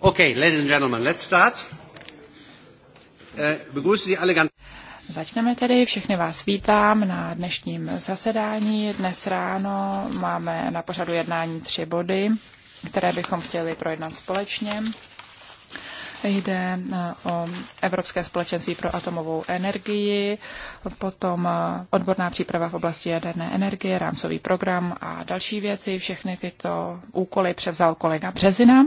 Okay, ladies and gentlemen, let's start. Eh, Začneme tedy, všechny vás vítám na dnešním zasedání. Dnes ráno máme na pořadu jednání tři body, které bychom chtěli projednat společně. Jde eh, o Evropské společenství pro atomovou energii, potom eh, odborná příprava v oblasti jaderné energie, rámcový program a další věci. Všechny tyto úkoly převzal kolega Březina.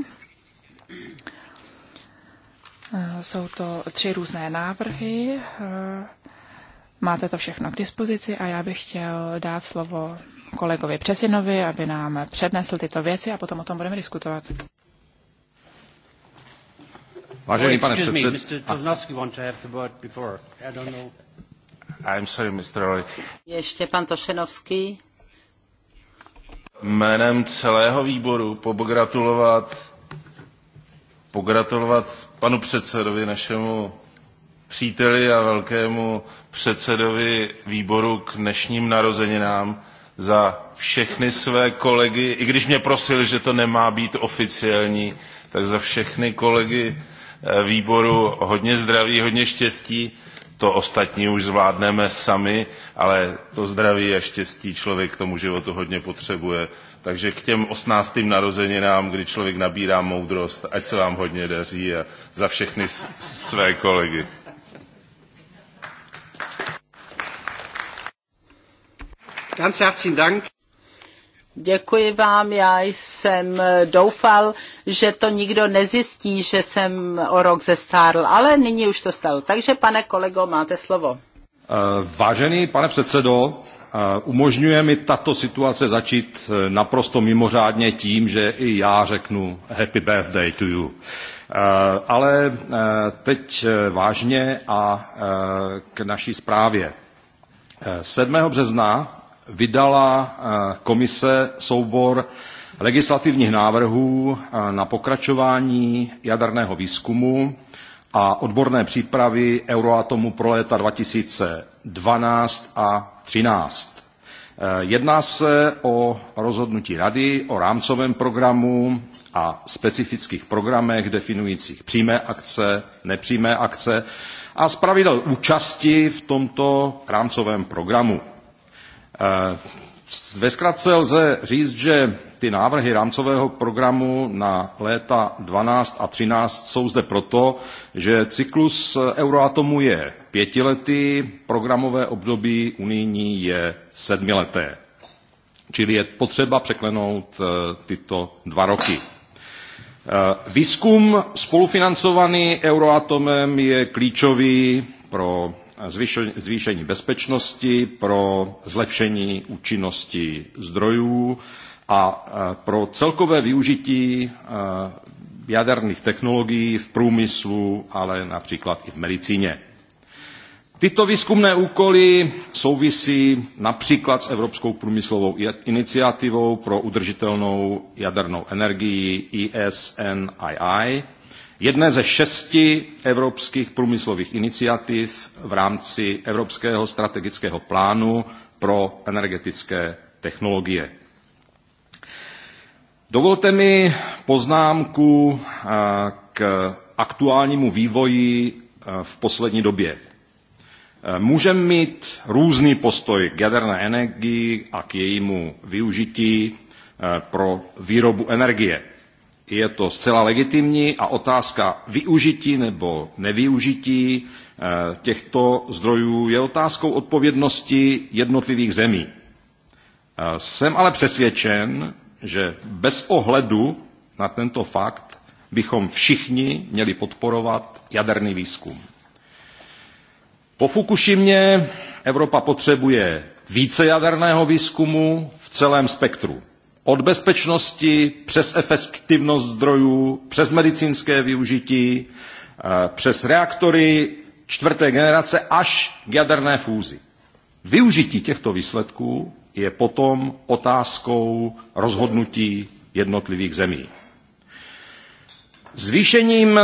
Jsou to tři různé návrhy. Máte to všechno k dispozici a já bych chtěl dát slovo kolegovi Přesinovi, aby nám přednesl tyto věci a potom o tom budeme diskutovat. Vážený pane předsedající, Ještě pan Tošenovský. Jménem celého výboru pogratulovat pogratulovat panu předsedovi, našemu příteli a velkému předsedovi výboru k dnešním narozeninám za všechny své kolegy, i když mě prosil, že to nemá být oficiální, tak za všechny kolegy eh, výboru hodně zdraví, hodně štěstí. To ostatní už zvládneme sami, ale to zdraví a štěstí člověk k tomu životu hodně potřebuje. Takže k těm osnáctým narozeninám, kdy člověk nabírá moudrost, ať se vám hodně daří a za všechny své kolegy. Ganz herzlichen Dank. Děkuji vám, já jsem doufal, že to nikdo nezjistí, že jsem o rok zestárl, ale nyní už to stalo. Takže, pane kolego, máte slovo. Eh, vážený pane předsedo, Umožňuje mi tato situace začít eh, naprosto mimořádně tím, že i já řeknu happy birthday to you. Eh, ale eh, teď vážně a k naší zprávě. 7. března vydala komise soubor legislativních návrhů na pokračování jaderného výzkumu a odborné přípravy Euroatomu pro léta 2000 12 a 13. Eh, jedná se o rozhodnutí Rady o rámcovém programu a specifických programech definujících přímé akce, nepřímé akce a zpravidel účasti v tomto rámcovém programu. Eh, ve zkratce lze říct, že ty návrhy rámcového programu na léta 12 a 13 jsou zde proto, že cyklus Euroatomu je pětiletý, programové období unijní je sedmileté. Čili je potřeba překlenout eh, tyto dva roky. Eh, výzkum spolufinancovaný Euroatomem je klíčový pro zvýšení bezpečnosti, pro zlepšení účinnosti zdrojů a e, pro celkové využití e, jaderných technologií v průmyslu, ale například i v medicíně. Tyto výzkumné úkoly souvisí například s Evropskou průmyslovou iniciativou pro udržitelnou jadernou energii ESNII, jedné ze šesti evropských průmyslových iniciativ v rámci Evropského strategického plánu pro energetické technologie. Dovolte mi poznámku k aktuálnímu vývoji v poslední době. Můžeme mít různý postoj k jaderné energii a k jejímu využití pro výrobu energie je to zcela legitimní a otázka využití nebo nevyužití eh, těchto zdrojů je otázkou odpovědnosti jednotlivých zemí. Eh, jsem ale přesvědčen, že bez ohledu na tento fakt bychom všichni měli podporovat jaderný výzkum. Po Fukušimě Evropa potřebuje více jaderného výzkumu v celém spektru. Od bezpečnosti přes efektivnost zdrojů, přes medicínské využití, eh, přes reaktory čtvrté generace až k jaderné fúzi. Využití těchto výsledků je potom otázkou rozhodnutí jednotlivých zemí. Zvýšením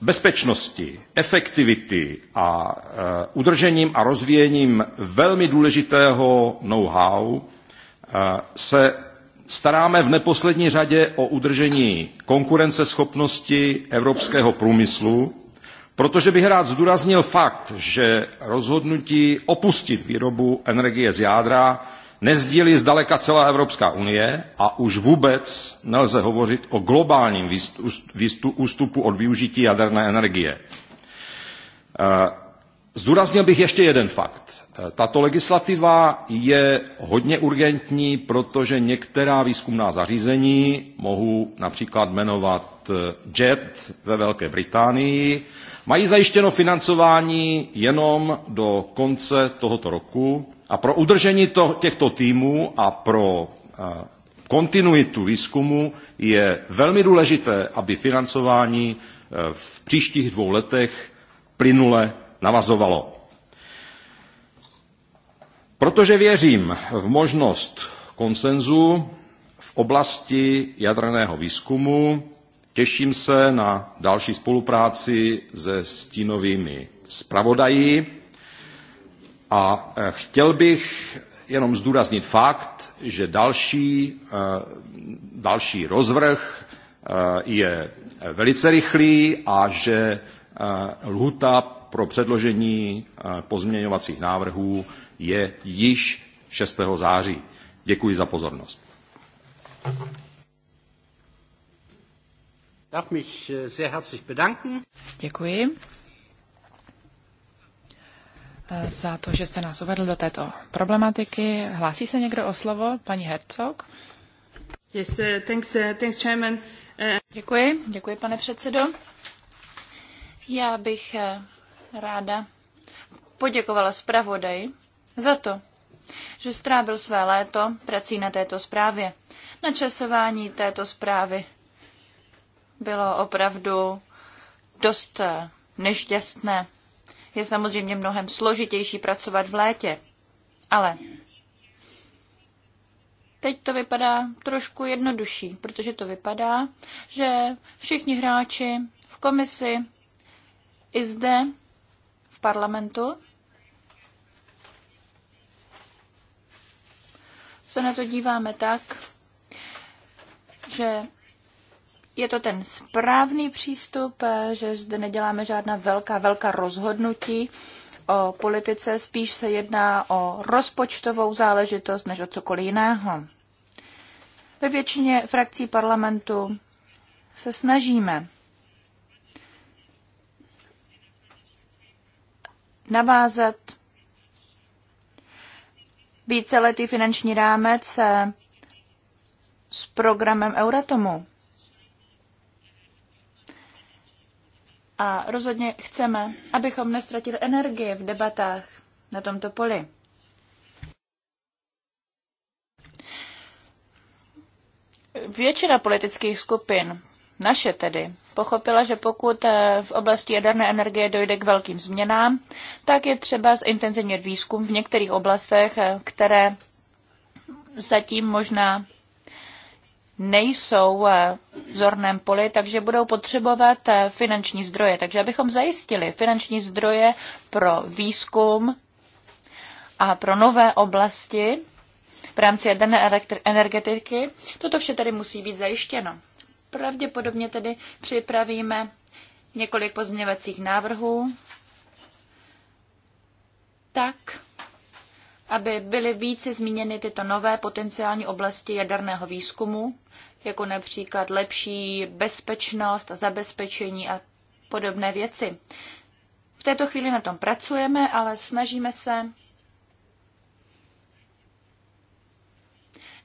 bezpečnosti, efektivity a e, udržením a rozvíjením velmi důležitého know-how e, se staráme v neposlední řadě o udržení konkurenceschopnosti evropského průmyslu, protože bych rád zdůraznil fakt, že rozhodnutí opustit výrobu energie z jádra nezdílí zdaleka celá Evropská unie a už vůbec nelze hovořit o globálním výstupu od využití jaderné energie. Eh, Zdůraznil bych ještě jeden fakt. Eh, tato legislativa je hodně urgentní, protože některá výzkumná zařízení, mohu například jmenovat eh, JET ve Velké Británii, mají zajištěno financování jenom do konce tohoto roku a pro udržení to, těchto týmů a pro eh, kontinuitu výzkumu je velmi důležité, aby financování v příštích dvou letech plynule navazovalo. Protože věřím v možnost konsenzu v oblasti jaderného výzkumu, těším se na další spolupráci se stínovými zpravodají a eh, chtěl bych jenom zdůraznit fakt, že další, eh, další rozvrh eh, je velice rychlý a že lhuta pro předložení eh, pozměňovacích návrhů je již 6. září. Děkuji za pozornost. Eh, děkuji eh, za to, že jste nás uvedl do této problematiky. Hlásí se někdo o slovo? Paní Herzog? Yes, thanks, thanks, chairman. Děkuji, děkuji, pane předsedo. Já bych ráda poděkovala zpravodaji za to, že strávil své léto prací na této zprávě. Načasování této zprávy bylo opravdu dost eh, nešťastné. Je samozřejmě mnohem složitější pracovat v létě, ale teď to vypadá trošku jednodušší, protože to vypadá, že všichni hráči v komisi i zde parlamentu se na to díváme tak, že je to ten správný přístup, že zde neděláme žádná velká, velká rozhodnutí o politice, spíš se jedná o rozpočtovou záležitost než o cokoliv jiného. Ve většině frakcí parlamentu se snažíme navázat. Víceletý finanční rámec eh, s programem Euratomu. A rozhodně chceme, abychom nestratili energie v debatách na tomto poli. Většina politických skupin naše tedy, pochopila, že pokud eh, v oblasti jaderné energie dojde k velkým změnám, tak je třeba zintenzivnit výzkum v některých oblastech, eh, které zatím možná nejsou eh, v zorném poli, takže budou potřebovat finanční zdroje. Takže abychom zajistili finanční zdroje pro výzkum a pro nové oblasti v rámci jaderné energetiky, toto vše tedy musí být zajištěno. Pravděpodobně tedy připravíme několik pozměňovacích návrhů, tak, aby byly více zmíněny tyto nové potenciální oblasti jaderného výzkumu, jako například lepší bezpečnost a zabezpečení a podobné věci. V této chvíli na tom pracujeme, ale snažíme se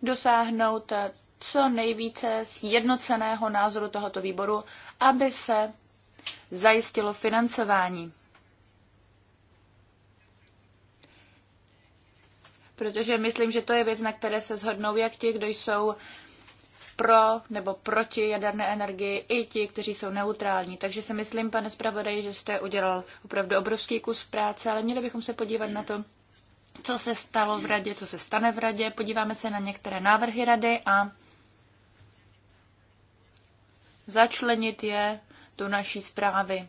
dosáhnout co nejvíce sjednoceného názoru tohoto výboru, aby se zajistilo financování. Protože myslím, že to je věc, na které se shodnou jak ti, kdo jsou pro nebo proti jaderné energii, i ti, kteří jsou neutrální. Takže si myslím, pane zpravodaji, že jste udělal opravdu obrovský kus práce, ale měli bychom se podívat na to, co se stalo v radě, co se stane v radě. Podíváme se na některé návrhy rady a začlenit je do naší zprávy,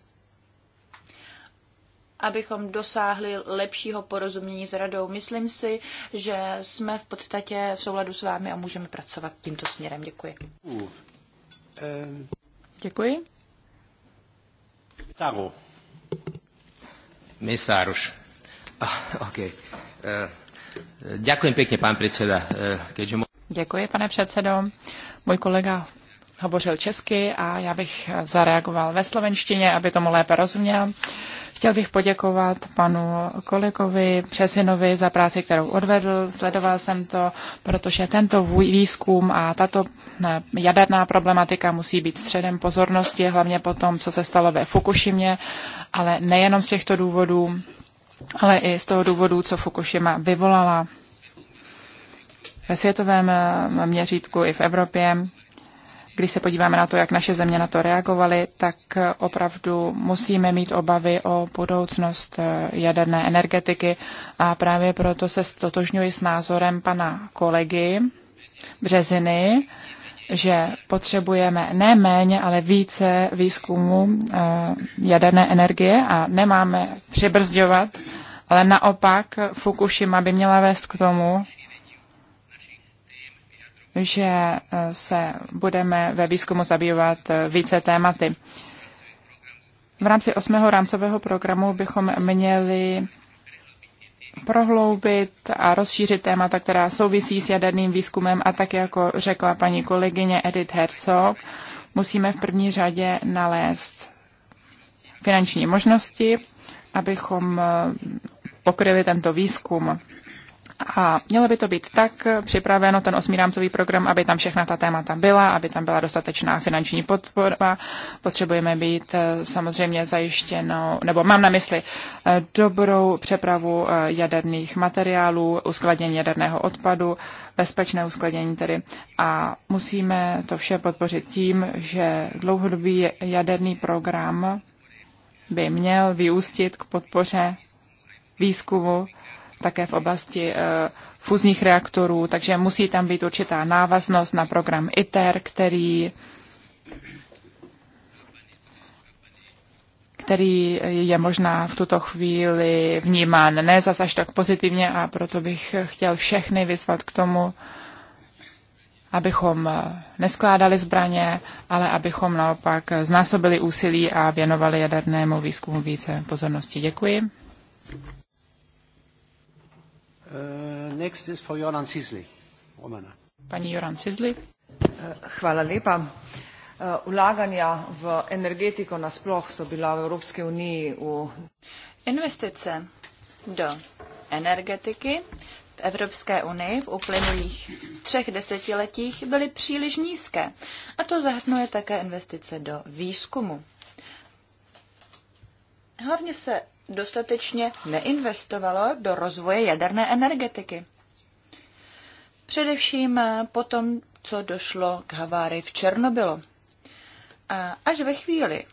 abychom dosáhli lepšího porozumění s radou. Myslím si, že jsme v podstatě v souladu s vámi a můžeme pracovat tímto směrem. Děkuji. Děkuji. Taro. Mesáros. Ah, OK. Eh, děkuji pěkně, pán předseda. Eh, děkuji, pane předsedo. Můj kolega hovořil česky a já bych zareagoval ve slovenštině, aby tomu lépe rozuměl. Chtěl bych poděkovat panu kolegovi Přesinovi za práci, kterou odvedl. Sledoval jsem to, protože tento výzkum a tato eh, jaderná problematika musí být středem pozornosti, hlavně po tom, co se stalo ve Fukushimě, ale nejenom z těchto důvodů, ale i z toho důvodu, co Fukushima vyvolala ve světovém eh, měřítku i v Evropě když se podíváme na to, jak naše země na to reagovaly, tak opravdu musíme mít obavy o budoucnost eh, jaderné energetiky a právě proto se stotožňuji s názorem pana kolegy Březiny, že potřebujeme ne méně, ale více výzkumu eh, jaderné energie a nemáme přibrzďovat, ale naopak Fukushima by měla vést k tomu, že eh, se budeme ve výzkumu zabývat eh, více tématy. V rámci osmého rámcového programu bychom měli prohloubit a rozšířit témata, která souvisí s jaderným výzkumem a tak, jako řekla paní kolegyně Edith Herzog, musíme v první řadě nalézt finanční možnosti, abychom eh, pokryli tento výzkum. A mělo by to být tak připraveno, ten osmírámcový program, aby tam všechna ta témata byla, aby tam byla dostatečná finanční podpora. Potřebujeme být eh, samozřejmě zajištěnou, nebo mám na mysli eh, dobrou přepravu eh, jaderných materiálů, uskladnění jaderného odpadu, bezpečné uskladnění tedy. A musíme to vše podpořit tím, že dlouhodobý jaderný program by měl vyústit k podpoře výzkumu také v oblasti eh, fuzních reaktorů, takže musí tam být určitá návaznost na program ITER, který který je možná v tuto chvíli vnímán ne zas až tak pozitivně a proto bych chtěl všechny vyzvat k tomu, abychom eh, neskládali zbraně, ale abychom naopak znásobili úsilí a věnovali jadernému výzkumu více pozornosti. Děkuji. Eh, next is for Joran Sisli. Omena. Pani Joran Sisli, eh, Hvala lepa. Vlaganja eh, v energetiko nasploh so bila v Evropski uniji v... Investice do energetiky v Evropské unii v uplynulých třech desetiletích byly příliš nízké. A to zahrnuje také investice do výzkumu. Hlavně se dostatečně neinvestovalo do rozvoje jaderné energetiky. Především po tom, co došlo k havárii v Černobylu. A až ve chvíli,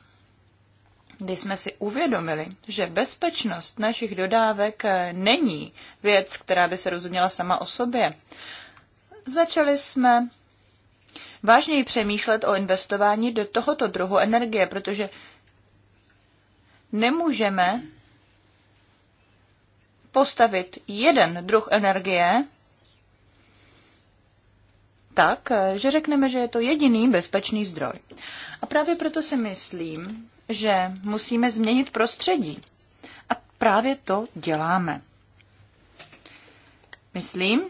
kdy jsme si uvědomili, že bezpečnost našich dodávek není věc, která by se rozuměla sama o sobě, začali jsme vážněji přemýšlet o investování do tohoto druhu energie, protože nemůžeme postavit jeden druh energie tak, že řekneme, že je to jediný bezpečný zdroj. A právě proto si myslím, že musíme změnit prostředí. A právě to děláme. Myslím,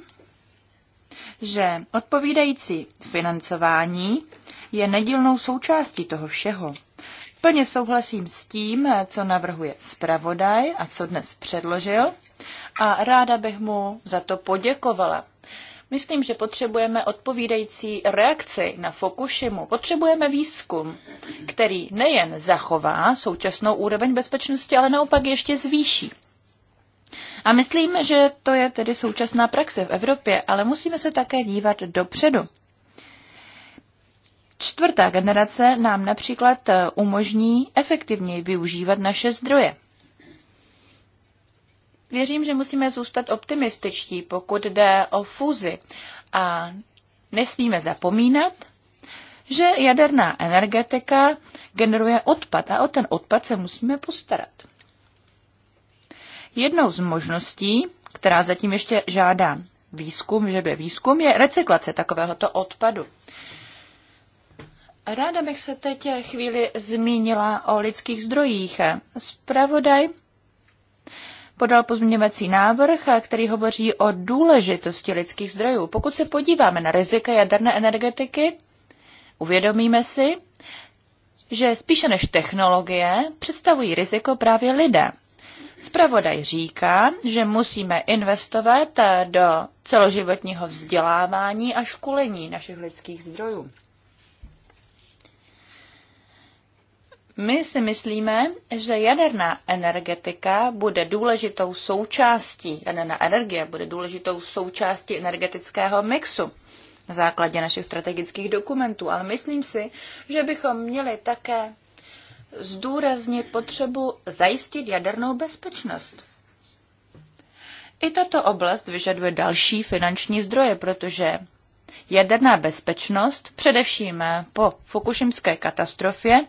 že odpovídající financování je nedílnou součástí toho všeho. Plně souhlasím s tím, co navrhuje zpravodaj a co dnes předložil a ráda bych mu za to poděkovala. Myslím, že potřebujeme odpovídající reakci na Fukushimu. Potřebujeme výzkum, který nejen zachová současnou úroveň bezpečnosti, ale naopak ještě zvýší. A myslím, že to je tedy současná praxe v Evropě, ale musíme se také dívat dopředu. Čtvrtá generace nám například eh, umožní efektivněji využívat naše zdroje. Věřím, že musíme zůstat optimističtí, pokud jde o fúzi a nesmíme zapomínat, že jaderná energetika generuje odpad a o ten odpad se musíme postarat. Jednou z možností, která zatím ještě žádá výzkum, že by výzkum, je recyklace takovéhoto odpadu. Ráda bych se teď chvíli zmínila o lidských zdrojích. Spravodaj podal pozměňovací návrh, který hovoří o důležitosti lidských zdrojů. Pokud se podíváme na rizika jaderné energetiky, uvědomíme si, že spíše než technologie představují riziko právě lidé. Spravodaj říká, že musíme investovat do celoživotního vzdělávání a školení našich lidských zdrojů. My si myslíme, že jaderná energetika bude důležitou součástí, jaderná energie bude důležitou součástí energetického mixu na základě našich strategických dokumentů, ale myslím si, že bychom měli také zdůraznit potřebu zajistit jadernou bezpečnost. I tato oblast vyžaduje další finanční zdroje, protože jaderná bezpečnost, především po fukušimské katastrofě,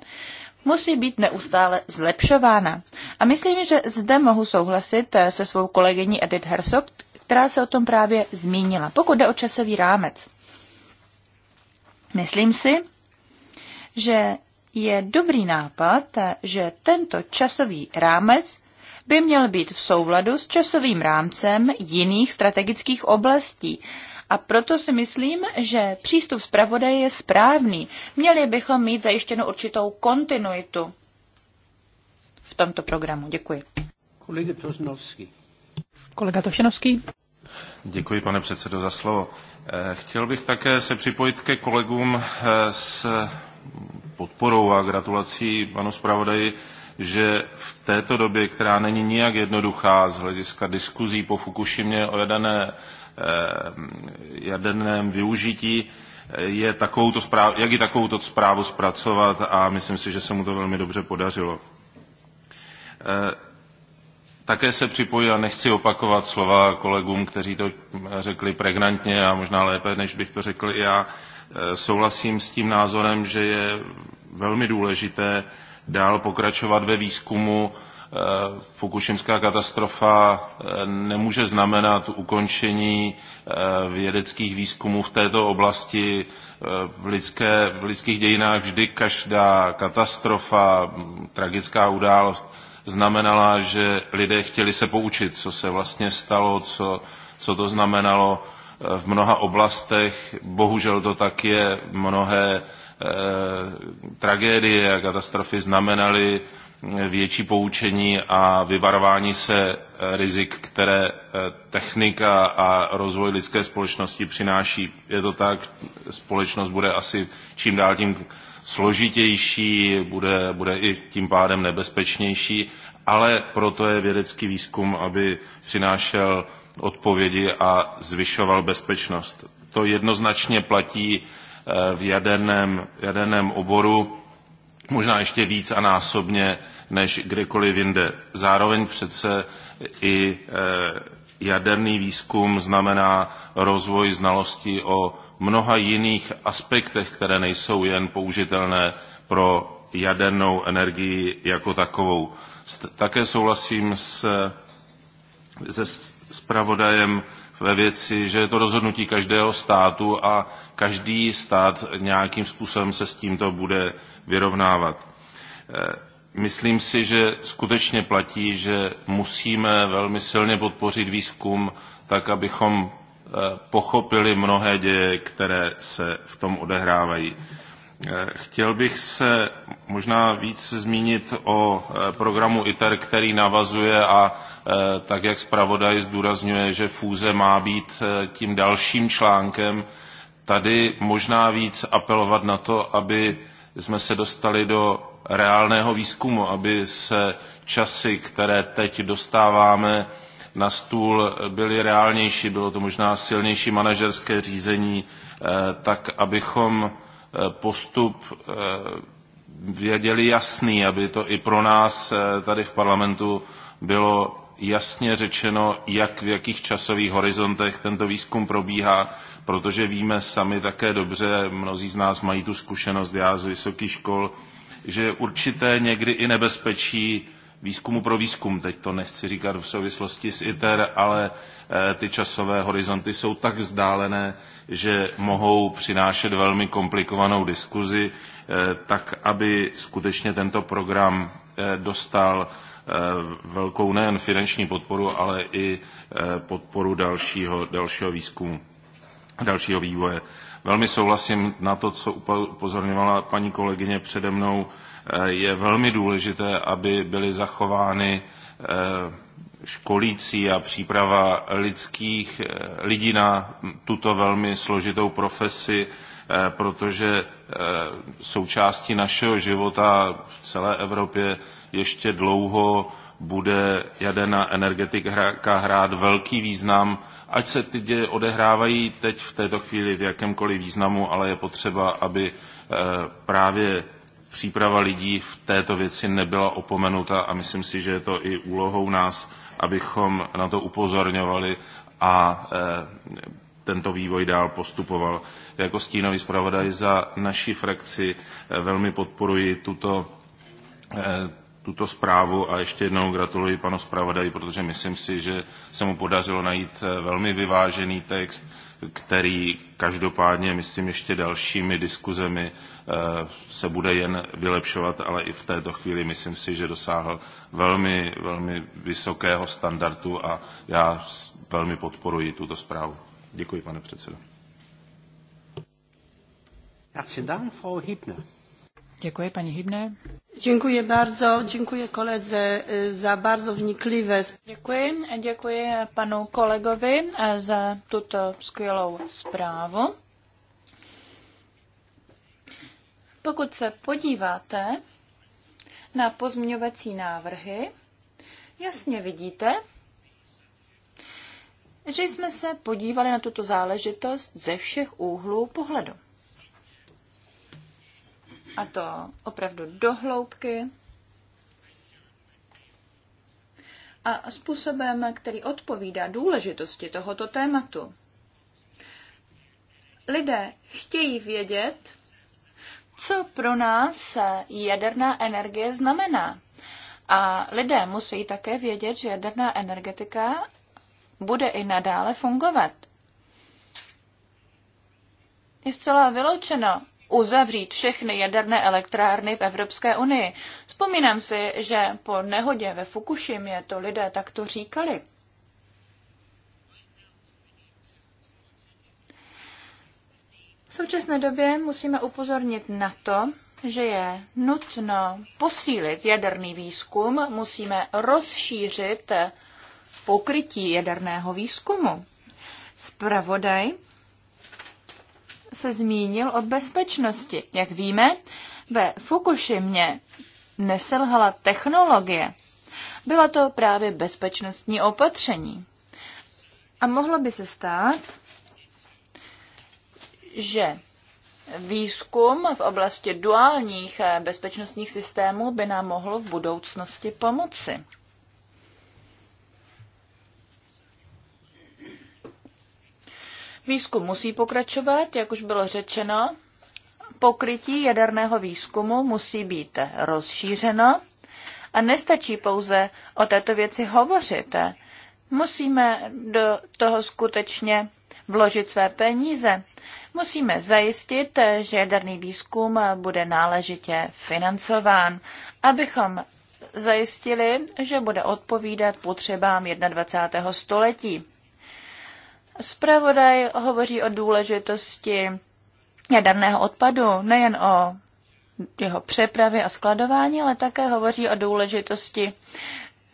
musí být neustále zlepšována. A myslím, že zde mohu souhlasit eh, se svou kolegyní Edith Hersok, která se o tom právě zmínila, pokud jde o časový rámec. Myslím si, že je dobrý nápad, eh, že tento časový rámec by měl být v souladu s časovým rámcem jiných strategických oblastí, a proto si myslím, že přístup zpravodaje je správný. Měli bychom mít zajištěnou určitou kontinuitu v tomto programu. Děkuji. Kolega Tošenovský. Kolega Tošenovský. Děkuji, pane předsedo, za slovo. Eh, chtěl bych také se připojit ke kolegům eh, s podporou a gratulací panu zpravodaji, že v této době, která není nijak jednoduchá z hlediska diskuzí po Fukušimě o jaderné Eh, jaderném využití, eh, je takovouto zprávu, jak i takovouto zprávu zpracovat a myslím si, že se mu to velmi dobře podařilo. Eh, také se připojí a nechci opakovat slova kolegům, kteří to řekli pregnantně a možná lépe, než bych to řekl i já. Souhlasím s tím názorem, že je velmi důležité dál pokračovat ve výzkumu Eh, Fukušimská katastrofa eh, nemůže znamenat ukončení eh, vědeckých výzkumů v této oblasti. V, lidské, v lidských dějinách vždy každá katastrofa, mm, tragická událost znamenala, že lidé chtěli se poučit, co se vlastně stalo, co, co to znamenalo. V mnoha oblastech, bohužel to tak je, mnohé eh, tragédie a katastrofy znamenaly eh, větší poučení a vyvarování se eh, rizik, které eh, technika a rozvoj lidské společnosti přináší. Je to tak, společnost bude asi čím dál tím složitější, bude, bude i tím pádem nebezpečnější, ale proto je vědecký výzkum, aby přinášel odpovědi a zvyšoval bezpečnost. To jednoznačně platí eh, v jaderném, jaderném oboru možná ještě víc a násobně než kdekoliv jinde. Zároveň přece i e, jaderný výzkum znamená rozvoj znalostí o mnoha jiných aspektech, které nejsou jen použitelné pro jadernou energii jako takovou. Také souhlasím s, se spravodajem ve věci, že je to rozhodnutí každého státu a každý stát nějakým způsobem se s tímto bude vyrovnávat. Eh, myslím si, že skutečně platí, že musíme velmi silně podpořit výzkum, tak abychom eh, pochopili mnohé děje, které se v tom odehrávají. Eh, chtěl bych se možná víc zmínit o eh, programu ITER, který navazuje a eh, tak, jak zpravodaj zdůrazňuje, že fúze má být tím dalším článkem, tady možná víc apelovat na to, aby jsme se dostali do reálného výzkumu, aby se časy, které teď dostáváme na stůl, byly reálnější, bylo to možná silnější manažerské řízení, tak abychom Eh, postup eh, věděli jasný, aby to i pro nás eh, tady v parlamentu bylo jasně řečeno, jak v jakých časových horizontech tento výzkum probíhá, protože víme sami také dobře, mnozí z nás mají tu zkušenost, já z vysokých škol, že určité někdy i nebezpečí výzkumu pro výzkum. Teď to nechci říkat v souvislosti s ITER, ale eh, ty časové horizonty jsou tak vzdálené, že mohou přinášet velmi komplikovanou diskuzi, eh, tak aby skutečně tento program eh, dostal velkou nejen finanční podporu, ale i podporu dalšího, dalšího výzkumu, dalšího vývoje. Velmi souhlasím na to, co upozorňovala paní kolegyně přede mnou je velmi důležité, aby byly zachovány eh, školící a příprava lidských eh, lidí na tuto velmi složitou profesi, eh, protože součástí našeho života v celé Evropě ještě dlouho bude jaderná energetika hrát velký význam, ať se ty děje odehrávají teď v této chvíli v jakémkoliv významu, ale je potřeba, aby právě příprava lidí v této věci nebyla opomenuta a myslím si, že je to i úlohou nás, abychom na to upozorňovali a eh, tento vývoj dál postupoval. Jako stínový zpravodaj za naši frakci eh, velmi podporuji tuto, eh, tuto zprávu a ještě jednou gratuluji panu zpravodaji, protože myslím si, že se mu podařilo najít velmi vyvážený text, který každopádně, myslím, ještě dalšími diskuzemi Eh, se bude jen vylepšovat, ale i v této chvíli myslím si, že dosáhl velmi, velmi vysokého standardu a já velmi podporuji tuto zprávu. Děkuji, pane předsedo. Děkuji, paní Hybner. Děkuji bardzo, děkuji koledze za bardzo wnikliwe. Děkuji, děkuji panu kolegovi e, za tuto skvělou zprávu. Pokud se podíváte na pozměňovací návrhy, jasně vidíte, že jsme se podívali na tuto záležitost ze všech úhlů pohledu. A to opravdu do hloubky. a způsobem, který odpovídá důležitosti tohoto tématu. Lidé chtějí vědět, co pro nás jaderná energie znamená. A lidé musí také vědět, že jaderná energetika bude i nadále fungovat. Je zcela vyloučeno uzavřít všechny jaderné elektrárny v Evropské unii. Vzpomínám si, že po nehodě ve Fukušimě to lidé takto říkali. V současné době musíme upozornit na to, že je nutno posílit jaderný výzkum, musíme rozšířit pokrytí jaderného výzkumu. Spravodaj se zmínil o bezpečnosti. Jak víme, ve Fukushimě neselhala technologie. Byla to právě bezpečnostní opatření. A mohlo by se stát, že výzkum v oblasti duálních eh, bezpečnostních systémů by nám mohlo v budoucnosti pomoci. Výzkum musí pokračovat, jak už bylo řečeno. Pokrytí jaderného výzkumu musí být rozšířeno a nestačí pouze o této věci hovořit. Musíme do toho skutečně vložit své peníze. Musíme zajistit, že jaderný výzkum bude náležitě financován, abychom zajistili, že bude odpovídat potřebám 21. století. Spravodaj hovoří o důležitosti jaderného odpadu, nejen o jeho přepravě a skladování, ale také hovoří o důležitosti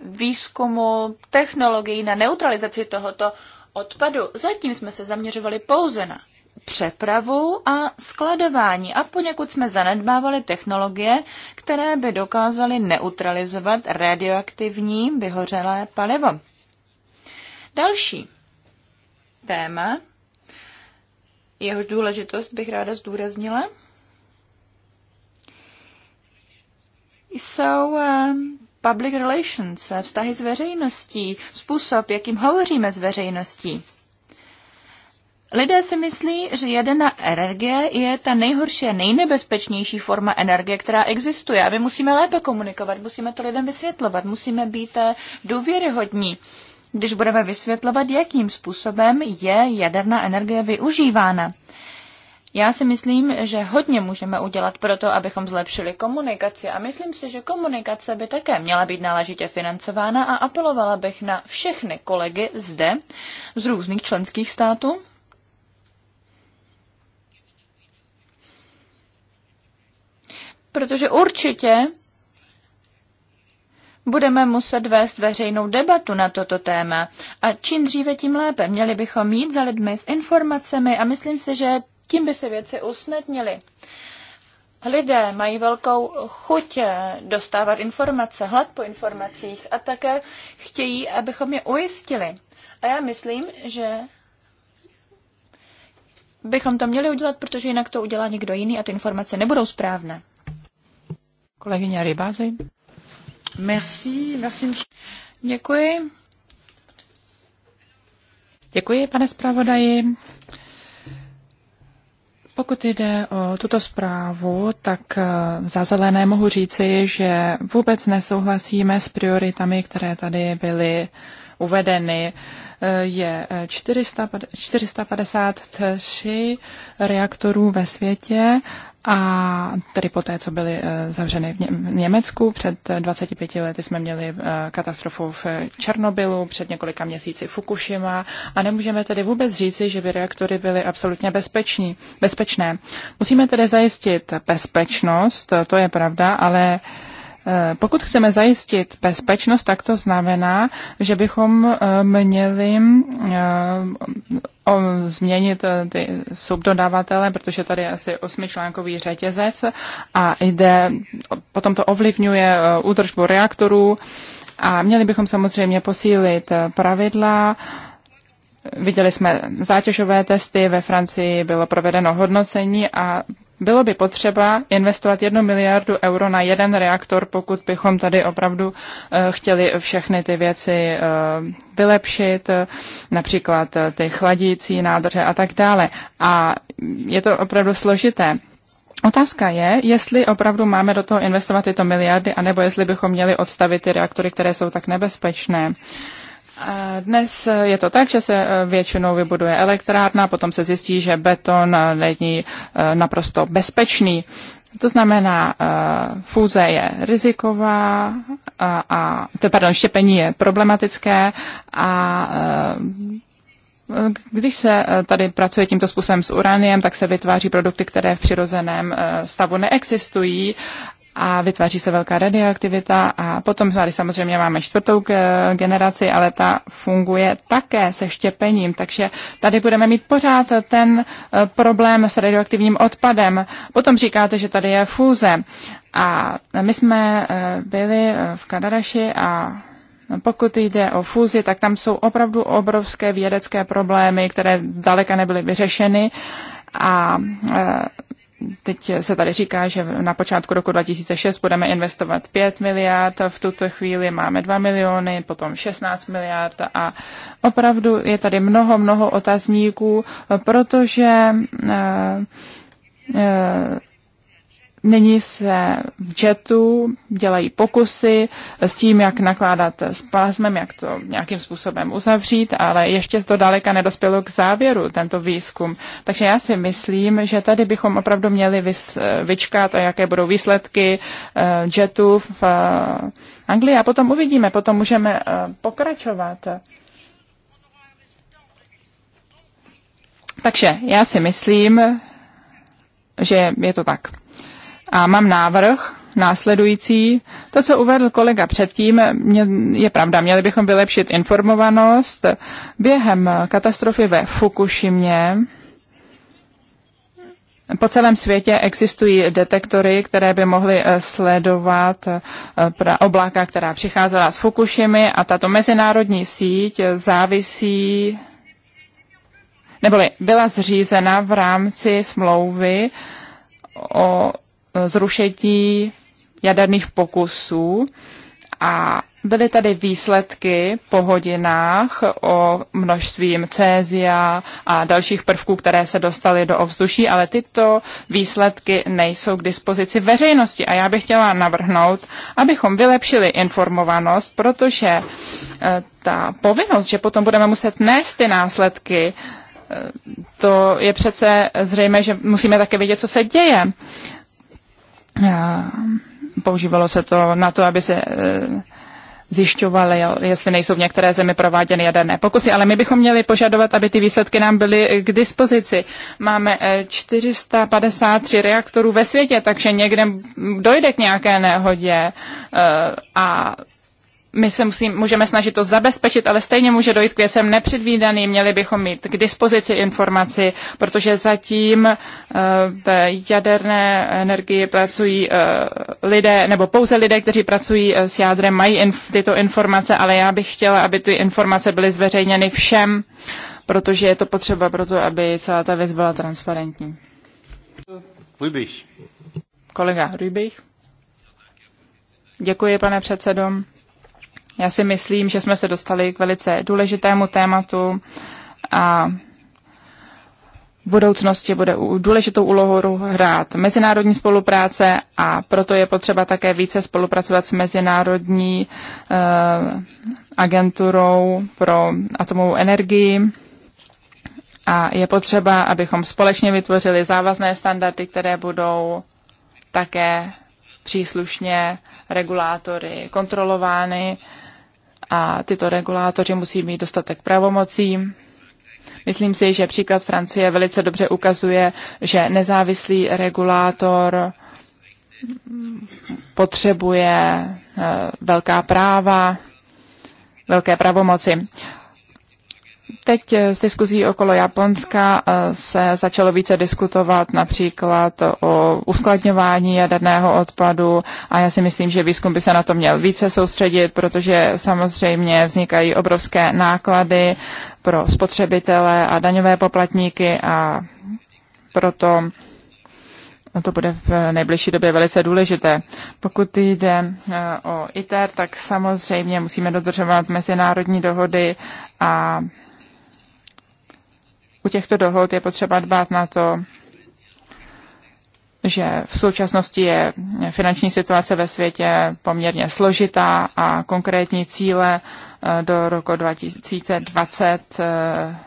výzkumu technologií na neutralizaci tohoto odpadu. Zatím jsme se zaměřovali pouze na přepravu a skladování a poněkud jsme zanedbávali technologie, které by dokázaly neutralizovat radioaktivní vyhořelé palivo. Další téma, jehož důležitost bych ráda zdůraznila, jsou eh, public relations, eh, vztahy s veřejností, způsob, jakým hovoříme s veřejností. Lidé si myslí, že jaderná energie je ta nejhorší a nejnebezpečnější forma energie, která existuje. A my musíme lépe komunikovat, musíme to lidem vysvětlovat, musíme být eh, důvěryhodní, když budeme vysvětlovat, jakým způsobem je jaderná energie využívána. Já si myslím, že hodně můžeme udělat pro to, abychom zlepšili komunikaci a myslím si, že komunikace by také měla být náležitě financována a apelovala bych na všechny kolegy zde z různých členských států, protože určitě budeme muset vést veřejnou debatu na toto téma. A čím dříve, tím lépe. Měli bychom jít za lidmi s informacemi a myslím si, že tím by se věci usnadnily. Lidé mají velkou chuť dostávat informace, hlad po informacích a také chtějí, abychom je ujistili. A já myslím, že bychom to měli udělat, protože jinak to udělá někdo jiný a ty informace nebudou správné. Kolegyně Rybázy. Merci, merci. Děkuji. Děkuji, pane zpravodaji. Pokud jde o tuto zprávu, tak eh, za zelené mohu říci, že vůbec nesouhlasíme s prioritami, které tady byly uvedeny. Eh, je 400, eh, 453 reaktorů ve světě a tedy po té, co byly eh, zavřeny v Německu, před 25 eh, lety jsme měli eh, katastrofu v Černobylu, před několika měsíci Fukushima a nemůžeme tedy vůbec říci, že by reaktory byly absolutně bezpeční, bezpečné. Musíme tedy zajistit bezpečnost, to je pravda, ale Eh, pokud chceme zajistit bezpečnost, tak to znamená, že bychom eh, měli eh, změnit ty subdodavatele, protože tady je asi osmičlánkový řetězec a jde, potom to ovlivňuje údržbu reaktorů a měli bychom samozřejmě posílit pravidla, Viděli jsme zátěžové testy, ve Francii bylo provedeno hodnocení a bylo by potřeba investovat jednu miliardu euro na jeden reaktor, pokud bychom tady opravdu eh, chtěli všechny ty věci eh, vylepšit, eh, například ty chladící nádrže a tak dále. A je to opravdu složité. Otázka je, jestli opravdu máme do toho investovat tyto miliardy, anebo jestli bychom měli odstavit ty reaktory, které jsou tak nebezpečné. Uh, dnes je to tak, že se e, většinou vybuduje elektrárna, potom se zjistí, že beton e, není e, naprosto bezpečný. To znamená, fúze je riziková a, a pardon, štěpení je problematické a když se tady pracuje tímto způsobem s uraniem, tak se vytváří produkty, které v přirozeném stavu neexistují a vytváří se velká radioaktivita a potom tady samozřejmě máme čtvrtou eh, generaci, ale ta funguje také se štěpením, takže tady budeme mít pořád ten eh, problém s radioaktivním odpadem. Potom říkáte, že tady je fúze a my jsme eh, byli v Kadaraši a pokud jde o fúzi, tak tam jsou opravdu obrovské vědecké problémy, které zdaleka nebyly vyřešeny a Teď se tady říká, že na počátku roku 2006 budeme investovat 5 miliard, v tuto chvíli máme 2 miliony, potom 16 miliard a opravdu je tady mnoho, mnoho otazníků, protože eh, eh, Nyní se v jetu dělají pokusy s tím, jak nakládat s plazmem, jak to nějakým způsobem uzavřít, ale ještě to daleka nedospělo k závěru, tento výzkum. Takže já si myslím, že tady bychom opravdu měli vyčkat, a jaké budou výsledky jetu eh, v eh, Anglii a potom uvidíme, potom můžeme eh, pokračovat. Takže já si myslím, že je to tak. A mám návrh následující. To, co uvedl kolega předtím, je pravda, měli bychom vylepšit informovanost. Během katastrofy ve Fukušimě po celém světě existují detektory, které by mohly eh, sledovat eh, obláka, která přicházela z Fukushimy a tato mezinárodní síť závisí neboli byla zřízena v rámci smlouvy o zrušení jaderných pokusů a byly tady výsledky po hodinách o množství cézia a dalších prvků, které se dostaly do ovzduší, ale tyto výsledky nejsou k dispozici veřejnosti. A já bych chtěla navrhnout, abychom vylepšili informovanost, protože eh, ta povinnost, že potom budeme muset nést ty následky, eh, to je přece zřejmé, že musíme také vědět, co se děje používalo se to na to, aby se e, zjišťovali, jestli nejsou v některé zemi prováděny jaderné pokusy, ale my bychom měli požadovat, aby ty výsledky nám byly k dispozici. Máme 453 e, reaktorů ve světě, takže někde dojde k nějaké nehodě e, a my se musím, můžeme snažit to zabezpečit, ale stejně může dojít k věcem nepředvídaným. Měli bychom mít k dispozici informaci, protože zatím eh, v jaderné energii pracují eh, lidé, nebo pouze lidé, kteří pracují eh, s jádrem, mají inf- tyto informace, ale já bych chtěla, aby ty informace byly zveřejněny všem, protože je to potřeba pro to, aby celá ta věc byla transparentní. Rybich. Kolega Rybich. Děkuji, pane předsedom. Já si myslím, že jsme se dostali k velice důležitému tématu a v budoucnosti bude důležitou úlohu hrát mezinárodní spolupráce a proto je potřeba také více spolupracovat s mezinárodní eh, agenturou pro atomovou energii. A je potřeba, abychom společně vytvořili závazné standardy, které budou také příslušně regulátory kontrolovány. Eh, a tyto regulátoři musí mít dostatek pravomocí. Myslím si, že příklad Francie velice dobře ukazuje, že nezávislý regulátor potřebuje eh, velká práva, velké pravomoci. Teď z eh, diskuzí okolo Japonska eh, se začalo více diskutovat například o uskladňování jaderného odpadu a já si myslím, že výzkum by se na to měl více soustředit, protože samozřejmě vznikají obrovské náklady pro spotřebitele a daňové poplatníky a proto to bude v nejbližší době velice důležité. Pokud jde eh, o ITER, tak samozřejmě musíme dodržovat mezinárodní dohody a u těchto dohod je potřeba dbát na to, že v současnosti je finanční situace ve světě poměrně složitá a konkrétní cíle eh, do roku 2020 eh,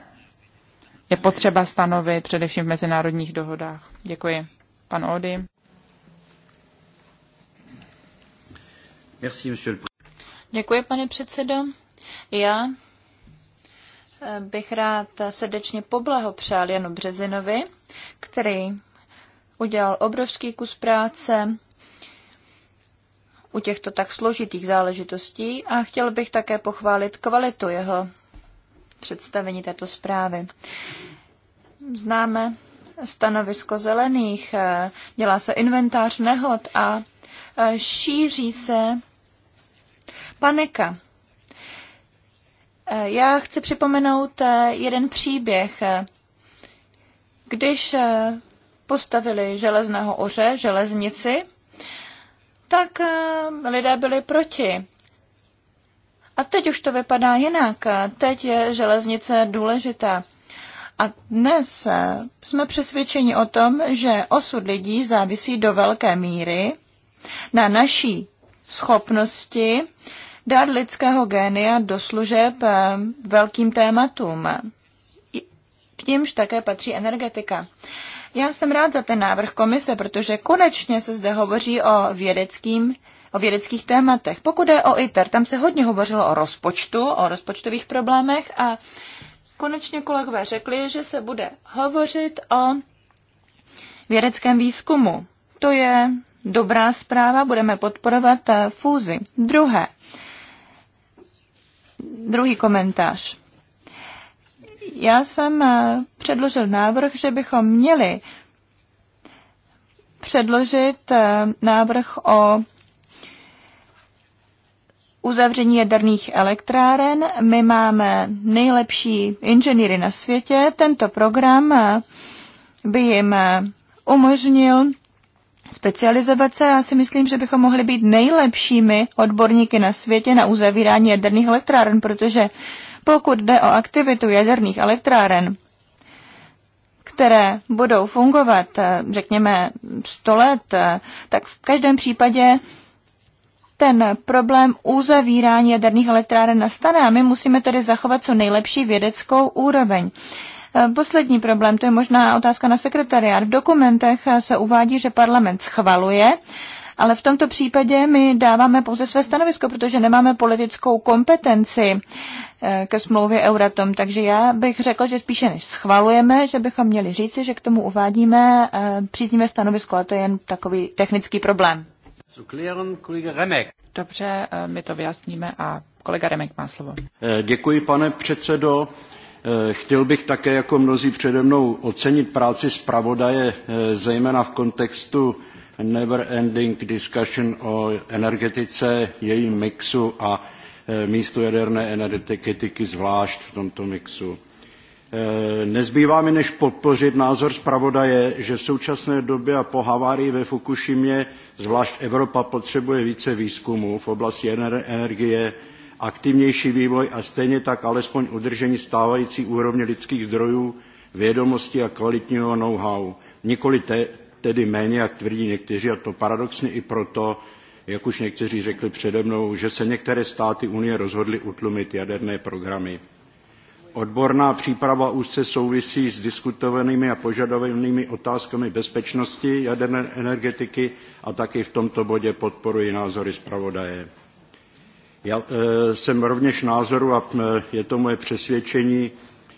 je potřeba stanovit především v mezinárodních dohodách. Děkuji. Pan Ody. Děkuji, pane předsedo. Já bych rád srdečně poblahopřál Janu Březinovi, který udělal obrovský kus práce u těchto tak složitých záležitostí a chtěl bych také pochválit kvalitu jeho představení této zprávy. Známe stanovisko zelených, dělá se inventář nehod a šíří se panika Eh, já chci připomenout eh, jeden příběh. Když eh, postavili železného oře, železnici, tak lidé byli proti. A teď už to vypadá jinak. Teď je železnice důležitá. A dnes jsme přesvědčeni o tom, že osud lidí závisí do velké míry na naší schopnosti dát lidského génia do služeb eh, velkým tématům. K nímž také patří energetika. Já jsem rád za ten návrh komise, protože konečně se zde hovoří o vědeckým o vědeckých tématech. Pokud je o ITER, tam se hodně hovořilo o rozpočtu, o rozpočtových problémech a konečně kolegové řekli, že se bude hovořit o vědeckém výzkumu. To je dobrá zpráva, budeme podporovat eh, fúzi. Druhé, druhý komentář. Já jsem eh, předložil návrh, že bychom měli předložit eh, návrh o uzavření jaderných elektráren. My máme nejlepší inženýry na světě. Tento program eh, by jim umožnil specializovat se. Já si myslím, že bychom mohli být nejlepšími odborníky na světě na uzavírání jaderných elektráren, protože pokud jde o aktivitu jaderných elektráren, které budou fungovat, eh, řekněme, 100 let, eh, tak v každém případě ten problém uzavírání jaderných elektráren nastane a my musíme tedy zachovat co nejlepší vědeckou úroveň. Eh, poslední problém, to je možná otázka na sekretariát. V dokumentech eh, se uvádí, že parlament schvaluje, ale v tomto případě my dáváme pouze své stanovisko, protože nemáme politickou kompetenci eh, ke smlouvě Euratom. Takže já bych řekl, že spíše než schvalujeme, že bychom měli říci, že k tomu uvádíme příznivé stanovisko, a to je jen takový technický problém. Dobře, my to vyjasníme a kolega Remek má slovo. Děkuji, pane předsedo. Eh, chtěl bych také jako mnozí přede mnou ocenit práci zpravodaje, eh, zejména v kontextu never ending discussion o energetice, jejím mixu a eh, místu jaderné energetiky zvlášť v tomto mixu. Nezbývá mi než podpořit názor zpravodaje, že v současné době a po havárii ve Fukušimě zvlášť Evropa potřebuje více výzkumu v oblasti energie, aktivnější vývoj a stejně tak alespoň udržení stávající úrovně lidských zdrojů, vědomosti a kvalitního know-how. Nikoli te, tedy méně, jak tvrdí někteří, a to paradoxně i proto, jak už někteří řekli přede mnou, že se některé státy Unie rozhodly utlumit jaderné programy. Odborná příprava úzce souvisí s diskutovanými a požadovanými otázkami bezpečnosti jaderné energetiky a taky v tomto bodě podporuji názory zpravodaje. Já e, jsem rovněž názoru a e, je to moje přesvědčení,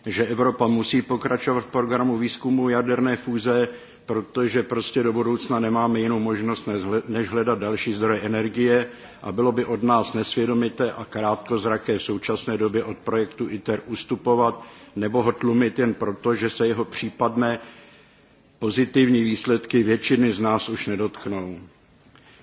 že Evropa musí pokračovat v programu výzkumu jaderné fúze, protože prostě do budoucna nemáme jinou možnost, než hledat další zdroje energie a bylo by od nás nesvědomité a krátkozraké v současné době od projektu ITER ustupovat nebo ho tlumit jen proto, že se jeho případné pozitivní výsledky většiny z nás už nedotknou.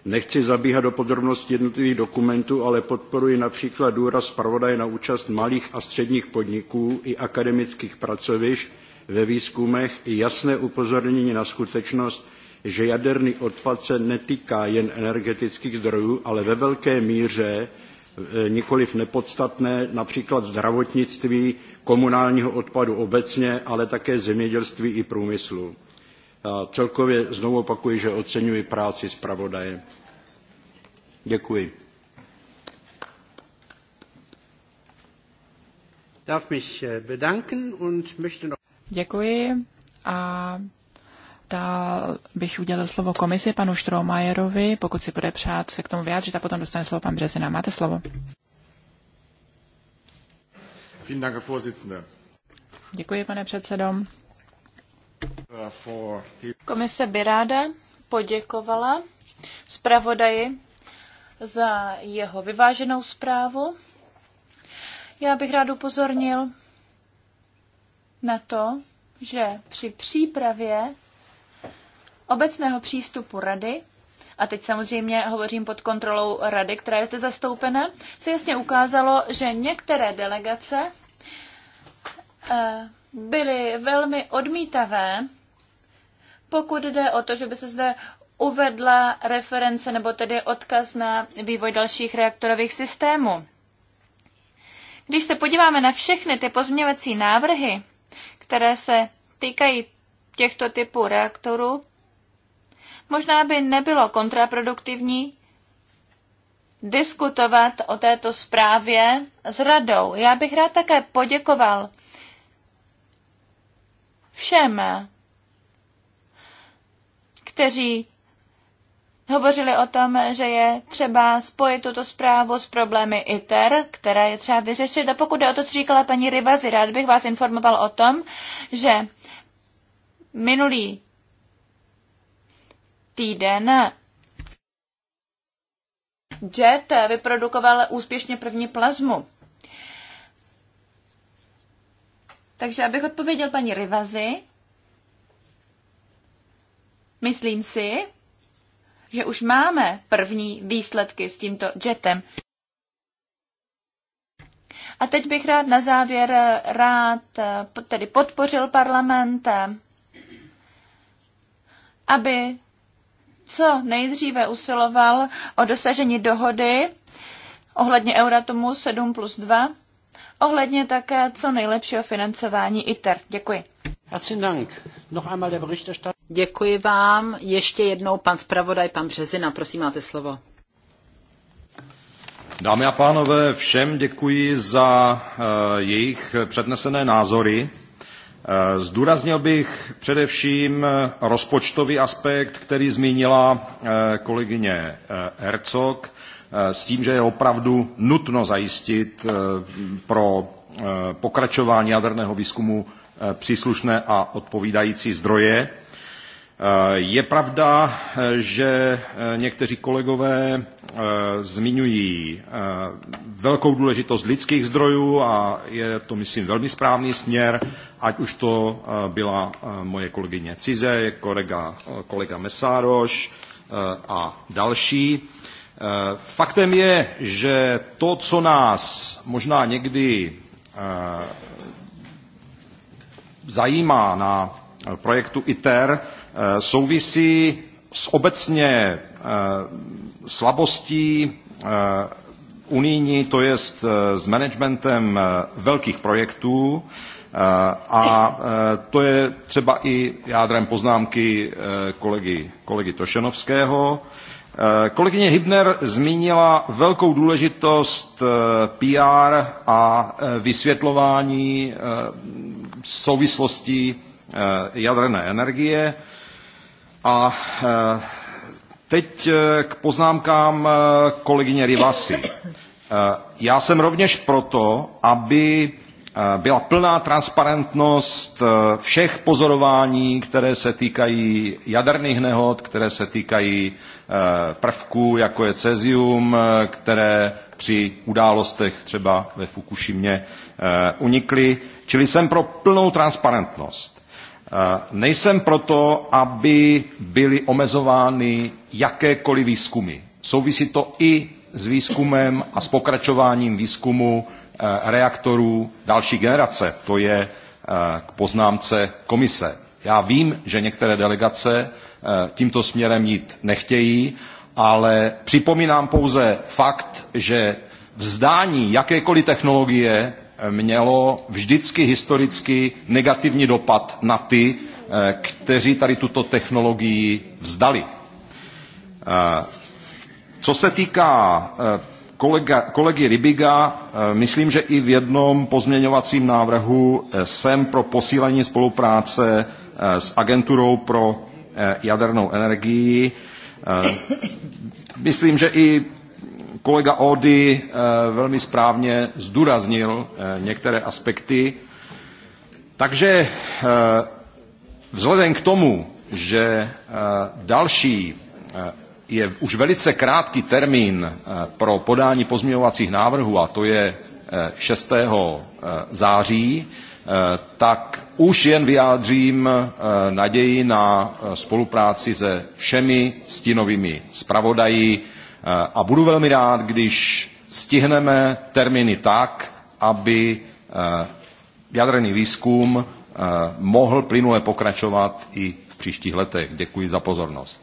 Nechci zabíhat do podrobností jednotlivých dokumentů, ale podporuji například důraz zpravodaje na účast malých a středních podniků i akademických pracovišť ve výzkumech i jasné upozornění na skutečnost, že jaderný odpad se netýká jen energetických zdrojů, ale ve velké míře e, nikoliv nepodstatné, například zdravotnictví, komunálního odpadu obecně, ale také zemědělství i průmyslu. Celkově znovu opakuji, že oceňuji práci zpravodaje. Děkuji. Eh, Děkuji a dál bych udělal slovo komisi panu Štromajerovi, pokud si bude přát se k tomu vyjádřit a potom dostane slovo pan Březina. Máte slovo. Děkuji, pane předsedo. Komise by ráda poděkovala zpravodaji za jeho vyváženou zprávu. Já bych rád upozornil na to, že při přípravě obecného přístupu rady, a teď samozřejmě hovořím pod kontrolou rady, která je zde zastoupena, se jasně ukázalo, že některé delegace eh, byly velmi odmítavé, pokud jde o to, že by se zde uvedla reference nebo tedy odkaz na vývoj dalších reaktorových systémů. Když se podíváme na všechny ty pozměňovací návrhy, které se týkají těchto typů reaktorů, možná by nebylo kontraproduktivní diskutovat o této zprávě s radou. Já bych rád také poděkoval všem, kteří hovořili o tom, že je třeba spojit tuto zprávu s problémy ITER, které je třeba vyřešit. A pokud je o to, co říkala paní Rivazi, rád bych vás informoval o tom, že minulý týden JET vyprodukoval úspěšně první plazmu. Takže abych odpověděl paní Rivazi, myslím si, že už máme první výsledky s tímto jetem. A teď bych rád na závěr eh, rád eh, tedy podpořil parlament, eh, aby co nejdříve usiloval o dosažení dohody ohledně Euratomu 7 plus 2 ohledně také co nejlepšího financování ITER. Děkuji. Děkuji vám. Ještě jednou pan zpravodaj, pan Březina, prosím, máte slovo. Dámy a pánové, všem děkuji za eh, jejich přednesené názory. Eh, zdůraznil bych především eh, rozpočtový aspekt, který zmínila kolegyně Hercog. Eh, s tím, že je opravdu nutno zajistit eh, pro eh, pokračování jaderného výzkumu příslušné a odpovídající zdroje. Je pravda, že někteří kolegové zmiňují velkou důležitost lidských zdrojů a je to, myslím, velmi správný směr, ať už to byla moje kolegyně Cize, kolega, kolega Mesároš a další. Eh, faktem je, že to, co nás možná někdy eh, zajímá na projektu ITER, eh, souvisí s obecně slabostí unijní, to jest s managementem velkých projektů, a to je třeba i jádrem poznámky kolegy, kolegy Tošenovského. Eh, kolegyně Hybner zmínila velkou důležitost eh, PR a eh, vysvětlování souvislostí jaderné energie. A teď k poznámkám kolegyně Rivasi. Já jsem rovněž proto, aby Eh, byla plná transparentnost eh, všech pozorování, které se týkají jaderných nehod, které se týkají eh, prvků, jako je cezium, které při událostech třeba ve Fukušimě unikly. Čili jsem pro plnou transparentnost. Nejsem proto, aby byly omezovány jakékoliv výzkumy. Souvisí to i s výzkumem a s pokračováním výzkumu Eh, reaktorů další generace. To je eh, k poznámce komise. Já vím, že některé delegace eh, tímto směrem jít nechtějí, ale připomínám pouze fakt, že vzdání jakékoliv technologie mělo vždycky historicky negativní dopad na ty, kteří tady tuto technologii vzdali. Co se týká kolega, kolegy Rybiga, eh, myslím, že i v jednom pozměňovacím návrhu eh, jsem pro posílení spolupráce eh, s agenturou pro jadernou energii. Myslím, že i kolega Ody velmi správně zdůraznil některé aspekty. Takže vzhledem k tomu, že další je už velice krátký termín eh, pro podání pozměňovacích návrhů, a to je 6. Eh, eh, září, tak už jen vyjádřím naději na spolupráci se všemi stínovými zpravodají a budu velmi rád, když stihneme termíny tak, aby jaderný výzkum mohl plynule pokračovat i v příštích letech. Děkuji za pozornost.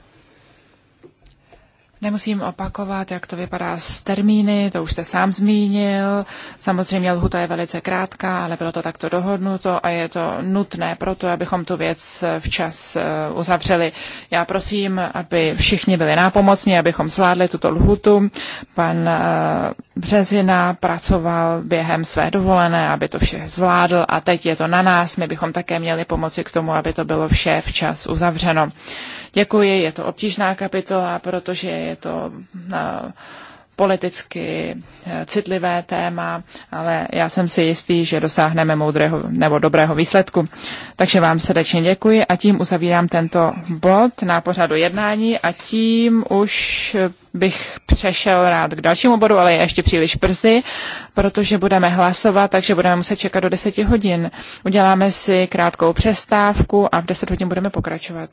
Nemusím opakovat, jak to vypadá s termíny, to už jste sám zmínil. Samozřejmě lhuta je velice krátká, ale bylo to takto dohodnuto a je to nutné proto, abychom tu věc eh, včas eh, uzavřeli. Já prosím, aby všichni byli nápomocní, abychom zvládli tuto lhutu. Pan eh, Březina pracoval během své dovolené, aby to vše zvládl a teď je to na nás. My bychom také měli pomoci k tomu, aby to bylo vše včas uzavřeno. Děkuji, je to obtížná kapitola, protože je to eh, politicky eh, citlivé téma, ale já jsem si jistý, že dosáhneme moudrého nebo dobrého výsledku. Takže vám srdečně děkuji a tím uzavírám tento bod na pořadu jednání a tím už bych přešel rád k dalšímu bodu, ale je ještě příliš brzy, protože budeme hlasovat, takže budeme muset čekat do 10 hodin. Uděláme si krátkou přestávku a v 10 hodin budeme pokračovat.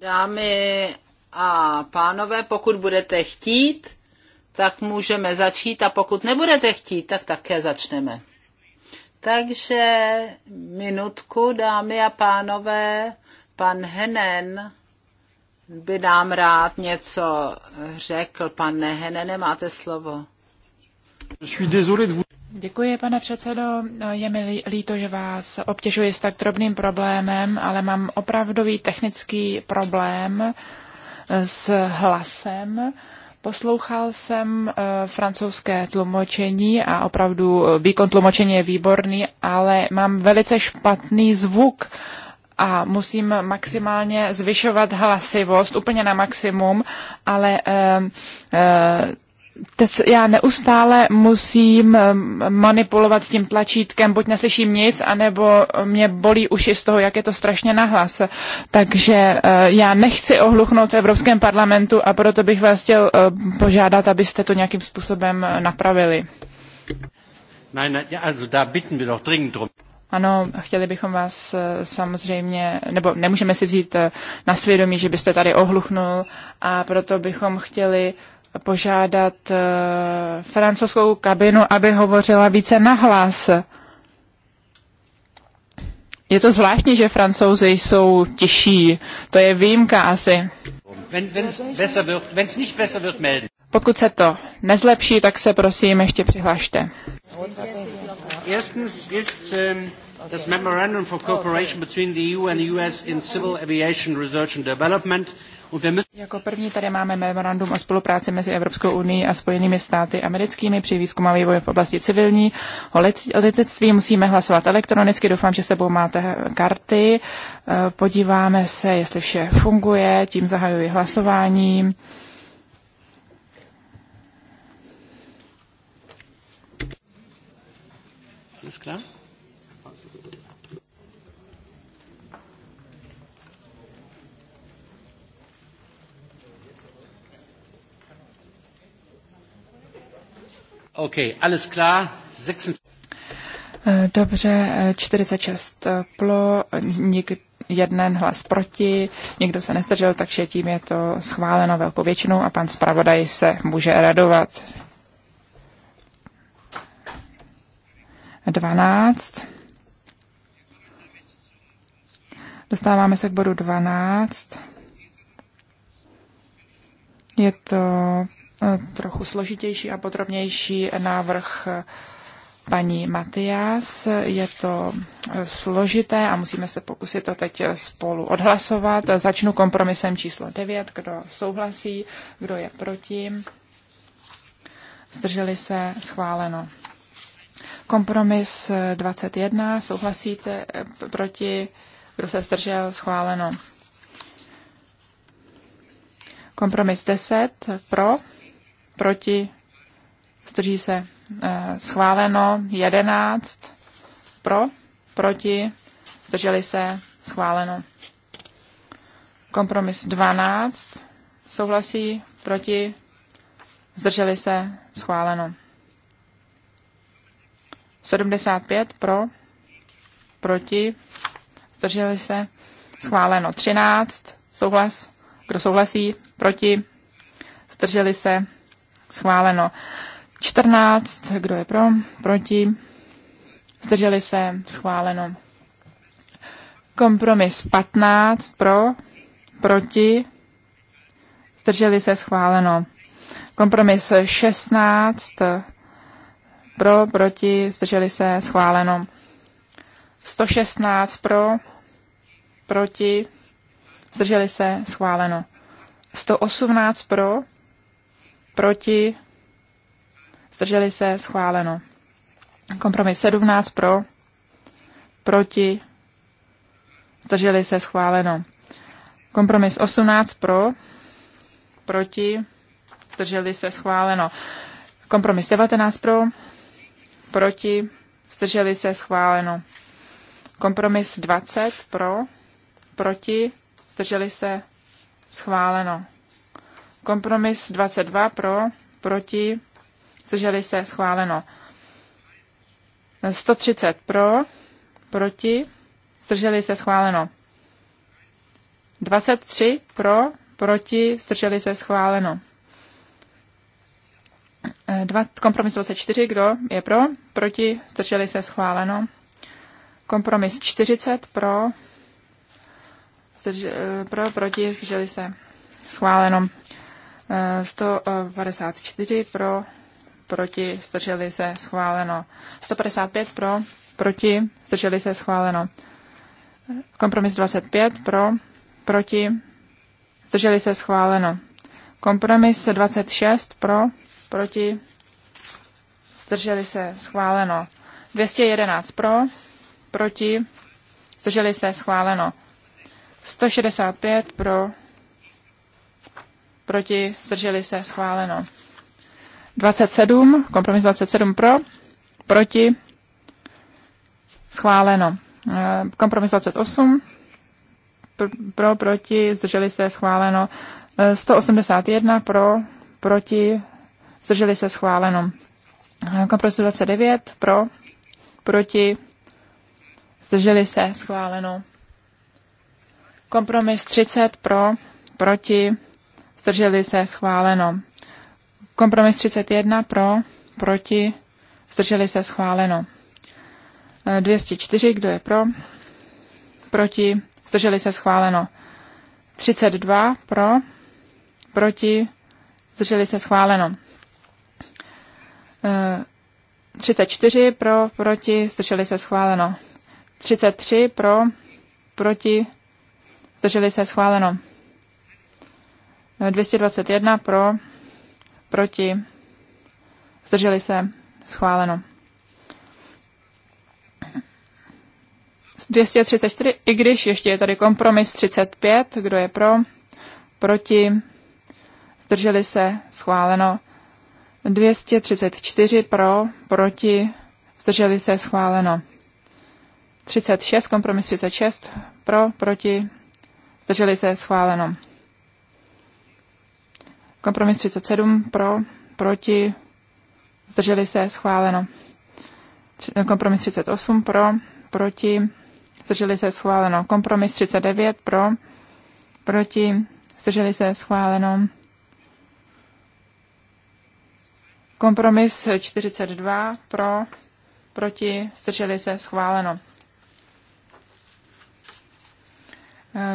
Dámy a pánové, pokud budete chtít, tak můžeme začít a pokud nebudete chtít, tak také začneme. Takže minutku, dámy a pánové, pan Henen by nám rád něco řekl. Pane Henene, máte slovo. Děkuji, pane předsedo. Je mi líto, že vás obtěžuji s tak drobným problémem, ale mám opravdový technický problém eh, s hlasem. Poslouchal jsem eh, francouzské tlumočení a opravdu eh, výkon tlumočení je výborný, ale mám velice špatný zvuk a musím maximálně zvyšovat hlasivost, úplně na maximum, ale já neustále musím um, manipulovat s tím tlačítkem, buď neslyším nic, anebo mě bolí uši z toho, jak je to strašně nahlas. Takže uh, já nechci ohluchnout v Evropském parlamentu a proto bych vás chtěl uh, požádat, abyste to nějakým způsobem uh, napravili. Nein, nein, also da bitten wir doch dringend drum. Ano, chtěli bychom vás samozřejmě, nebo nemůžeme si vzít na svědomí, že byste tady ohluchnul a proto bychom chtěli uh, požádat eh, francouzskou kabinu, aby hovořila více nahlas. Je to zvláštní, že francouzi jsou tiší. To je výjimka asi. Pokud se to nezlepší, tak se prosím ještě přihlašte. Erstens ähm, Memorandum for Cooperation between the EU and the US in Civil Aviation Research and Development jako první tady máme memorandum o spolupráci mezi Evropskou unii a Spojenými státy americkými při výzkumu a vývoji v oblasti civilní. O letectví musíme hlasovat elektronicky. Doufám, že sebou máte karty. Eh, podíváme se, jestli vše funguje. Tím zahajuji hlasování. Okay, alles klar. 46. Eh, dobře, 46 eh, plo, nik, jeden hlas proti, nikdo se nestržel, takže tím je to schváleno velkou většinou a pan zpravodaj se může radovat. 12. Dostáváme se k bodu 12. Je to trochu složitější a podrobnější návrh paní Matias. Je to eh, složité a musíme se pokusit to teď eh, spolu odhlasovat. Začnu kompromisem číslo 9. Kdo souhlasí, kdo je proti? Zdrželi se, schváleno. Kompromis 21. Eh, Souhlasíte proti? Kdo se zdržel, schváleno. Kompromis 10. Pro? proti, zdrží se eh, schváleno 11, pro, proti, zdrželi se schváleno. Kompromis 12, souhlasí, proti, zdrželi se schváleno. 75 pro, proti, zdrželi se, schváleno 13, souhlas, kdo souhlasí, proti, zdrželi se, Schváleno. 14. Kdo je pro? Proti? Zdrželi se? Schváleno. Kompromis 15. Pro? Proti? Zdrželi se? Schváleno. Kompromis 16. Pro? Proti? Zdrželi se? Schváleno. 116 pro, proti, zdrželi se, schváleno. 118 pro, proti, zdrželi se, schváleno. Kompromis 17 pro, proti, zdrželi se, schváleno. Kompromis 18 pro, proti, zdrželi se, schváleno. Kompromis 19 pro, proti, zdrželi se, schváleno. Kompromis 20 pro, proti, zdrželi se, schváleno. Kompromis 22 pro, proti, zdrželi se, schváleno. 130 pro, proti, zdrželi se, schváleno. 23 pro, proti, zdrželi se, schváleno. Dva, kompromis 24, kdo je pro, proti, zdrželi se, schváleno. Kompromis 40 pro, zdrž, eh, pro proti, zdrželi se, schváleno. 154 pro, proti, zdrželi se, schváleno. 155 pro, proti, zdrželi se, schváleno. Kompromis 25 pro, proti, zdrželi se, schváleno. Kompromis 26 pro, proti, zdrželi se, schváleno. 211 pro, proti, zdrželi se, schváleno. 165 pro, proti, zdrželi se, schváleno. 27, kompromis 27 pro, proti, schváleno. Eh, kompromis 28, pro, proti, zdrželi se, schváleno. 181 eh, eh, pro, proti, zdrželi se, schváleno. Kompromis 29 pro, proti, zdrželi se, schváleno. Kompromis 30 pro, proti, zdrželi se, schváleno. Kompromis 31 pro, proti, zdrželi se, schváleno. 204, e, kdo je pro, proti, zdrželi se, schváleno. 32 pro, proti, zdrželi se, schváleno. 34 e, pro, proti, zdrželi se, schváleno. 33 pro, proti, zdrželi se, schváleno. 221 pro, proti, zdrželi se, schváleno. 234, i když ještě je tady kompromis 35, kdo je pro, proti, zdrželi se, schváleno. 234 pro, proti, zdrželi se, schváleno. 36, kompromis 36, pro, proti, zdrželi se, schváleno. Kompromis 37 pro, proti, zdrželi se, schváleno. Kompromis 38 pro, proti, zdrželi se, schváleno. Kompromis 39 pro, proti, zdrželi se, schváleno. Kompromis eh, 42 pro, proti, zdrželi se, schváleno.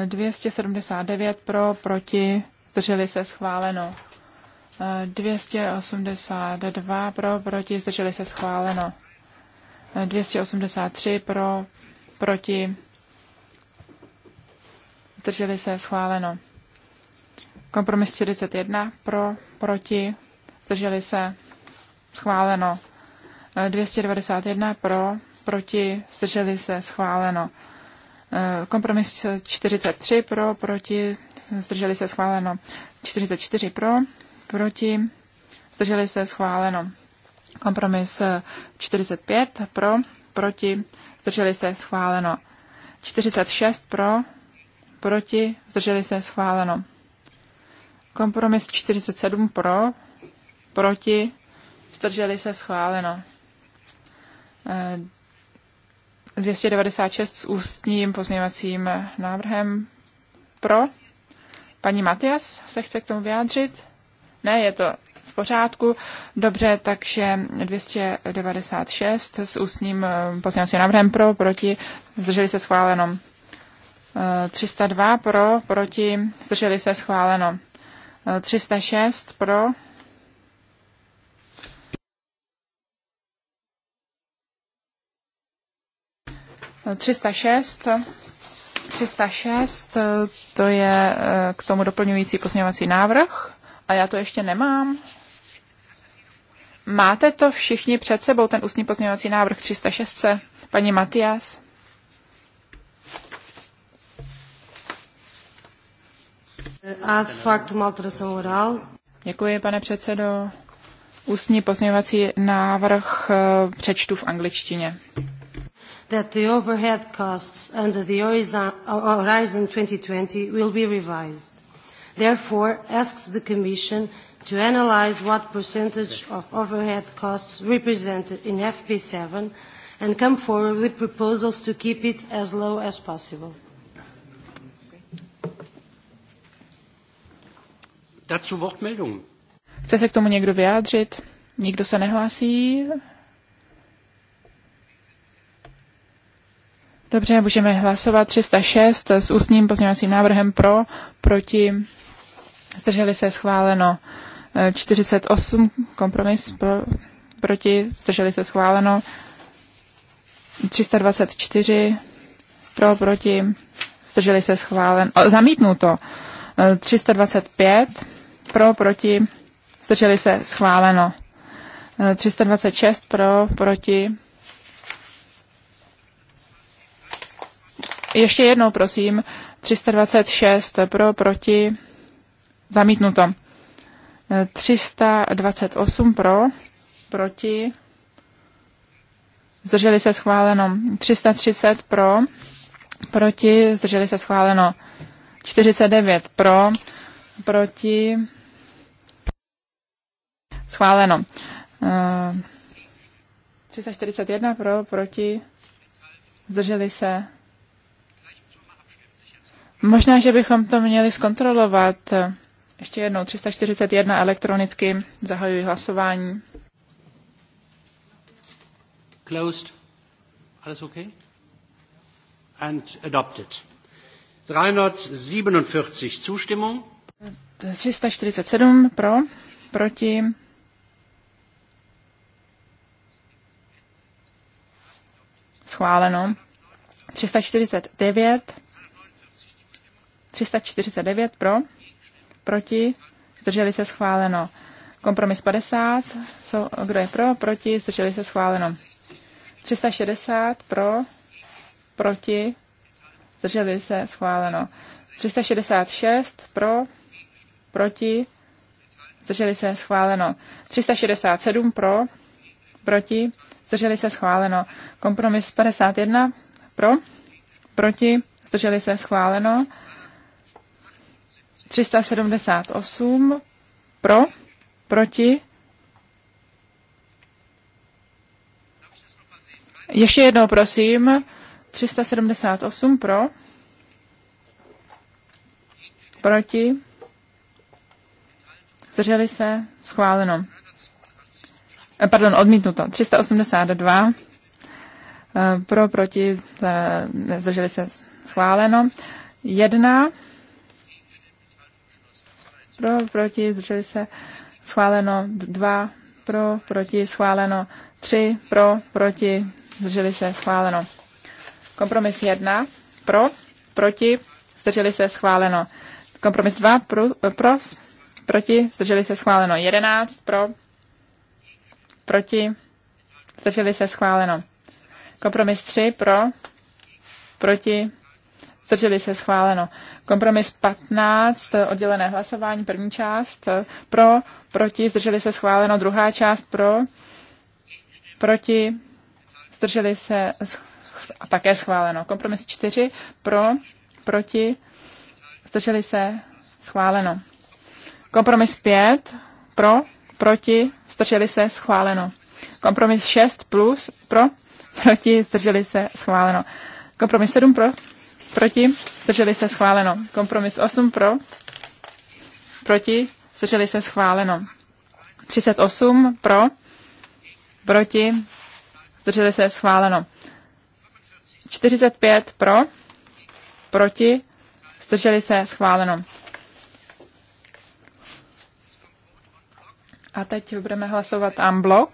279 pro, proti, zdrželi se schváleno. 282 pro, proti, zdrželi se schváleno. 283 pro, proti, zdrželi se schváleno. Kompromis 41 pro, proti, zdrželi se schváleno. 291 pro, proti, zdrželi se schváleno. Eh, kompromis 43 pro, proti, zdrželi se schváleno. 44 pro, proti, zdrželi se schváleno. Kompromis 45 eh, pro, proti, zdrželi se schváleno. 46 pro, proti, zdrželi se schváleno. Kompromis 47 pro, proti, zdrželi se schváleno. Eh, 296 s ústním pozměňovacím návrhem pro. Paní Matias se chce k tomu vyjádřit? Ne, je to v pořádku. Dobře, takže 296 s ústním eh, pozměňovacím návrhem pro, proti, zdrželi se schváleno. 302 eh, pro, proti, zdrželi se schváleno. 306 eh, pro, 306. 306, to je eh, k tomu doplňující pozměňovací návrh. A já to ještě nemám. Máte to všichni před sebou, ten ústní pozměňovací návrh 306, paní Matias? de facto oral. Děkuji, pane předsedo. Ústní pozměňovací návrh eh, přečtu v angličtině that the overhead costs under the uh, Horizon 2020 will be revised. Therefore, asks the Commission to analyze what percentage of overhead costs represented in FP7 and come forward with proposals to keep it as low as possible. Chce se k tomu někdo vyjádřit? Nikdo se nehlásí, Dobře, můžeme hlasovat 306 s ústním pozměňovacím návrhem pro, proti, zdrželi se schváleno 48, eh, kompromis pro, proti, zdrželi se schváleno 324 eh, eh, pro, proti, zdrželi se schváleno. Zamítnu zamítnuto 325 pro, proti, zdrželi se schváleno 326 pro, proti, Ještě jednou, prosím, 326 pro, proti, zamítnuto. 328 pro, proti, zdrželi se schváleno. 330 pro, proti, zdrželi se schváleno. 49 pro, proti, schváleno. 341 pro, proti, zdrželi se Možná, že bychom to měli zkontrolovat. Ještě jednou 341 elektronicky zahajuji hlasování. Closed. Alles okay? And adopted. 347 Zustimmung. 347 pro, proti. Schváleno. 349 349 pro, proti, zdrželi se schváleno. Kompromis 50, so, kdo je pro, proti, zdrželi se schváleno. 360 pro, proti, zdrželi se schváleno. 366 pro, proti, zdrželi se schváleno. 367 pro, proti, zdrželi se schváleno. Kompromis 51 pro, proti, zdrželi se schváleno. 378 pro, proti. Ještě jednou prosím. 378 pro, proti. Zdrželi se? Schváleno. Eh, pardon, odmítnuto. 382. Eh, pro, proti, zdrželi se? Schváleno. Jedna pro, proti, zdrželi se, schváleno dva pro, proti, schváleno tři pro, proti, zdrželi se, schváleno. Kompromis jedna pro, proti, zdrželi se, schváleno. Kompromis dva pro, pro proti, zdrželi se, schváleno. jedenáct pro, proti, zdrželi se, schváleno. Kompromis tři pro, proti, Zdrželi se schváleno. Kompromis 15, oddělené hlasování, první část pro, proti, zdrželi se schváleno, druhá část pro, proti, zdrželi se a také schváleno. Kompromis 4 pro, proti, zdrželi se schváleno. Kompromis 5 pro, proti, zdrželi se schváleno. Kompromis 6 plus pro, proti, zdrželi se schváleno. Kompromis 7 pro, proti, zdrželi se schváleno. Kompromis 8 pro, proti, zdrželi se schváleno. 38 pro, proti, zdrželi se schváleno. 45 pro, proti, zdrželi se schváleno. A teď budeme hlasovat unblock.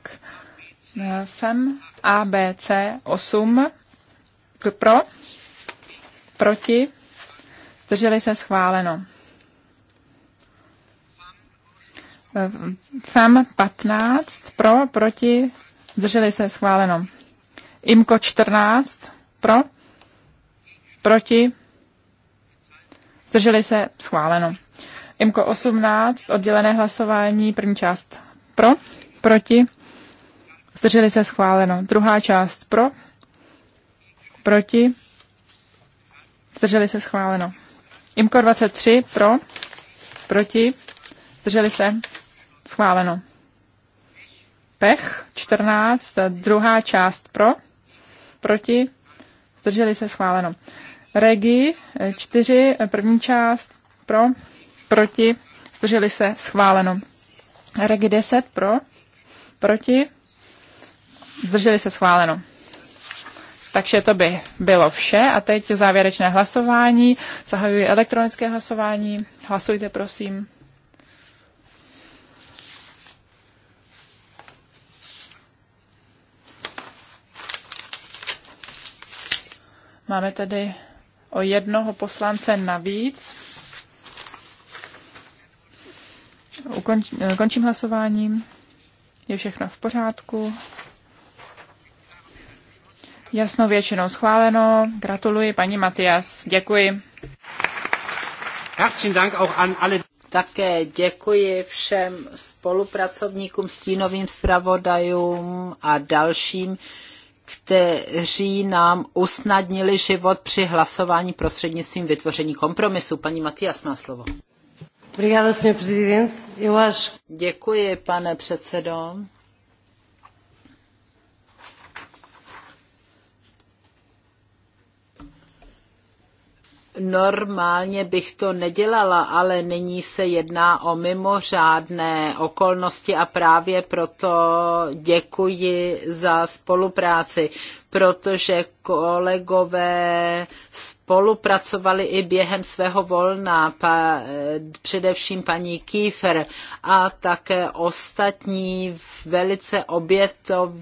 FEM ABC 8 pro, proti, zdrželi se schváleno. Eh, FAM 15 pro, proti, zdrželi se schváleno. IMKO 14 pro, proti, zdrželi se schváleno. IMKO 18 oddělené hlasování, první část pro, proti, zdrželi se schváleno. Druhá část pro, proti, Zdrželi se schváleno. Imko 23 pro, proti, zdrželi se schváleno. Pech 14, druhá část pro, proti, zdrželi se schváleno. Regi 4, první část pro, proti, zdrželi se schváleno. Regi 10 pro, proti, zdrželi se schváleno. Takže to by bylo vše. A teď závěrečné hlasování. Zahajuji elektronické hlasování. Hlasujte, prosím. Máme tady o jednoho poslance navíc. Ukonč, končím hlasováním. Je všechno v pořádku. Jasnou většinou schváleno. Gratuluji paní Matias. Děkuji. Herzlichen Dank auch an alle. Také děkuji všem spolupracovníkům, stínovým zpravodajům a dalším, kteří nám usnadnili život při hlasování prostřednictvím vytvoření kompromisu. Paní Matias má slovo. Děkuji, pane předsedo. Normálně bych to nedělala, ale nyní se jedná o mimořádné okolnosti a právě proto děkuji za spolupráci protože kolegové spolupracovali i během svého volna, pa, především paní Kiefer a také ostatní velice obětově,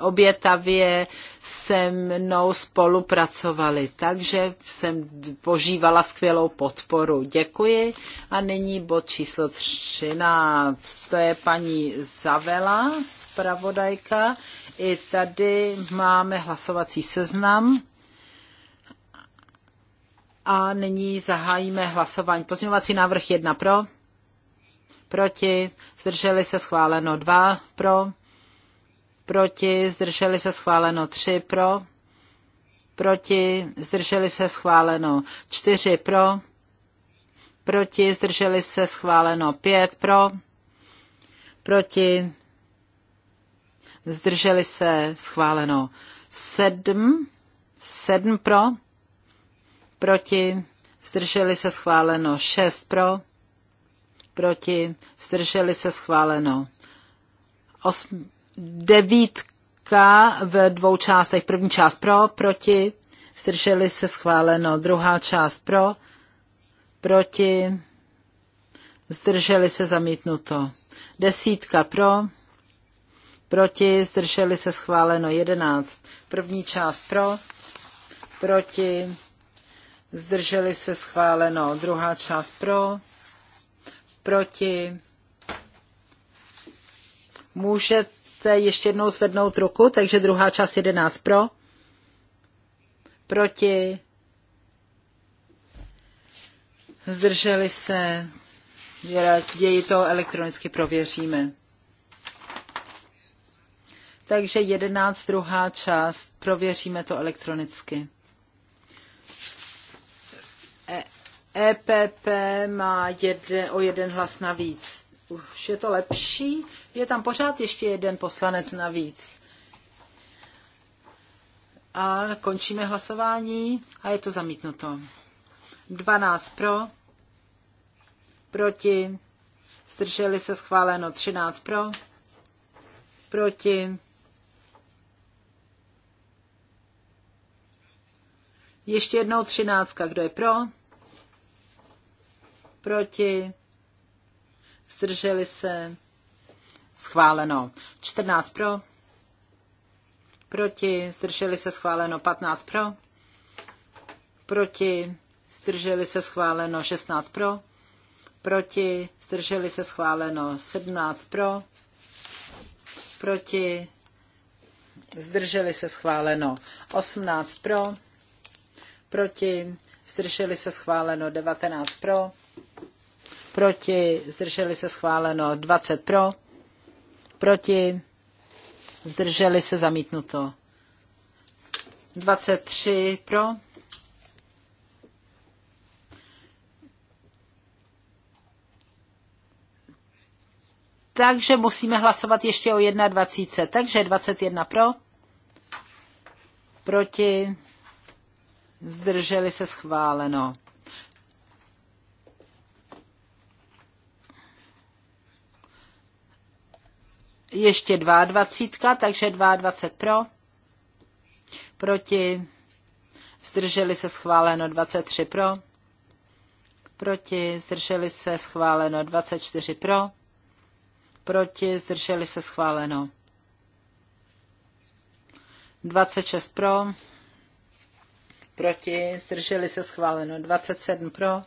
obětavě se mnou spolupracovali, takže jsem požívala skvělou podporu. Děkuji a nyní bod číslo 13, to je paní Zavela, zpravodajka. I tady máme hlasovací seznam. A nyní zahájíme hlasování. Pozměňovací návrh 1 pro, proti, zdrželi se schváleno 2 pro, proti, zdrželi se schváleno 3 pro, proti, zdrželi se schváleno 4 pro, proti, zdrželi se schváleno 5 pro, proti, zdrželi se, schváleno. Sedm, sedm pro, proti, zdrželi se, schváleno. Šest pro, proti, zdrželi se, schváleno. Osm, devítka ve dvou částech. První část pro, proti, zdrželi se, schváleno. Druhá část pro, proti, zdrželi se, zamítnuto. Desítka pro, proti, zdrželi se schváleno 11. První část pro, proti, zdrželi se schváleno druhá část pro, proti. Můžete ještě jednou zvednout ruku, takže druhá část 11 pro, proti, zdrželi se, raději to elektronicky prověříme. Takže jedenáct druhá část. Prověříme to elektronicky. EPP e má jeden, o jeden hlas navíc. Už je to lepší. Je tam pořád ještě jeden poslanec navíc. A končíme hlasování a je to zamítnuto. 12 pro, proti, zdrželi se schváleno 13 pro, proti, Ještě jednou třináctka. Kdo je pro? Proti? Zdrželi se? Schváleno. 14 pro? Proti? Zdrželi se? Schváleno. 15 pro? Proti? Zdrželi se? Schváleno. 16 pro? Proti? Zdrželi se? Schváleno. 17 pro? Proti? Zdrželi se? Schváleno. 18 pro? proti, zdrželi se schváleno 19 pro, proti, zdrželi se schváleno 20 pro, proti, zdrželi se zamítnuto 23 pro, takže musíme hlasovat ještě o 21. Takže 21 pro, proti, zdrželi se schváleno. Ještě dva dvacítka, takže dva dvacet pro, proti, zdrželi se schváleno 23 pro, proti, zdrželi se schváleno 24 pro, proti, zdrželi se schváleno 26 pro, proti, zdrželi se schváleno 27 pro,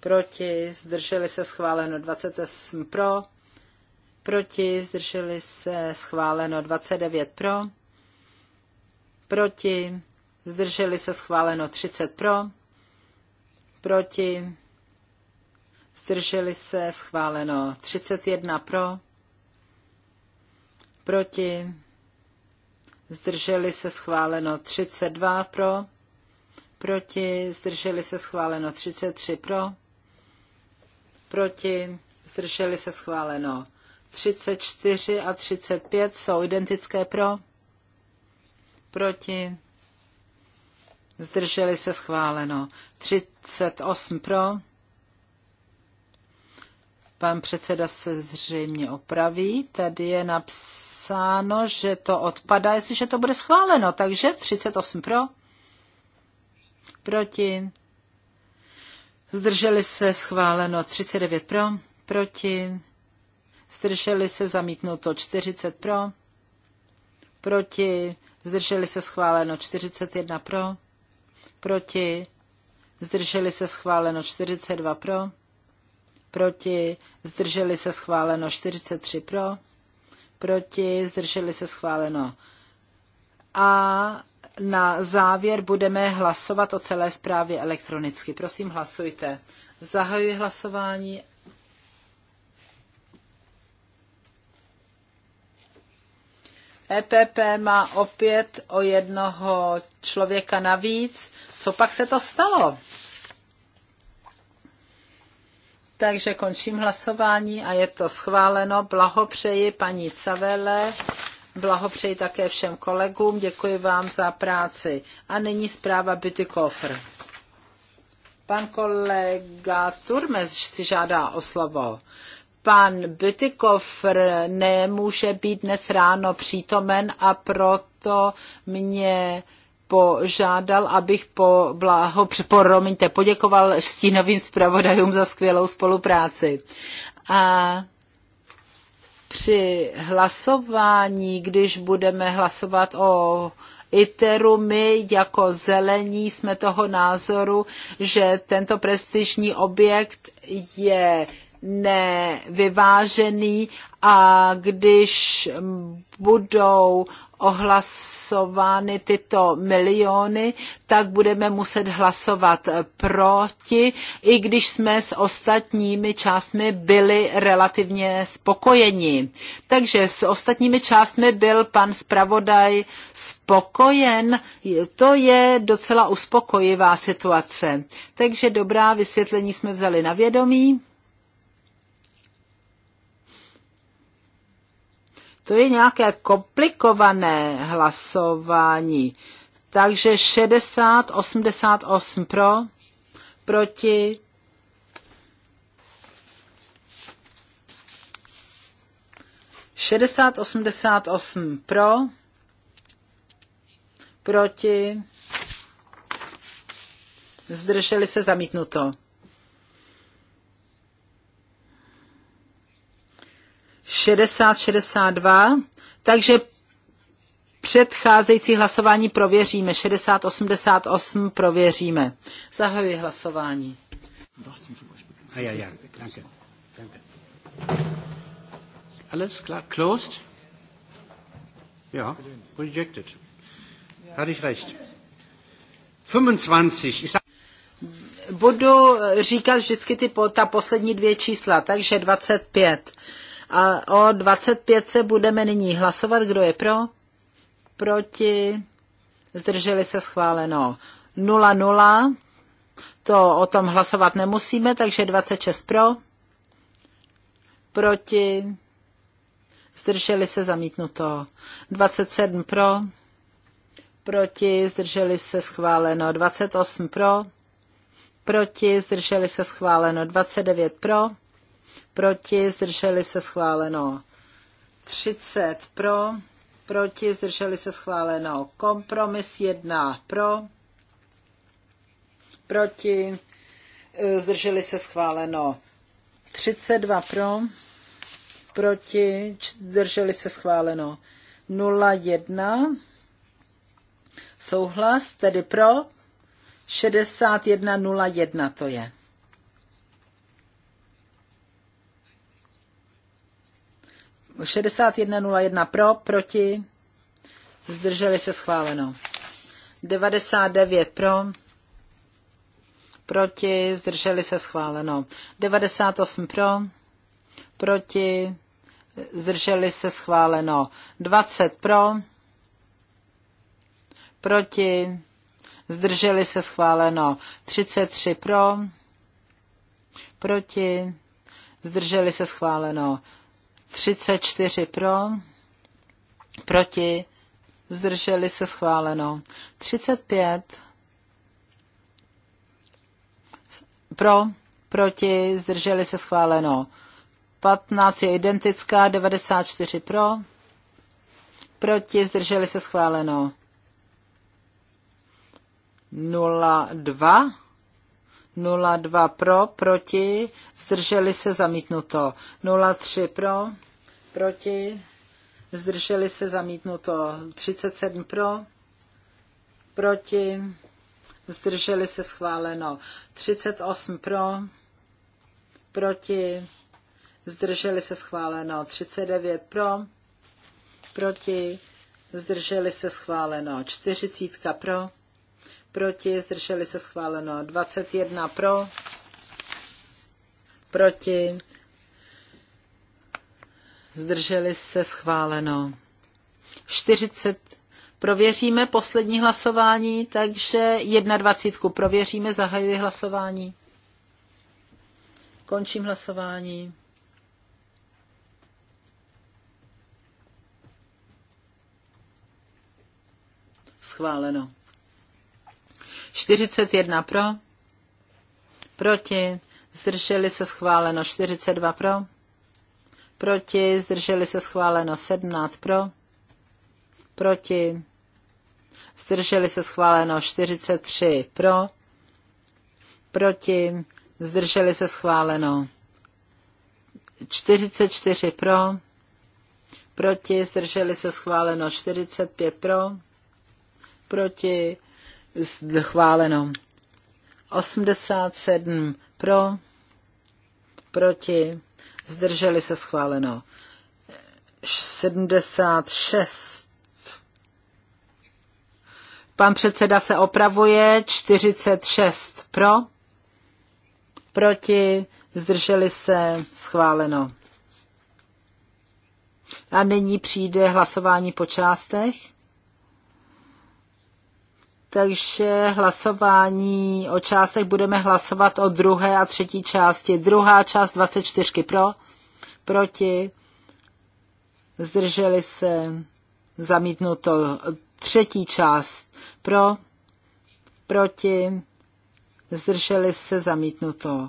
proti, zdrželi se schváleno 28 pro, proti, zdrželi se schváleno 29 pro, proti, zdrželi se schváleno 30 pro, proti, zdrželi se schváleno 31 pro, proti, zdrželi se schváleno 32 pro, proti, zdrželi se schváleno 33 pro, proti, zdrželi se schváleno 34 a 35 jsou identické pro, proti, zdrželi se schváleno 38 pro, pan předseda se zřejmě opraví, tady je napsáno, napsáno, že to odpadá, jestliže to bude schváleno. Takže 38 pro, proti, zdrželi se schváleno 39 pro, proti, zdrželi se zamítnuto 40 pro, proti, zdrželi se schváleno 41 pro, proti, zdrželi se schváleno 42 pro, proti, zdrželi se schváleno 43 pro, proti, zdrželi se schváleno. A na závěr budeme hlasovat o celé zprávě elektronicky. Prosím, hlasujte. Zahajuji hlasování. EPP má opět o jednoho člověka navíc. Co pak se to stalo? Takže končím hlasování a je to schváleno. Blahopřeji paní Cavele, blahopřeji také všem kolegům, děkuji vám za práci. A nyní zpráva Beauty Koffer. Pan kolega Turmes si žádá o slovo. Pan Bytykofr nemůže být dnes ráno přítomen a proto mě požádal, abych po blaho, po, poděkoval stínovým zpravodajům za skvělou spolupráci. A při hlasování, když budeme hlasovat o ITERu, my jako zelení jsme toho názoru, že tento prestižní objekt je nevyvážený a když budou ohlasovány tyto miliony, tak budeme muset hlasovat proti, i když jsme s ostatními částmi byli relativně spokojeni. Takže s ostatními částmi byl pan zpravodaj spokojen. To je docela uspokojivá situace. Takže dobrá vysvětlení jsme vzali na vědomí. To je nějaké komplikované hlasování. Takže 60, 88 pro, proti. Šedesát, osmdesát osm pro, proti, zdrželi se zamítnuto. 60-62, takže předcházející hlasování prověříme. 60-88 prověříme. Zahajuji hlasování. A ah, ja, ja. Danke. Danke. Alles klar. Closed? Ja, rejected. Hatte ich recht. 25. Ich Budu říkat vždycky ty, ta poslední dvě čísla, takže 25. A o 25 se budeme nyní hlasovat. Kdo je pro? Proti? Zdrželi se schváleno. 0, 0. To o tom hlasovat nemusíme, takže 26 pro. Proti? Zdrželi se zamítnuto. 27 pro. Proti? Zdrželi se schváleno. 28 pro. Proti? Zdrželi se schváleno. 29 pro proti, zdrželi se schváleno. 30 pro, proti, zdrželi se schváleno. Kompromis 1 pro, proti, e, zdrželi se schváleno. 32 pro, proti, zdrželi se schváleno. 01 souhlas, tedy pro 6101 to je. 6101 pro, proti, zdrželi se schváleno. 99 pro, proti, zdrželi se schváleno. 98 pro, proti, zdrželi se schváleno. 20 pro, proti, zdrželi se schváleno. 33 pro, proti, zdrželi se schváleno. 34 pro, proti, zdrželi se schváleno. 35 pro, proti, zdrželi se schváleno. 15 je identická, 94 pro, proti, zdrželi se schváleno. 02 02 pro, proti, zdrželi se zamítnuto. 03 pro, proti, zdrželi se zamítnuto. 37 pro, proti, zdrželi se schváleno. 38 pro, proti, zdrželi se schváleno. 39 pro, proti, zdrželi se schváleno. 40 pro, proti, zdrželi se schváleno 21 pro, proti, zdrželi se schváleno 40. Prověříme poslední hlasování, takže 21. Prověříme, zahajuji hlasování. Končím hlasování. Schváleno. 41 pro, proti, zdrželi se schváleno 42 pro, proti, zdrželi se schváleno 17 pro, proti, zdrželi se schváleno 43 pro, proti, zdrželi se schváleno 44 pro, proti, zdrželi se schváleno 45 pro, proti, schváleno. 87 pro, proti, zdrželi se schváleno. 76. Pan předseda se opravuje, 46 pro, proti, zdrželi se schváleno. A nyní přijde hlasování po částech takže hlasování o částech budeme hlasovat o druhé a třetí části. Druhá část 24 pro, proti, zdrželi se, zamítnuto. Třetí část pro, proti, zdrželi se, zamítnuto.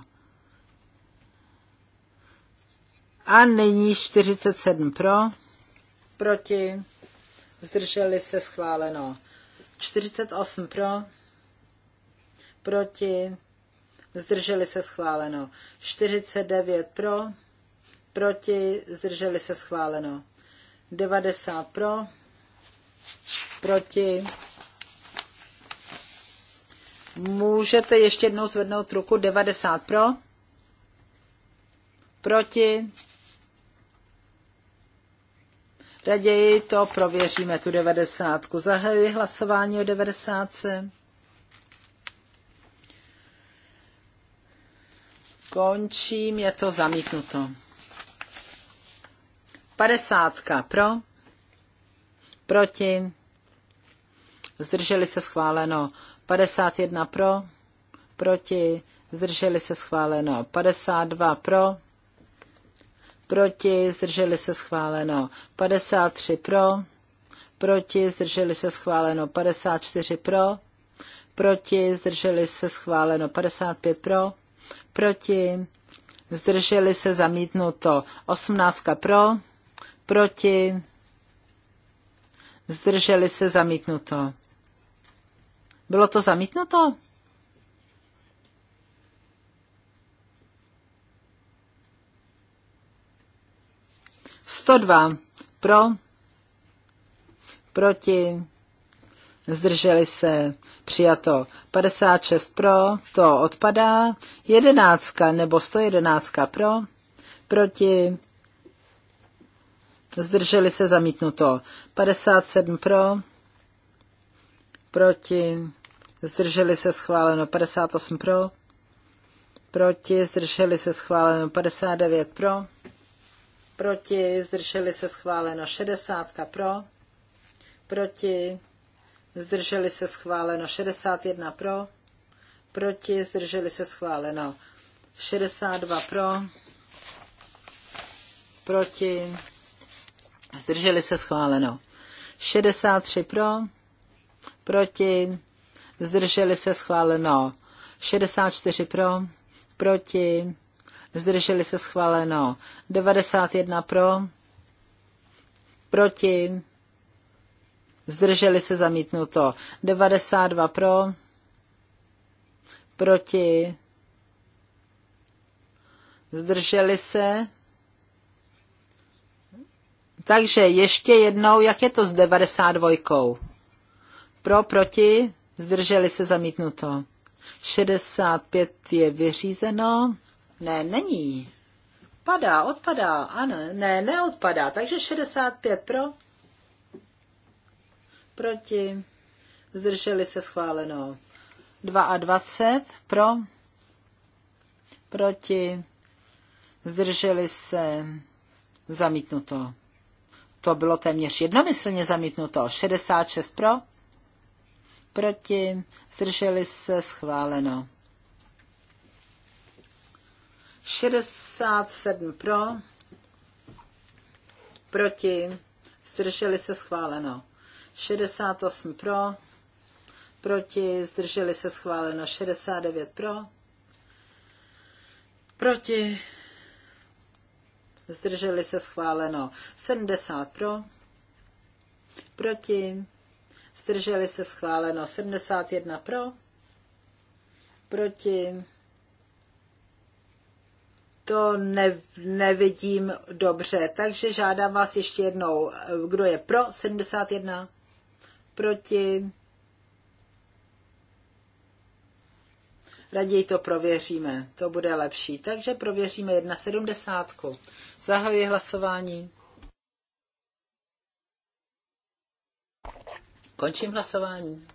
A nyní 47 pro, proti, zdrželi se, schváleno. 48 pro, proti, zdrželi se schváleno. 49 pro, proti, zdrželi se schváleno. 90 pro, proti. Můžete ještě jednou zvednout ruku 90 pro, proti, Raději to prověříme, tu devadesátku. Zahajuji hlasování o devadesátce. Končím, je to zamítnuto. Padesátka pro, proti, zdrželi se schváleno. 51 pro, proti, zdrželi se schváleno. 52 pro, proti, zdrželi se schváleno 53 pro, proti, zdrželi se schváleno 54 pro, proti, zdrželi se schváleno 55 pro, proti, zdrželi se zamítnuto 18 pro, proti, zdrželi se zamítnuto. Bylo to zamítnuto? 102 pro, proti, zdrželi se, přijato 56 pro, to odpadá, 11 nebo 111 pro, proti, zdrželi se, zamítnuto 57 pro, proti, zdrželi se, schváleno 58 pro, proti, zdrželi se, schváleno 59 pro, proti, zdrželi se schváleno 60 pro, proti, zdrželi se schváleno 61 pro, proti, zdrželi se schváleno 62 pro, proti, zdrželi se schváleno 63 pro, proti, zdrželi se schváleno 64 pro, proti, zdrželi se schváleno. 91 pro, proti, zdrželi se zamítnuto. 92 pro, proti, zdrželi se. Takže ještě jednou, jak je to s 92? Pro, proti, zdrželi se zamítnuto. 65 je vyřízeno. Ne, není. Padá, odpadá, ano, ne, neodpadá. Takže 65 pro, proti, zdrželi se schváleno. 22 pro, proti, zdrželi se zamítnuto. To bylo téměř jednomyslně zamítnuto. 66 pro, proti, zdrželi se schváleno. 67 pro, proti, zdrželi se schváleno. 68 pro, proti, zdrželi se schváleno. 69 pro, proti, zdrželi se schváleno. 70 pro, proti, zdrželi se schváleno. 71 pro, proti, to ne, nevidím dobře. Takže žádám vás ještě jednou, eh, kdo je pro 71, proti. Raději to prověříme, to bude lepší. Takže prověříme 1,70. Zahajuji hlasování. Končím hlasování.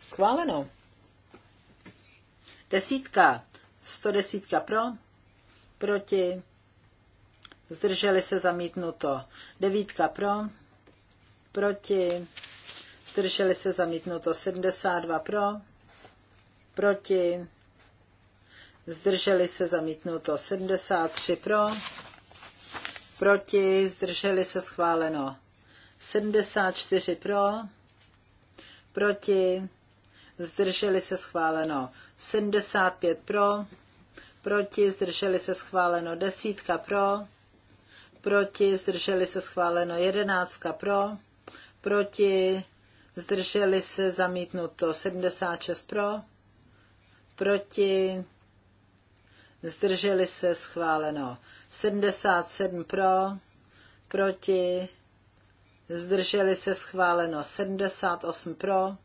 Schváleno. Desítka. 110 pro proti, zdrželi se zamítnuto. Devítka pro, proti, zdrželi se zamítnuto. 72 pro, proti, zdrželi se zamítnuto. 73 pro, proti, zdrželi se schváleno. 74 pro, proti, zdrželi se schváleno. 75 pro, proti, zdrželi se schváleno desítka pro, proti, zdrželi se schváleno jedenáctka pro, proti, zdrželi se zamítnuto 76 pro, proti, zdrželi se schváleno 77 pro, proti, zdrželi se schváleno 78 pro,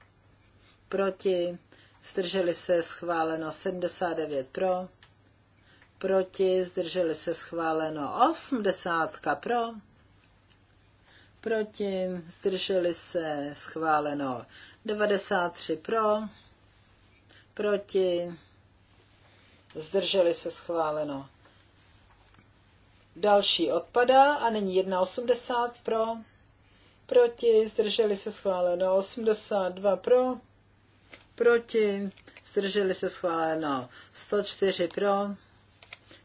proti, zdrželi se schváleno 79 pro, proti, zdrželi se schváleno 80 pro, proti, zdrželi se schváleno 93 pro, proti, zdrželi se schváleno. Další odpadá a není 1,80 pro, proti, zdrželi se schváleno 82 pro, proti, zdrželi se schváleno 104 pro,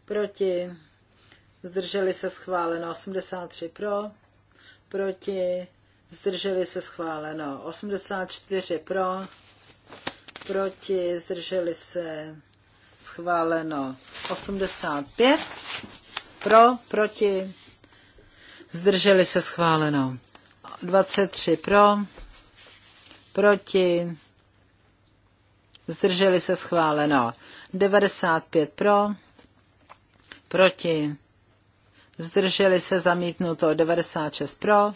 proti, zdrželi se schváleno 83 pro, proti, zdrželi se schváleno 84 pro, proti, zdrželi se schváleno 85 pro, proti, zdrželi se schváleno 23 pro, proti, zdrželi se schváleno 95 pro, proti, zdrželi se zamítnuto 96 pro,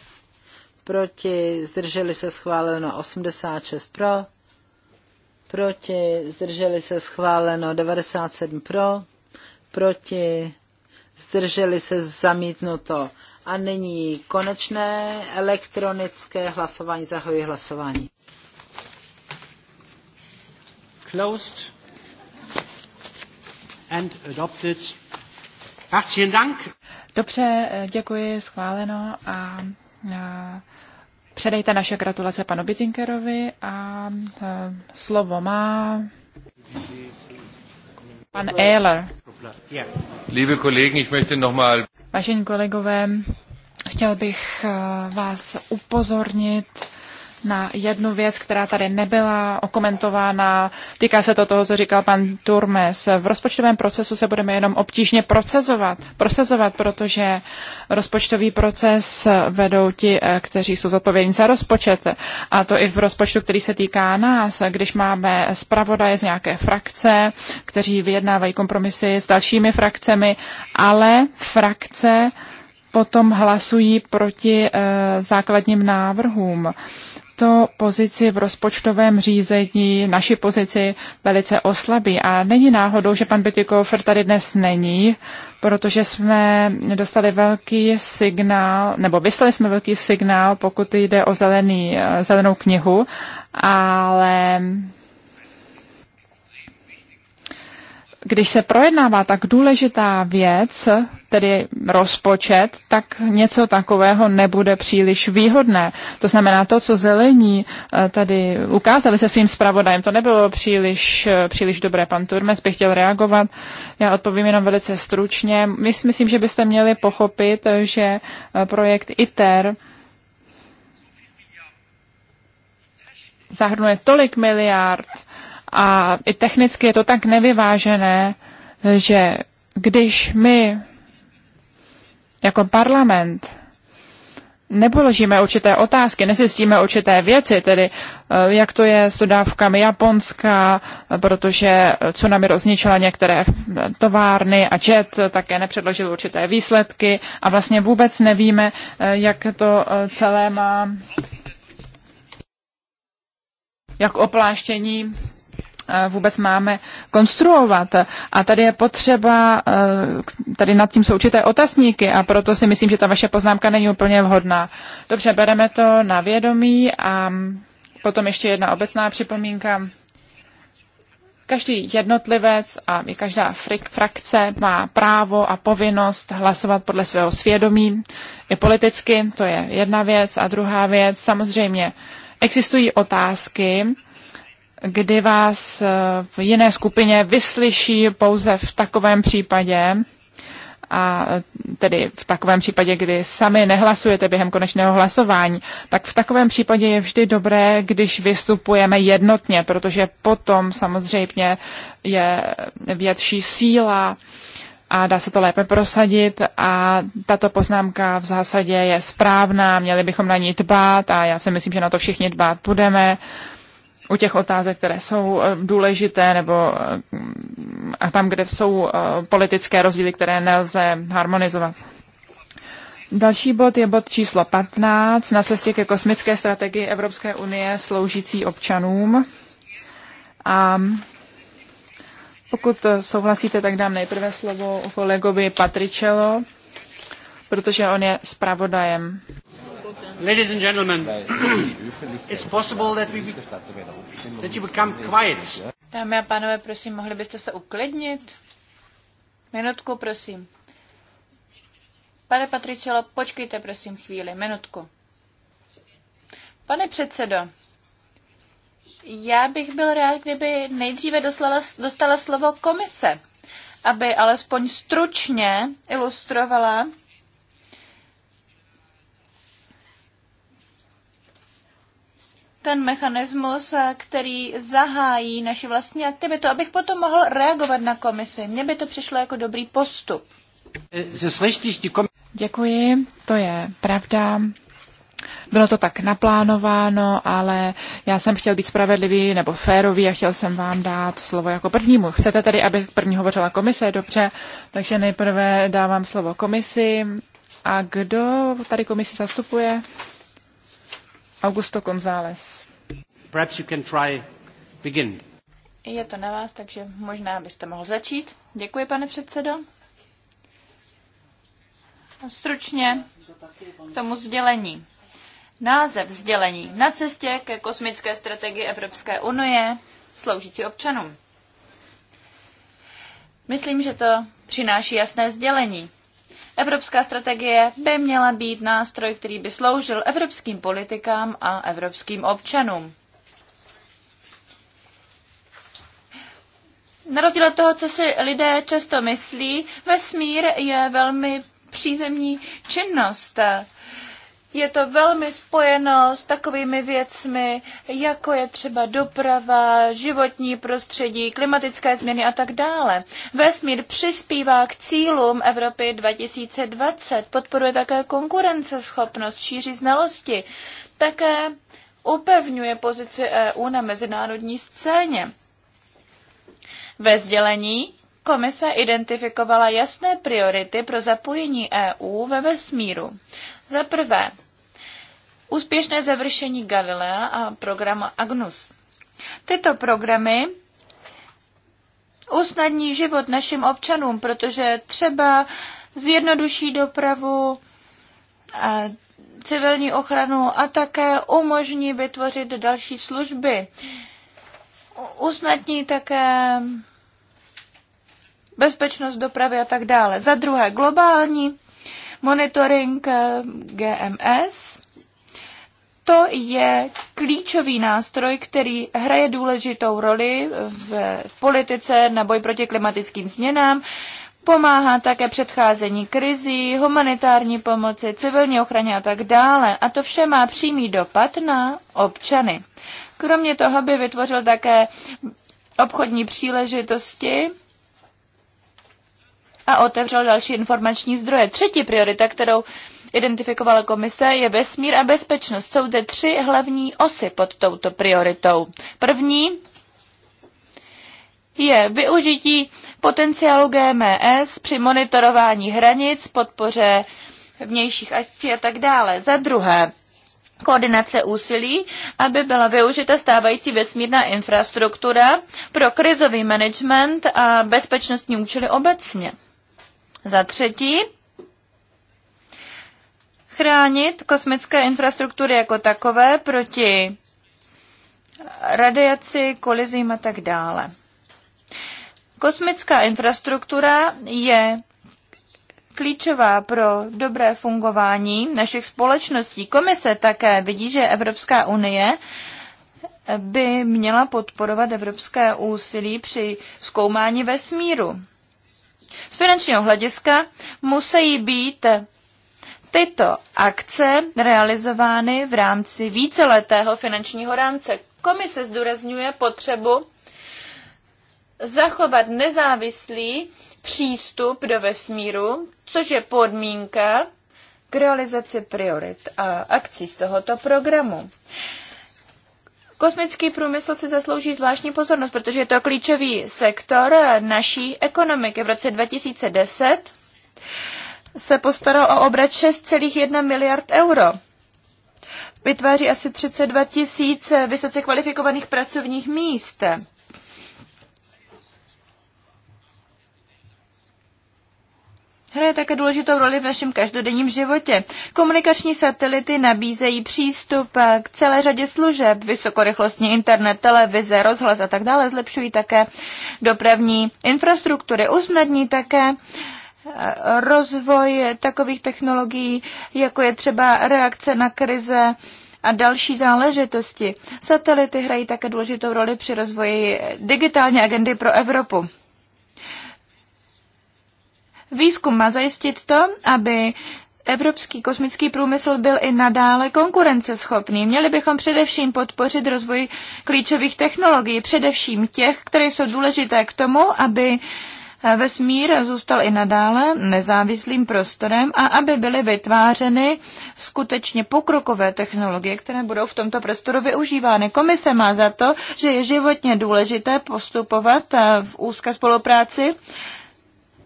proti, zdrželi se schváleno 86 pro, proti, zdrželi se schváleno 97 pro, proti, zdrželi se zamítnuto. A nyní konečné elektronické hlasování. zahojí hlasování. Closed and adopted. Herzlichen Dank. Dobře, děkuji, schváleno a, a předejte naše gratulace panu Bittinkerovi a, a slovo má pan Ehler. Liebe Kollegen, ich möchte nochmal... Vážení kolegové, chtěl bych vás upozornit na jednu věc, která tady nebyla okomentována. Týká se to toho, co říkal pan Turmes. V rozpočtovém procesu se budeme jenom obtížně procesovat, procesovat, protože rozpočtový proces vedou ti, eh, kteří jsou zodpovědní za rozpočet. A to i v rozpočtu, který se týká nás. Když máme zpravodaje z nějaké frakce, kteří vyjednávají kompromisy s dalšími frakcemi, ale frakce potom hlasují proti e, základním návrhům to pozici v rozpočtovém řízení, naši pozici velice oslabí. A není náhodou, že pan Bytikofer tady dnes není, protože jsme dostali velký signál, nebo vyslali jsme velký signál, pokud jde o zelený, zelenou knihu, ale když se projednává tak důležitá věc, tedy rozpočet, tak něco takového nebude příliš výhodné. To znamená, to, co zelení eh, tady ukázali se svým zpravodajem, to nebylo příliš, eh, příliš dobré. Pan Turmes by chtěl reagovat. Já odpovím jenom velice stručně. My si myslím, že byste měli pochopit, že eh, projekt ITER zahrnuje tolik miliard, a i technicky je to tak nevyvážené, že když my jako parlament nepoložíme určité otázky, nezjistíme určité věci, tedy eh, jak to je s dodávkami Japonska, protože tsunami rozničila některé továrny a JET také nepředložil určité výsledky a vlastně vůbec nevíme, eh, jak to eh, celé má jak opláštění Eh, vůbec máme konstruovat. A tady je potřeba, eh, tady nad tím jsou určité otazníky a proto si myslím, že ta vaše poznámka není úplně vhodná. Dobře, bereme to na vědomí a potom ještě jedna obecná připomínka. Každý jednotlivec a i každá frakce má právo a povinnost hlasovat podle svého svědomí. I politicky, to je jedna věc. A druhá věc, samozřejmě existují otázky, kdy vás eh, v jiné skupině vyslyší pouze v takovém případě, a eh, tedy v takovém případě, kdy sami nehlasujete během konečného hlasování, tak v takovém případě je vždy dobré, když vystupujeme jednotně, protože potom samozřejmě je větší síla a dá se to lépe prosadit a tato poznámka v zásadě je správná, měli bychom na ní dbát a já si myslím, že na to všichni dbát budeme. Uh, u těch otázek, které jsou eh, důležité, nebo eh, a tam, kde jsou eh, politické rozdíly, které nelze harmonizovat. Další bod je bod číslo 15 na cestě ke kosmické strategii Evropské unie sloužící občanům. A pokud souhlasíte, tak dám nejprve slovo kolegovi Patričelo, protože on je zpravodajem. Ladies and gentlemen, it's possible that we that you become quiet. Dámy a pánové, prosím, mohli byste se uklidnit? Minutku, prosím. Pane Patričelo, počkejte, prosím, chvíli, minutku. Pane předsedo, já bych byl rád, kdyby nejdříve dostala, dostala slovo komise, aby alespoň stručně ilustrovala ten mechanismus, eh, který zahájí naši vlastní aktivitu, abych potom mohl reagovat na komisi. Mně by to přišlo jako dobrý postup. Děkuji, to je pravda. Bylo to tak naplánováno, ale já jsem chtěl být spravedlivý nebo férový a chtěl jsem vám dát slovo jako prvnímu. Chcete tedy, aby první hovořila komise? Dobře, takže nejprve dávám slovo komisi. A kdo tady komisi zastupuje? Augusto González. Perhaps you can try begin. Je to na vás, takže možná byste mohl začít. Děkuji, pane předsedo. Stručně k tomu sdělení. Název sdělení na cestě ke kosmické strategii Evropské unie sloužící občanům. Myslím, že to přináší jasné sdělení. Evropská strategie by měla být nástroj, který by sloužil evropským politikám a evropským občanům. Na rozdíl od toho, co si lidé často myslí, vesmír je velmi přízemní činnost je to velmi spojeno s takovými věcmi, jako je třeba doprava, životní prostředí, klimatické změny a tak dále. Vesmír přispívá k cílům Evropy 2020, podporuje také konkurenceschopnost, šíří znalosti, také upevňuje pozici EU na mezinárodní scéně. Ve sdělení Komise identifikovala jasné priority pro zapojení EU ve vesmíru. Za prvé, úspěšné završení Galilea a programu Agnus. Tyto programy usnadní život našim občanům, protože třeba zjednoduší dopravu, a civilní ochranu a také umožní vytvořit další služby. Usnadní také bezpečnost dopravy a tak dále. Za druhé globální monitoring eh, GMS. To je klíčový nástroj, který hraje důležitou roli v politice na boj proti klimatickým změnám. Pomáhá také předcházení krizí, humanitární pomoci, civilní ochraně a tak dále. A to vše má přímý dopad na občany. Kromě toho by vytvořil také obchodní příležitosti a otevřel další informační zdroje. Třetí priorita, kterou identifikovala komise, je vesmír a bezpečnost. Jsou zde tři hlavní osy pod touto prioritou. První je využití potenciálu GMS při monitorování hranic, podpoře vnějších akcí a tak dále. Za druhé, koordinace úsilí, aby byla využita stávající vesmírná infrastruktura pro krizový management a bezpečnostní účely obecně. Za třetí, chránit kosmické infrastruktury jako takové proti radiaci, kolizím a tak dále. Kosmická infrastruktura je klíčová pro dobré fungování našich společností. Komise také vidí, že Evropská unie by měla podporovat evropské úsilí při zkoumání vesmíru. Z finančního hlediska musí být tyto akce realizovány v rámci víceletého finančního rámce. Komise zdůrazňuje potřebu zachovat nezávislý přístup do vesmíru, což je podmínka k realizaci priorit a akcí z tohoto programu. Kosmický průmysl si zaslouží zvláštní pozornost, protože je to klíčový sektor naší ekonomiky. V roce 2010 se postaral o obrat 6,1 miliard euro. Vytváří asi 32 tisíc vysoce kvalifikovaných pracovních míst. hraje také důležitou roli v našem každodenním životě. Komunikační satelity nabízejí přístup eh, k celé řadě služeb, vysokorychlostní internet, televize, rozhlas a tak dále, zlepšují také dopravní infrastruktury, usnadní také eh, rozvoj takových technologií, jako je třeba reakce na krize, a další záležitosti. Satelity hrají také důležitou roli při rozvoji digitální agendy pro Evropu. Výzkum má zajistit to, aby evropský kosmický průmysl byl i nadále konkurenceschopný. Měli bychom především podpořit rozvoj klíčových technologií, především těch, které jsou důležité k tomu, aby eh, vesmír zůstal i nadále nezávislým prostorem a aby byly vytvářeny skutečně pokrokové technologie, které budou v tomto prostoru využívány. Komise má za to, že je životně důležité postupovat eh, v úzké spolupráci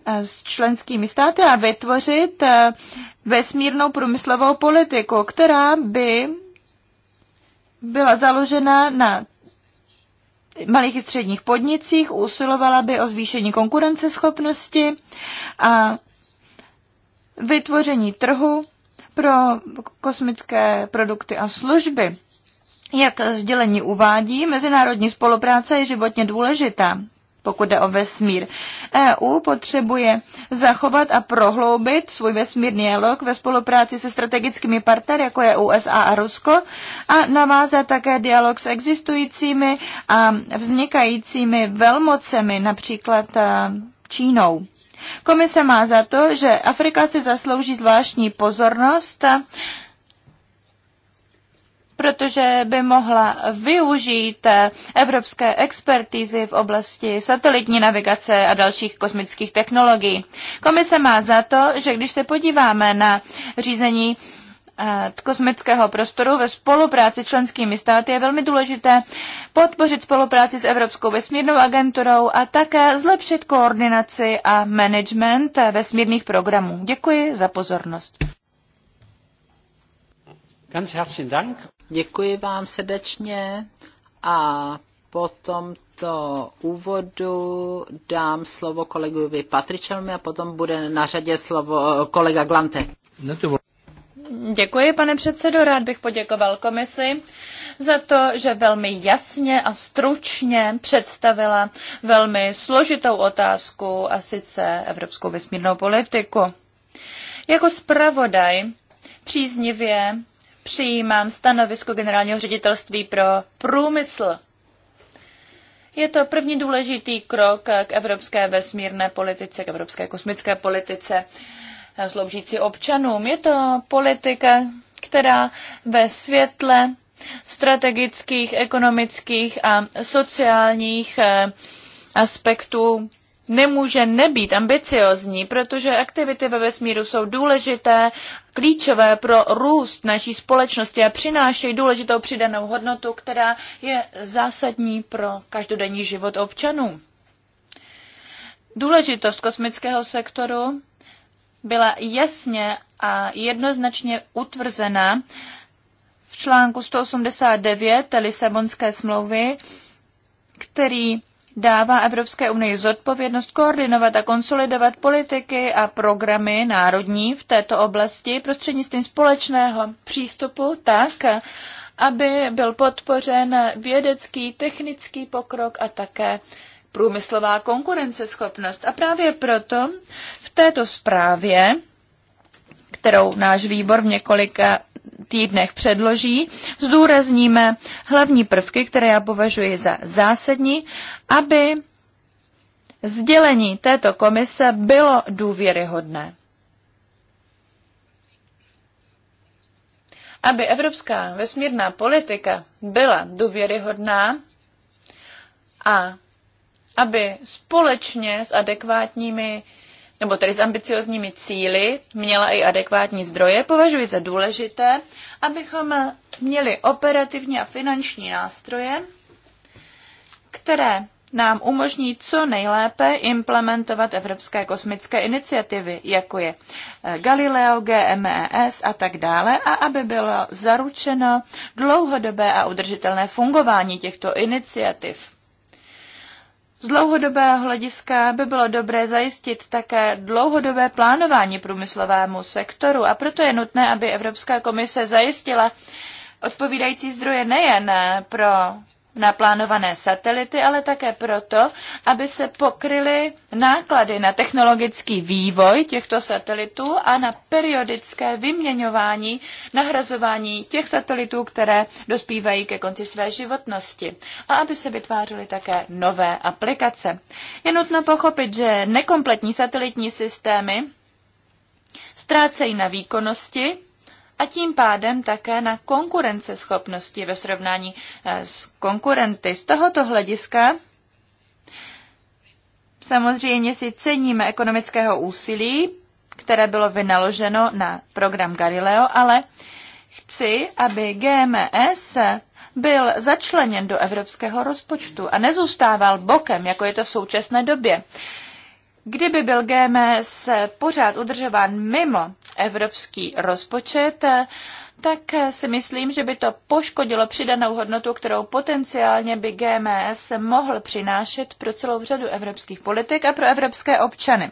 Eh, s členskými státy a vytvořit eh, vesmírnou průmyslovou politiku, která by byla založena na malých i středních podnicích, usilovala by o zvýšení konkurenceschopnosti a vytvoření trhu pro kosmické produkty a služby. Jak sdělení uvádí, mezinárodní spolupráce je životně důležitá pokud jde o vesmír. EU potřebuje zachovat a prohloubit svůj vesmírný dialog ve spolupráci se strategickými partnery, jako je USA a Rusko, a navázat také dialog s existujícími a vznikajícími velmocemi, například e, Čínou. Komise má za to, že Afrika si zaslouží zvláštní pozornost protože by mohla využít evropské expertízy v oblasti satelitní navigace a dalších kosmických technologií. Komise má za to, že když se podíváme na řízení eh, kosmického prostoru ve spolupráci členskými státy je velmi důležité podpořit spolupráci s Evropskou vesmírnou agenturou a také zlepšit koordinaci a management vesmírných programů. Děkuji za pozornost. Ganz herzlichen Dank. Děkuji vám srdečně a po tomto úvodu dám slovo kolegovi Patričelmi a potom bude na řadě slovo kolega Glante. Děkuji, pane předsedo. Rád bych poděkoval komisi za to, že velmi jasně a stručně představila velmi složitou otázku a sice evropskou vesmírnou politiku. Jako zpravodaj příznivě přijímám stanovisko generálního ředitelství pro průmysl. Je to první důležitý krok k evropské vesmírné politice, k evropské kosmické politice sloužící občanům. Je to politika, která ve světle strategických, ekonomických a sociálních eh, aspektů nemůže nebýt ambiciozní, protože aktivity ve vesmíru jsou důležité, klíčové pro růst naší společnosti a přinášejí důležitou přidanou hodnotu, která je zásadní pro každodenní život občanů. Důležitost kosmického sektoru byla jasně a jednoznačně utvrzena v článku 189 Lisabonské smlouvy, který dává Evropské unii zodpovědnost koordinovat a konsolidovat politiky a programy národní v této oblasti prostřednictvím společného přístupu tak, aby byl podpořen vědecký, technický pokrok a také průmyslová konkurenceschopnost. A právě proto v této zprávě, kterou náš výbor v několika týdnech předloží, zdůrazníme hlavní prvky, které já považuji za zásadní, aby sdělení této komise bylo důvěryhodné. Aby evropská vesmírná politika byla důvěryhodná a aby společně s adekvátními nebo tedy s ambiciozními cíly, měla i adekvátní zdroje, považuji za důležité, abychom měli operativní a finanční nástroje, které nám umožní co nejlépe implementovat evropské kosmické iniciativy, jako je eh, Galileo, GMES a tak dále, a aby bylo zaručeno dlouhodobé a udržitelné fungování těchto iniciativ. Z dlouhodobého hlediska by bylo dobré zajistit také dlouhodobé plánování průmyslovému sektoru a proto je nutné, aby Evropská komise zajistila odpovídající zdroje nejen pro naplánované satelity, ale také proto, aby se pokryly náklady na technologický vývoj těchto satelitů a na periodické vyměňování, nahrazování těch satelitů, které dospívají ke konci své životnosti a aby se vytvářely také nové aplikace. Je nutno pochopit, že nekompletní satelitní systémy ztrácejí na výkonnosti, a tím pádem také na konkurenceschopnosti ve srovnání eh, s konkurenty. Z tohoto hlediska samozřejmě si ceníme ekonomického úsilí, které bylo vynaloženo na program Galileo, ale chci, aby GMS byl začleněn do evropského rozpočtu a nezůstával bokem, jako je to v současné době. Kdyby byl GMS pořád udržován mimo evropský rozpočet, tak si myslím, že by to poškodilo přidanou hodnotu, kterou potenciálně by GMS mohl přinášet pro celou řadu evropských politik a pro evropské občany.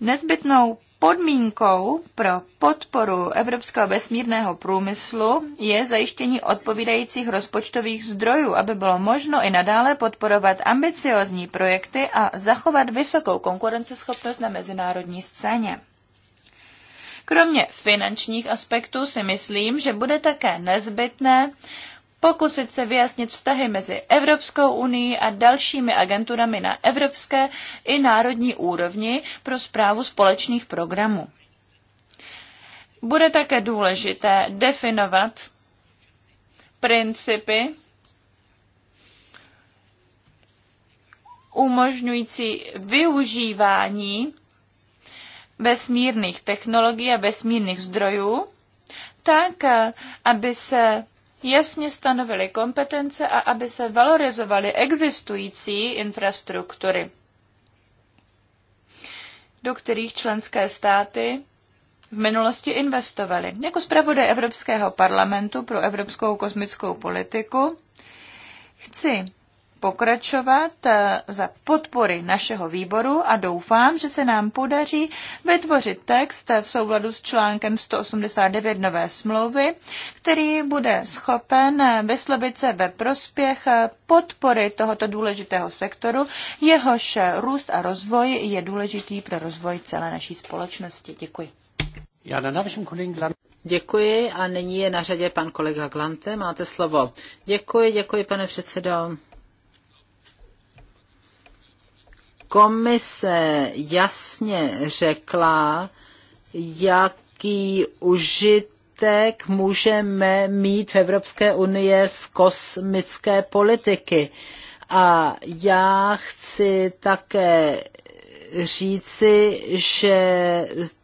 Nezbytnou Podmínkou pro podporu evropského vesmírného průmyslu je zajištění odpovídajících rozpočtových zdrojů, aby bylo možno i nadále podporovat ambiciozní projekty a zachovat vysokou konkurenceschopnost na mezinárodní scéně. Kromě finančních aspektů si myslím, že bude také nezbytné pokusit se vyjasnit vztahy mezi Evropskou unii a dalšími agenturami na evropské i národní úrovni pro zprávu společných programů. Bude také důležité definovat principy umožňující využívání vesmírných technologií a vesmírných zdrojů, tak, aby se jasně stanovily kompetence a aby se valorizovaly existující infrastruktury, do kterých členské státy v minulosti investovaly. Jako zpravodaj Evropského parlamentu pro evropskou kosmickou politiku chci pokračovat eh, za podpory našeho výboru a doufám, že se nám podaří vytvořit text v souladu s článkem 189 nové smlouvy, který bude schopen eh, vyslovit se ve prospěch eh, podpory tohoto důležitého sektoru, jehož růst a rozvoj je důležitý pro rozvoj celé naší společnosti. Děkuji. Já nadávším kolegu Děkuji a nyní je na řadě pan kolega Glante. Máte slovo. Děkuji, děkuji, pane předsedo. Komise jasně řekla, jaký užitek můžeme mít v Evropské unie z kosmické politiky. A já chci také říci, že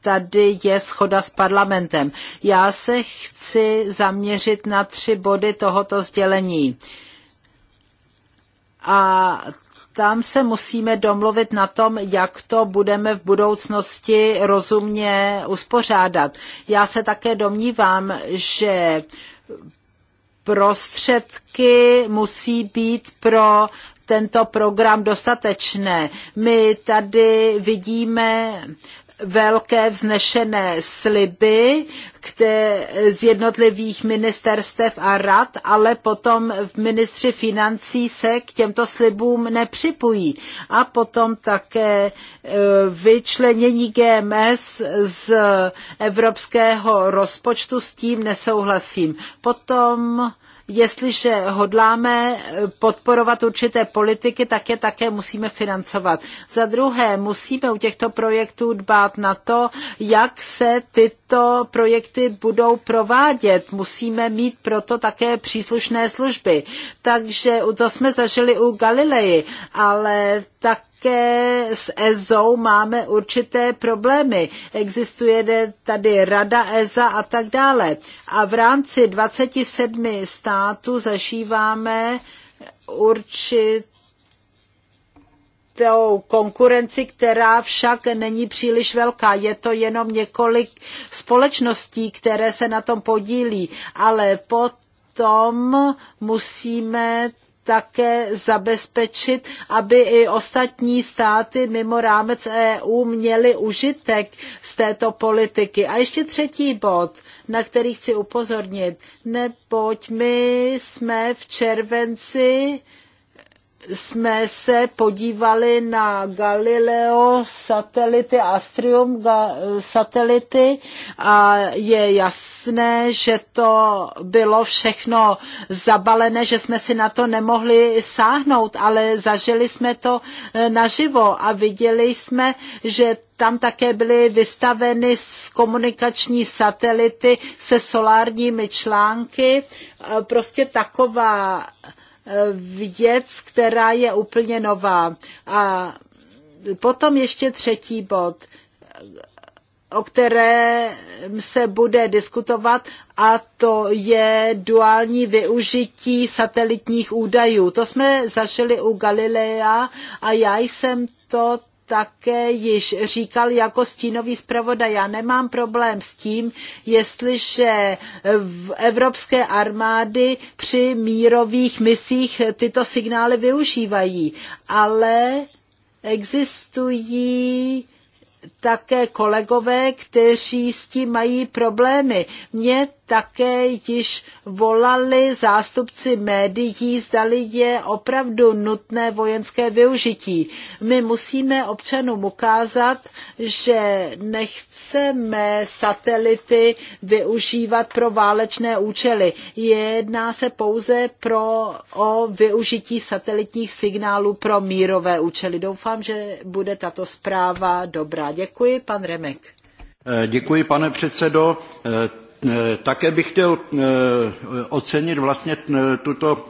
tady je schoda s parlamentem. Já se chci zaměřit na tři body tohoto sdělení. A tam se musíme domluvit na tom, jak to budeme v budoucnosti rozumně uspořádat. Já se také domnívám, že prostředky musí být pro tento program dostatečné. My tady vidíme velké vznešené sliby z jednotlivých ministerstev a rad, ale potom ministři financí se k těmto slibům nepřipojí. A potom také e, vyčlenění GMS z evropského rozpočtu s tím nesouhlasím. Potom jestliže hodláme eh, podporovat určité politiky, tak je také musíme financovat. Za druhé, musíme u těchto projektů dbát na to, jak se tyto tyto projekty budou provádět. Musíme mít proto také příslušné služby. Takže to jsme zažili u Galilei, ale tak také s EZO máme určité problémy. Existuje tady Rada EZA a tak dále. A v rámci 27 států zažíváme určit tou konkurenci, která však není příliš velká. Je to jenom několik společností, které se na tom podílí, ale potom musíme také zabezpečit, aby i ostatní státy mimo rámec EU měly užitek z této politiky. A ještě třetí bod, na který chci upozornit, neboť my jsme v červenci jsme se podívali na Galileo satelity, Astrium satelity a je jasné, že to bylo všechno zabalené, že jsme si na to nemohli sáhnout, ale zažili jsme to e, naživo a viděli jsme, že tam také byly vystaveny komunikační satelity se solárními články. E, prostě taková věc, která je úplně nová. A potom ještě třetí bod, o kterém se bude diskutovat, a to je duální využití satelitních údajů. To jsme zažili u Galilea a já jsem to také již říkal jako stínový zpravodaj. Já nemám problém s tím, jestliže v evropské armády při mírových misích tyto signály využívají, ale existují také kolegové, kteří s tím mají problémy. Mně také již volali zástupci médií, zdali je opravdu nutné vojenské využití. My musíme občanům ukázat, že nechceme satelity využívat pro válečné účely. Jedná se pouze pro, o využití satelitních signálů pro mírové účely. Doufám, že bude tato zpráva dobrá. Děkuji, pan Remek. Eh, děkuji, pane předsedo eh, Eh, také bych chtěl eh, ocenit vlastně eh, tuto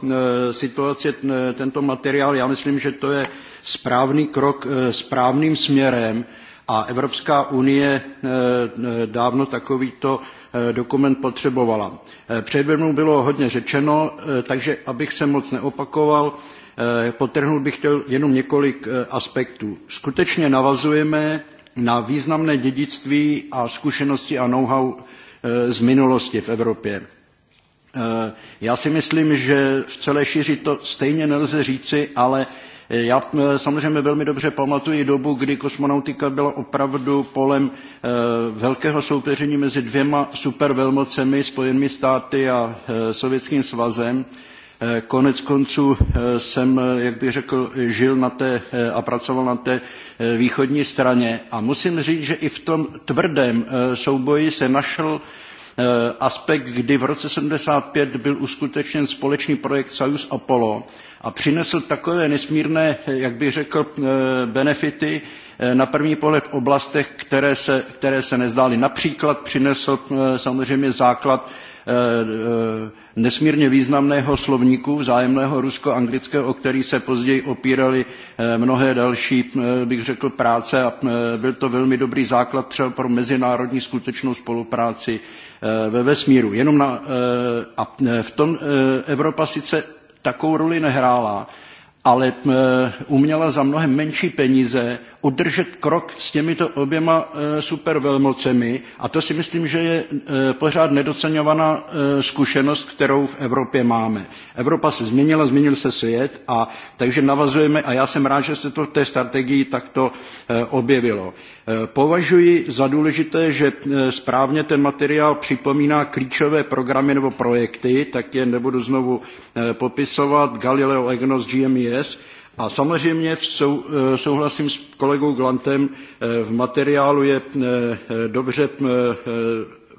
situaci, tento materiál. Já myslím, že to je správný krok správným směrem a Evropská unie dávno takovýto dokument potřebovala. Přede mnou bylo hodně řečeno, takže abych se moc neopakoval, potrhnul bych chtěl jenom několik aspektů. Skutečně navazujeme na významné dědictví a zkušenosti a know-how Eh, z minulosti v Evropě. Eh, já si myslím, že v celé šíři to stejně nelze říci, ale eh, já samozřejmě velmi dobře pamatuji dobu, kdy kosmonautika byla opravdu polem velkého soupeření mezi dvěma supervelmocemi, Spojenými státy a Sovětským svazem. Eh, konec konců eh, jsem, eh, jak bych řekl, žil na té a pracoval na té východní straně a musím říct, že i v tom tvrdém souboji se našel aspekt, kdy v roce 75 byl uskutečněn společný projekt Soyuz Apollo a přinesl takové nesmírné, jak bych řekl, benefity na první pohled v oblastech, které se, které se nezdály. Například přinesl samozřejmě základ Eh, nesmírně významného slovníku vzájemného rusko-anglického, o který se později opíraly eh, mnohé další, eh, bych řekl, práce a byl to velmi dobrý základ třeba pro mezinárodní skutečnou spolupráci ve vesmíru. Jenom na, a v tom Evropa sice takovou roli nehrála, ale uměla za mnohem menší peníze udržet krok s těmito oběma eh, supervelmocemi a to si myslím, že je eh, pořád nedoceňovaná eh, zkušenost, kterou v Evropě máme. Evropa se změnila, změnil se svět a takže navazujeme a já jsem rád, že se to v té strategii takto objevilo. Považuji za důležité, že správně ten materiál připomíná klíčové programy nebo projekty, tak je nebudu znovu popisovat, Galileo, EGNOS, GMES, a samozřejmě sou, e, souhlasím s kolegou Glantem, e, v materiálu je e, dobře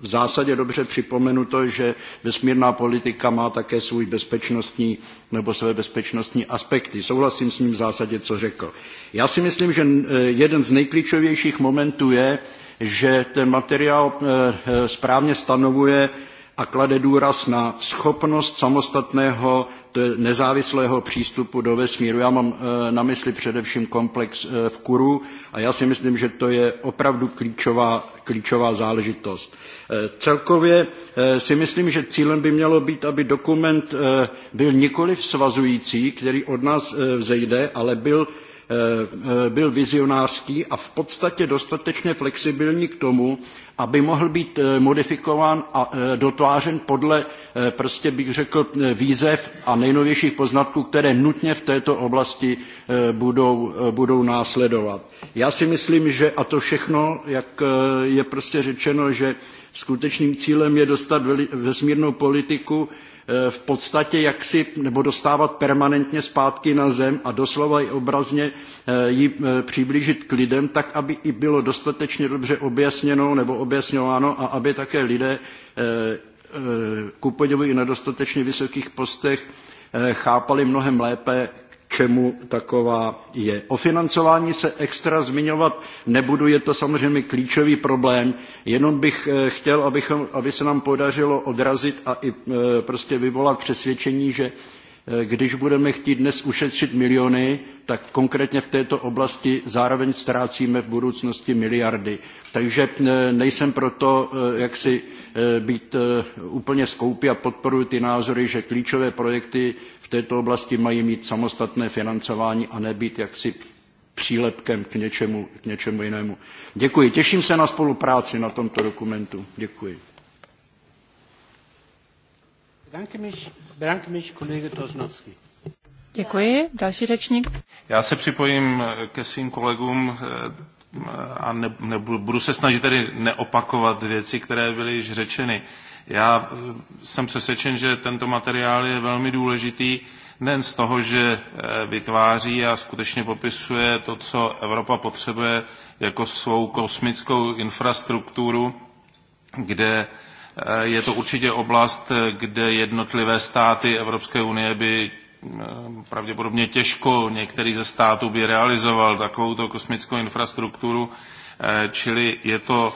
v zásadě dobře připomenuto, že vesmírná politika má také svůj bezpečnostní nebo své bezpečnostní aspekty. Souhlasím s ním v zásadě, co řekl. Já si myslím, že jeden z nejklíčovějších momentů je, že ten materiál správně stanovuje a klade důraz na schopnost samostatného nezávislého přístupu do vesmíru. Já mám e, na mysli především komplex e, v Kuru a já si myslím, že to je opravdu klíčová, klíčová záležitost. E, celkově si myslím, že cílem by mělo být, aby dokument byl nikoli svazující, který od nás vzejde, ale byl Eh, byl vizionářský a v podstatě dostatečně flexibilní k tomu, aby mohl být eh, modifikován a eh, dotvářen podle, prostě bych řekl, výzev a nejnovějších poznatků, které nutně v této oblasti budou, budou následovat. Já si myslím, že a to všechno, jak je prostě řečeno, že skutečným cílem je dostat vesmírnou politiku Eh, v podstatě jaksi nebo dostávat permanentně zpátky na zem a doslova i obrazně eh, ji eh, přiblížit k lidem, tak aby i bylo dostatečně dobře objasněno nebo objasňováno a aby také lidé kupodivu i na dostatečně vysokých postech chápali mnohem lépe, čemu taková je. O financování se extra zmiňovat nebudu, je to samozřejmě klíčový problém, jenom bych eh, chtěl, abychom, aby se nám podařilo odrazit a i eh, prostě vyvolat přesvědčení, že eh, když budeme chtít dnes ušetřit miliony, tak konkrétně v této oblasti zároveň ztrácíme v budoucnosti miliardy. Takže nejsem proto, jak si být úplně skoupý a podporuji ty názory, že klíčové projekty této oblasti mají mít samostatné financování a nebýt jaksi přílepkem k něčemu, k něčemu jinému. Děkuji. Těším se na spolupráci na tomto dokumentu. Děkuji. Děkuji. Další řečník. Já se připojím ke svým kolegům eh, a ne, ne, budu se snažit tedy neopakovat věci, které byly již řečeny. Uh, já eh, jsem přesvědčen, že tento materiál je velmi důležitý nejen z toho, že eh, vytváří a skutečně popisuje to, co Evropa potřebuje jako svou kosmickou infrastrukturu, kde eh, je to určitě oblast, kde jednotlivé státy Evropské unie by pravděpodobně těžko některý ze států by realizoval takovouto kosmickou infrastrukturu, čili je to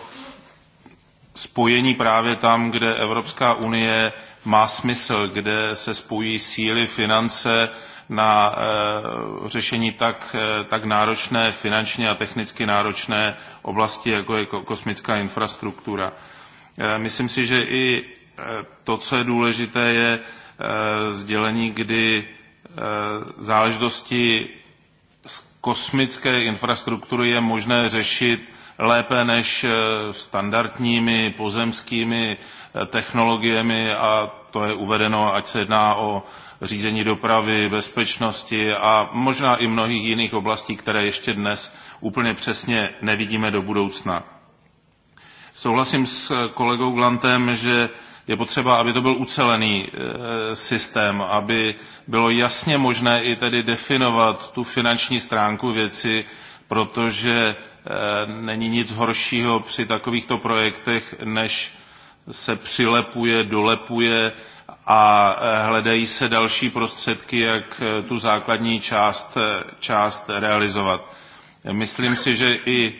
spojení právě tam, kde Evropská unie má smysl, kde se spojí síly, finance na eh, řešení tak, eh, tak náročné, finančně a technicky náročné oblasti, jako je kosmická infrastruktura. Eh, myslím si, že i to, co je důležité, je sdělení, kdy záležitosti z kosmické infrastruktury je možné řešit lépe než eh, standardními pozemskými eh, technologiemi a to je uvedeno, ať se jedná o řízení dopravy, bezpečnosti a možná i mnohých jiných oblastí, které ještě dnes úplně přesně nevidíme do budoucna. Souhlasím s eh, kolegou Glantem, že je potřeba, aby to byl ucelený systém, aby bylo jasně možné i tedy definovat tu finanční stránku věci, protože Eh, není nic horšího při takovýchto projektech, než se přilepuje, dolepuje a eh, hledají se další prostředky, jak eh, tu základní část, část realizovat. Myslím si, že i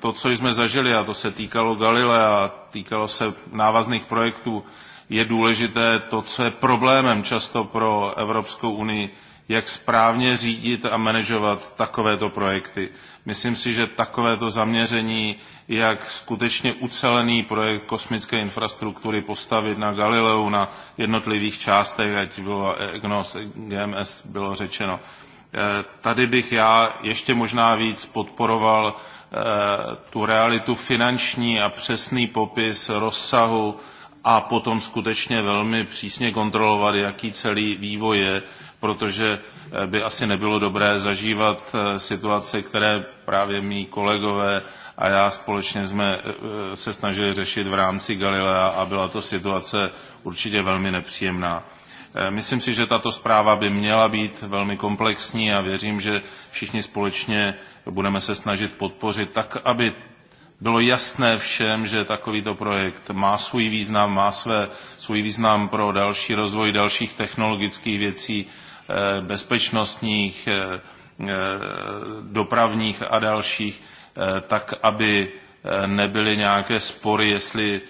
to, co jsme zažili, a to se týkalo Galilea, týkalo se návazných projektů, je důležité to, co je problémem často pro Evropskou unii, jak správně řídit a manažovat takovéto projekty. Myslím si, že takovéto zaměření, jak skutečně ucelený projekt kosmické infrastruktury postavit na Galileu, na jednotlivých částech, ať bylo EGNOS, GMS bylo řečeno. Eh, tady bych já ještě možná víc podporoval eh, tu realitu finanční a přesný popis rozsahu a potom skutečně velmi přísně kontrolovat, jaký celý vývoj je, protože eh, by asi nebylo dobré zažívat eh, situace, které právě mý kolegové a já společně jsme eh, se snažili řešit v rámci Galilea a byla to situace určitě velmi nepříjemná. Myslím si, že tato zpráva by měla být velmi komplexní a věřím, že všichni společně budeme se snažit podpořit tak, aby bylo jasné všem, že takovýto projekt má svůj význam, má své, svůj význam pro další rozvoj dalších technologických věcí Eh, bezpečnostních, eh, eh, dopravních a dalších, tak aby nebyly nějaké spory, jestli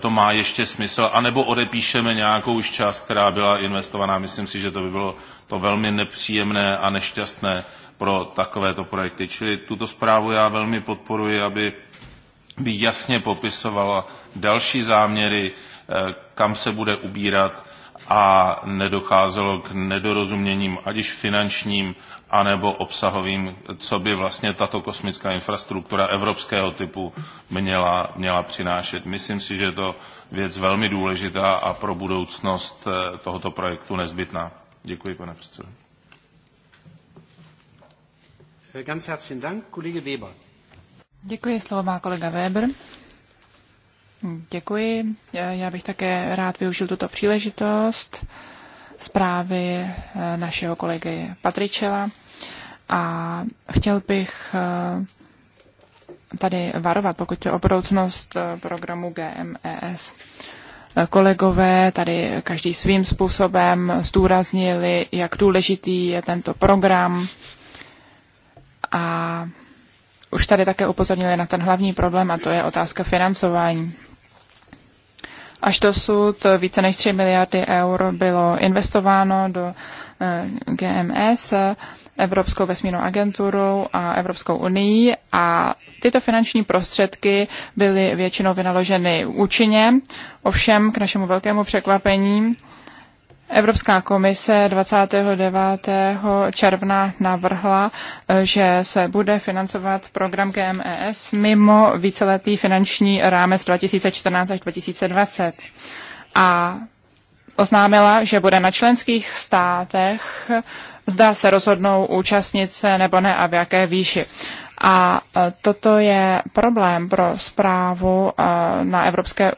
to má ještě smysl, anebo odepíšeme nějakou už část, která byla investovaná. Myslím si, že to by bylo to velmi nepříjemné a nešťastné pro takovéto projekty. Čili tuto zprávu já velmi podporuji, aby by jasně popisovala další záměry, kam se bude ubírat a nedocházelo k nedorozuměním, ať již finančním, anebo obsahovým, co by vlastně tato kosmická infrastruktura evropského typu měla, měla přinášet. Myslím si, že je to věc velmi důležitá a pro budoucnost eh, tohoto projektu nezbytná. Děkuji, pane předsedo. Ganz herzlichen Dank, Kollege Weber. Děkuji, slovo má kolega Weber. Děkuji. Já bych také rád využil tuto příležitost zprávy eh, našeho kolegy Patričela a chtěl bych eh, tady varovat, pokud je o budoucnost eh, programu GMES. Kolegové tady každý svým způsobem zdůraznili, jak důležitý je tento program a už tady také upozornili na ten hlavní problém a to je otázka financování. Až dosud více než 3 miliardy eur bylo investováno do eh, GMS, Evropskou vesmírnou agenturou a Evropskou unii a tyto finanční prostředky byly většinou vynaloženy účinně, ovšem k našemu velkému překvapení Evropská komise 29. června navrhla, eh, že se bude financovat program GMES mimo víceletý finanční rámec 2014 až 2020. A oznámila, že bude na členských státech, zda se rozhodnou účastnit se nebo ne a v jaké výši. A eh, toto je problém pro zprávu eh, na evropské,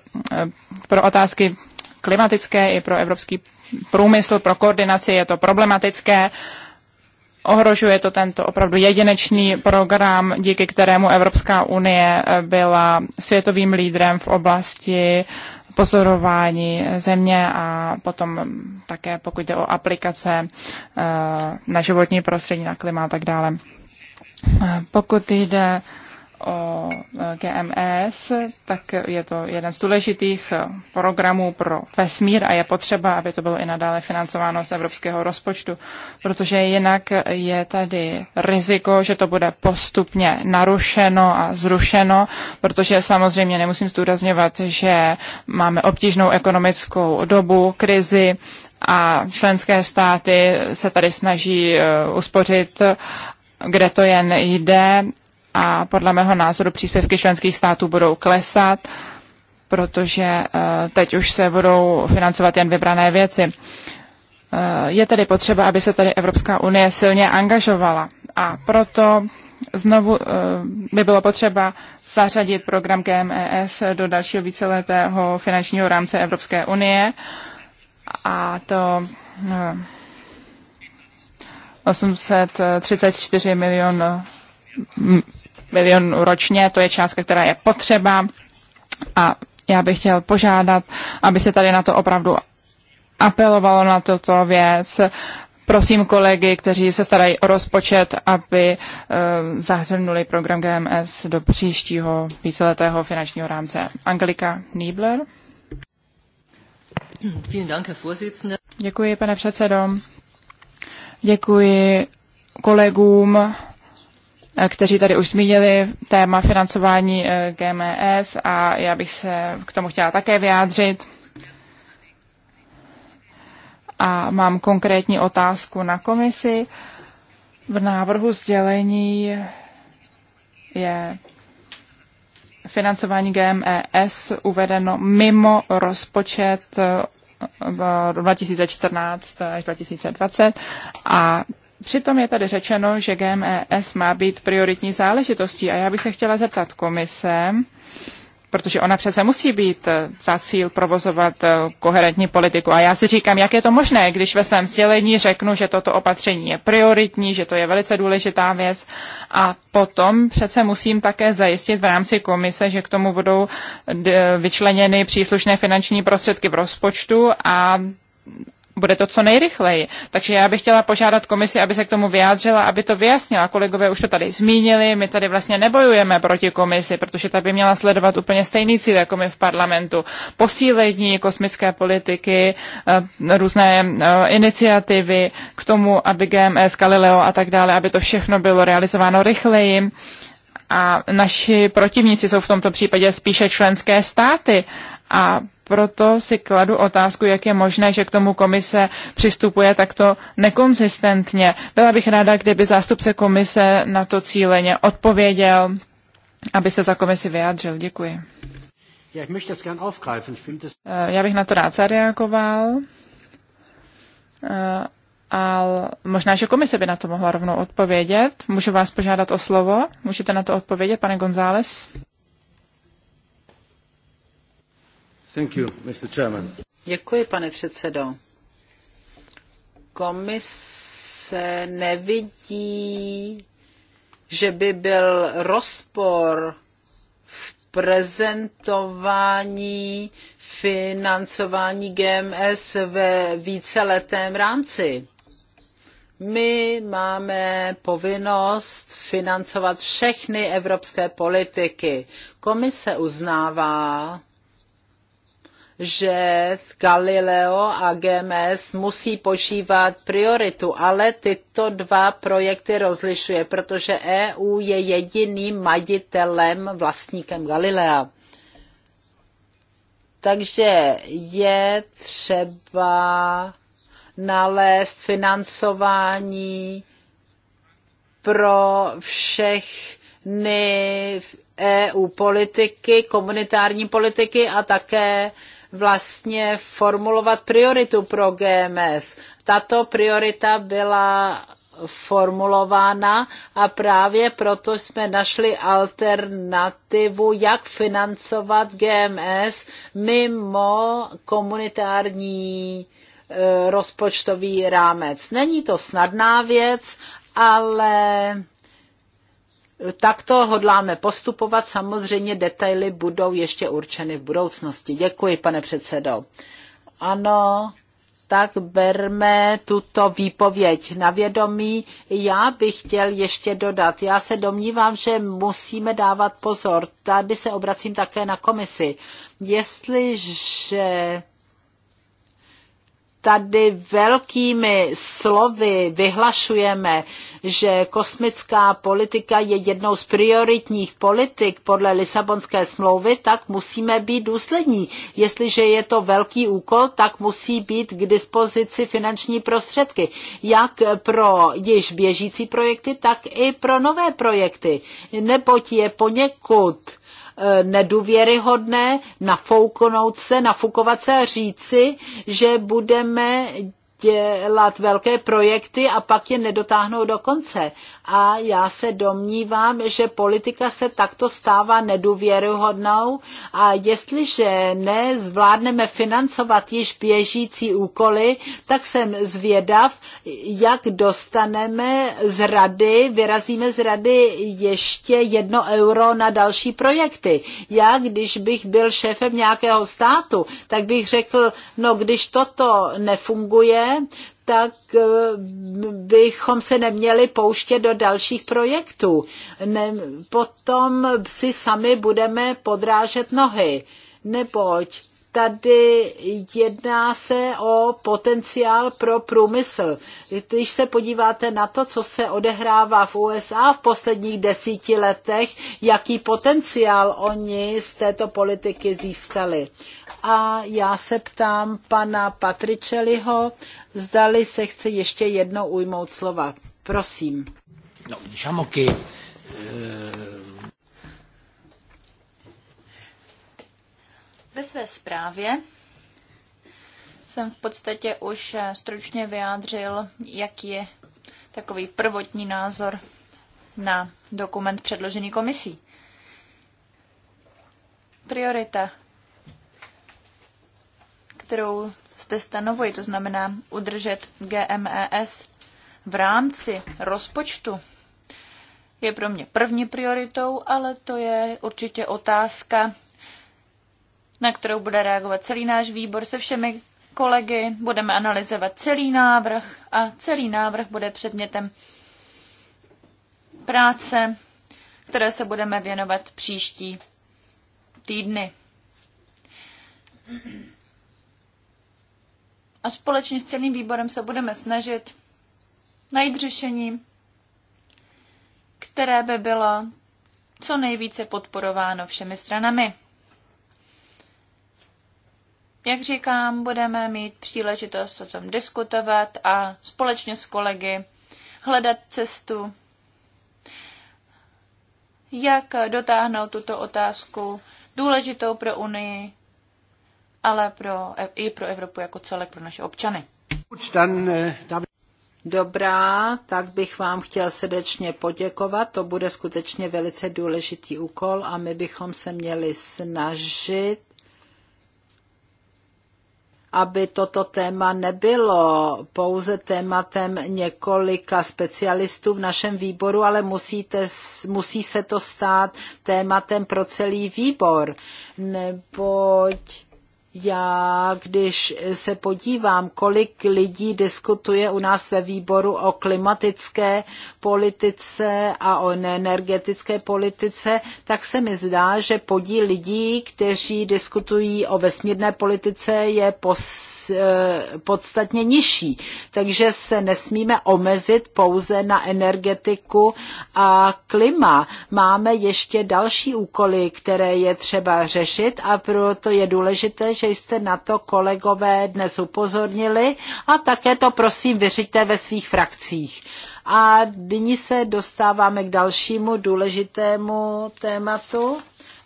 pro otázky klimatické i pro Evropský průmysl pro koordinaci, je to problematické. Ohrožuje to tento opravdu jedinečný program, díky kterému Evropská unie eh, byla světovým lídrem v oblasti pozorování země a potom také pokud jde o aplikace eh, na životní prostředí, na klima a tak dále. Eh, pokud jde o e, GMS, tak je to jeden z důležitých e, programů pro vesmír a je potřeba, aby to bylo i nadále financováno z evropského rozpočtu, protože jinak je tady riziko, že to bude postupně narušeno a zrušeno, protože samozřejmě nemusím zdůrazňovat, že máme obtížnou ekonomickou dobu, krizi, a členské státy se tady snaží e, uspořit kde to jen jde a podle mého názoru příspěvky členských států budou klesat, protože eh, teď už se budou financovat jen vybrané věci. Eh, je tedy potřeba, aby se tady Evropská unie silně angažovala a proto znovu eh, by bylo potřeba zařadit program GMES do dalšího víceletého finančního rámce Evropské unie a to 834 milion hm, milion ročně, to je částka, která je potřeba a já bych chtěl požádat, aby se tady na to opravdu apelovalo na toto věc. Prosím kolegy, kteří se starají o rozpočet, aby e, zahrnuli program GMS do příštího víceletého finančního rámce. Angelika Niebler. Děkuji, pane předsedo. Děkuji kolegům Eh, kteří tady už zmínili téma financování eh, GMS a já bych se k tomu chtěla také vyjádřit. A mám konkrétní otázku na komisi. V návrhu sdělení je financování GMES uvedeno mimo rozpočet eh, v 2014 až 2020 a Přitom je tady řečeno, že GMES má být prioritní záležitostí a já bych se chtěla zeptat komise, protože ona přece musí být eh, za cíl provozovat eh, koherentní politiku. A já si říkám, jak je to možné, když ve svém sdělení řeknu, že toto opatření je prioritní, že to je velice důležitá věc a potom přece musím také zajistit v rámci komise, že k tomu budou eh, vyčleněny příslušné finanční prostředky v rozpočtu a bude to co nejrychleji. Takže já bych chtěla požádat komisi, aby se k tomu vyjádřila, aby to vyjasnila. Kolegové už to tady zmínili, my tady vlastně nebojujeme proti komisi, protože ta by měla sledovat úplně stejný cíl, jako my v parlamentu. Posílení kosmické politiky, eh, různé eh, iniciativy k tomu, aby GMS, Galileo a tak dále, aby to všechno bylo realizováno rychleji. A naši protivníci jsou v tomto případě spíše členské státy. A proto si kladu otázku, jak je možné, že k tomu komise přistupuje takto nekonzistentně. Byla bych ráda, kdyby zástupce komise na to cíleně odpověděl, aby se za komisi vyjádřil. Děkuji. Eh, já bych na to rád zareagoval. Eh, A možná, že komise by na to mohla rovnou odpovědět. Můžu vás požádat o slovo? Můžete na to odpovědět, pane González? Děkuji, pane předsedo. Komise nevidí, že by byl rozpor v prezentování financování GMS ve víceletém rámci. My máme povinnost financovat všechny evropské politiky. Komise uznává, že Galileo a GMS musí požívat prioritu, ale tyto dva projekty rozlišuje, protože EU je jediným majitelem, vlastníkem Galilea. Takže je třeba nalézt financování pro všechny EU politiky, komunitární politiky a také vlastně formulovat prioritu pro GMS. Tato priorita byla formulována a právě proto jsme našli alternativu, jak financovat GMS mimo komunitární e, rozpočtový rámec. Není to snadná věc, ale Takto hodláme postupovat. Samozřejmě detaily budou ještě určeny v budoucnosti. Děkuji, pane předsedo. Ano, tak berme tuto výpověď na vědomí. Já bych chtěl ještě dodat, já se domnívám, že musíme dávat pozor. Tady se obracím také na komisi. Jestliže tady velkými slovy vyhlašujeme, že kosmická politika je jednou z prioritních politik podle Lisabonské smlouvy, tak musíme být důslední. Jestliže je to velký úkol, tak musí být k dispozici finanční prostředky, jak pro již běžící projekty, tak i pro nové projekty, neboť je poněkud Eh, nedůvěryhodné nafouknout se, nafukovat se a říci, že budeme dělat velké projekty a pak je nedotáhnou do konce. A já se domnívám, že politika se takto stává nedůvěryhodnou a jestliže nezvládneme financovat již běžící úkoly, tak jsem zvědav, jak dostaneme z rady, vyrazíme z rady ještě jedno euro na další projekty. Já, když bych byl šéfem nějakého státu, tak bych řekl, no když toto nefunguje, tak eh, bychom se neměli pouštět do dalších projektů. Ne, potom si sami budeme podrážet nohy, neboť tady jedná se o potenciál pro průmysl. Když se podíváte na to, co se odehrává v USA v posledních desíti letech, jaký potenciál oni z této politiky získali. A já se ptám pana Patričeliho, zdali se chce ještě jednou ujmout slova. Prosím. No, diciamo che eh, Ve své zprávě jsem v podstatě už eh, stručně vyjádřil, jaký je takový prvotní názor na dokument předložený komisí. Priorita, kterou zde stanovuji, to znamená udržet GMES v rámci rozpočtu, je pro mě první prioritou, ale to je určitě otázka na kterou bude reagovat celý náš výbor se všemi kolegy. Budeme analyzovat celý návrh a celý návrh bude předmětem práce, které se budeme věnovat příští týdny. A společně s celým výborem se budeme snažit najít řešení, které by bylo co nejvíce podporováno všemi stranami. Jak říkám, budeme mít příležitost o tom diskutovat a společně s kolegy hledat cestu, jak dotáhnout tuto otázku důležitou pro Unii, ale pro, e- i pro Evropu jako celek, pro naše občany. Dobrá, tak bych vám chtěl srdečně poděkovat. To bude skutečně velice důležitý úkol a my bychom se měli snažit aby toto téma nebylo pouze tématem několika specialistů v našem výboru, ale musíte, musí se to stát tématem pro celý výbor, neboť já, když se podívám, kolik lidí diskutuje u nás ve výboru o klimatické politice a o energetické politice, tak se mi zdá, že podíl lidí, kteří diskutují o vesmírné politice, je pos, eh, podstatně nižší. Takže se nesmíme omezit pouze na energetiku a klima. Máme ještě další úkoly, které je třeba řešit a proto je důležité, že jste na to kolegové dnes upozornili a také to prosím vyřiďte ve svých frakcích. A nyní se dostáváme k dalšímu důležitému tématu.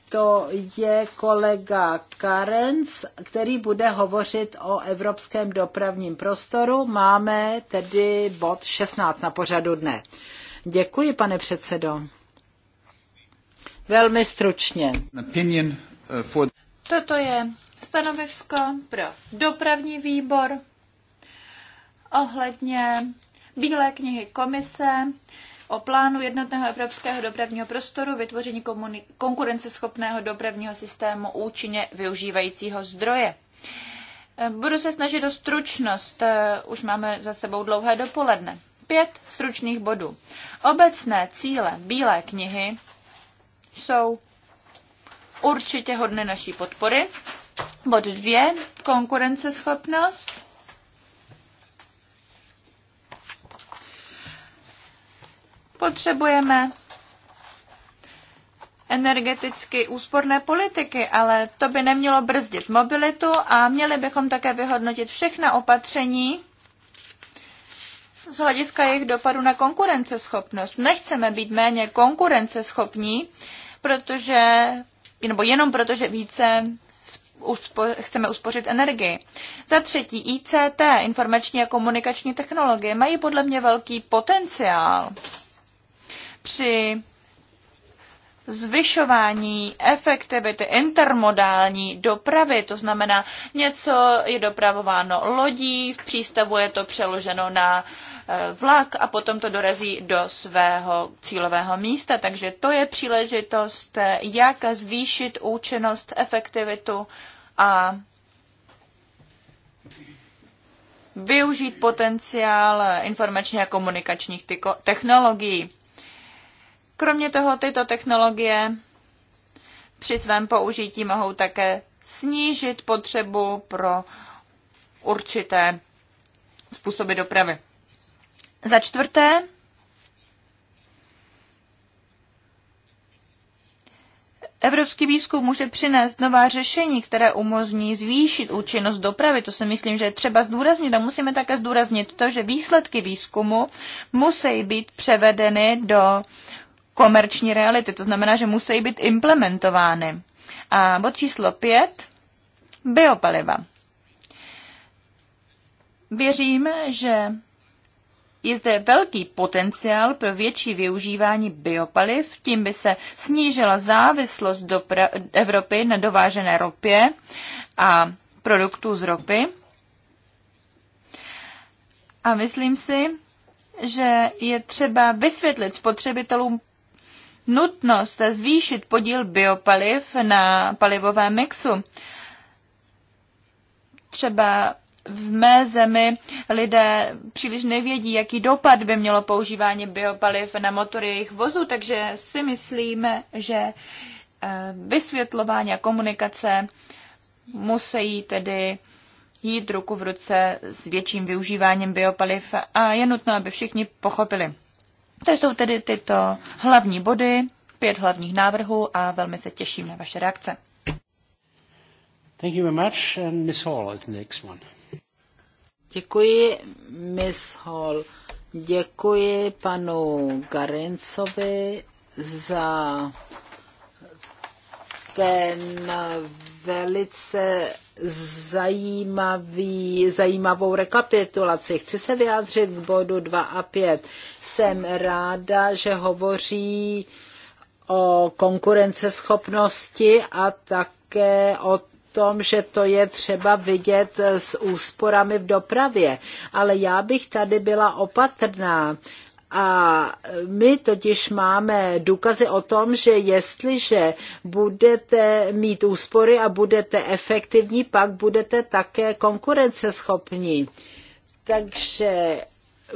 To je kolega Karenc, který bude hovořit o evropském dopravním prostoru. Máme tedy bod 16 na pořadu dne. Děkuji, pane předsedo. Velmi stručně. Eh, Toto je stanovisko pro dopravní výbor ohledně Bílé knihy komise o plánu jednotného evropského dopravního prostoru vytvoření konkurenceschopného dopravního systému účinně využívajícího zdroje. Budu se snažit o stručnost, eh, už máme za sebou dlouhé dopoledne. Pět stručných bodů. Obecné cíle Bílé knihy jsou určitě hodné naší podpory. Bod dvě, konkurenceschopnost. Potřebujeme energeticky úsporné politiky, ale to by nemělo brzdit mobilitu a měli bychom také vyhodnotit všechna opatření z hlediska jejich dopadu na konkurenceschopnost. Nechceme být méně konkurenceschopní, protože, nebo jenom protože více uspo- chceme uspořit energii. Za třetí, ICT, informační a komunikační technologie, mají podle mě velký potenciál při zvyšování efektivity intermodální dopravy, to znamená, něco je dopravováno lodí, v přístavu je to přeloženo na uh, Eh, vlak a potom to dorazí do svého cílového místa. Takže to je příležitost, eh, jak zvýšit účinnost, efektivitu a využít potenciál informačně a komunikačních technologií. Kromě toho tyto technologie při svém použití mohou také snížit potřebu pro určité způsoby dopravy. Za čtvrté, Evropský výzkum může přinést nová řešení, které umožní zvýšit účinnost dopravy. To si myslím, že je třeba zdůraznit a musíme také zdůraznit to, že výsledky výzkumu musí být převedeny do komerční reality. To znamená, že musí být implementovány. A bod číslo pět, biopaliva. Věřím, že je zde velký potenciál pro větší využívání biopaliv, tím by se snížila závislost do Evropy na dovážené ropě a produktů z ropy. A myslím si, že je třeba vysvětlit spotřebitelům nutnost zvýšit podíl biopaliv na palivovém mixu. Třeba v mé zemi lidé příliš nevědí, jaký dopad by mělo používání biopaliv na motory jejich vozů, takže si myslíme, že eh, vysvětlování a komunikace musí tedy jít ruku v ruce s větším využíváním biopaliv a je nutno, aby všichni pochopili. To jsou tedy tyto hlavní body, pět hlavních návrhů a velmi se těším na vaše reakce. Thank you very much. And Ms. Hall is the next one. Děkuji, Miss Hall. Děkuji panu Garincovi za ten velice zajímavý, zajímavou rekapitulaci. Chci se vyjádřit k bodu 2 a 5. Jsem ráda, že hovoří o konkurenceschopnosti a také o tom, že to je třeba vidět s úsporami v dopravě, ale já bych tady byla opatrná. A my totiž máme důkazy o tom, že jestliže budete mít úspory a budete efektivní, pak budete také konkurenceschopní. Takže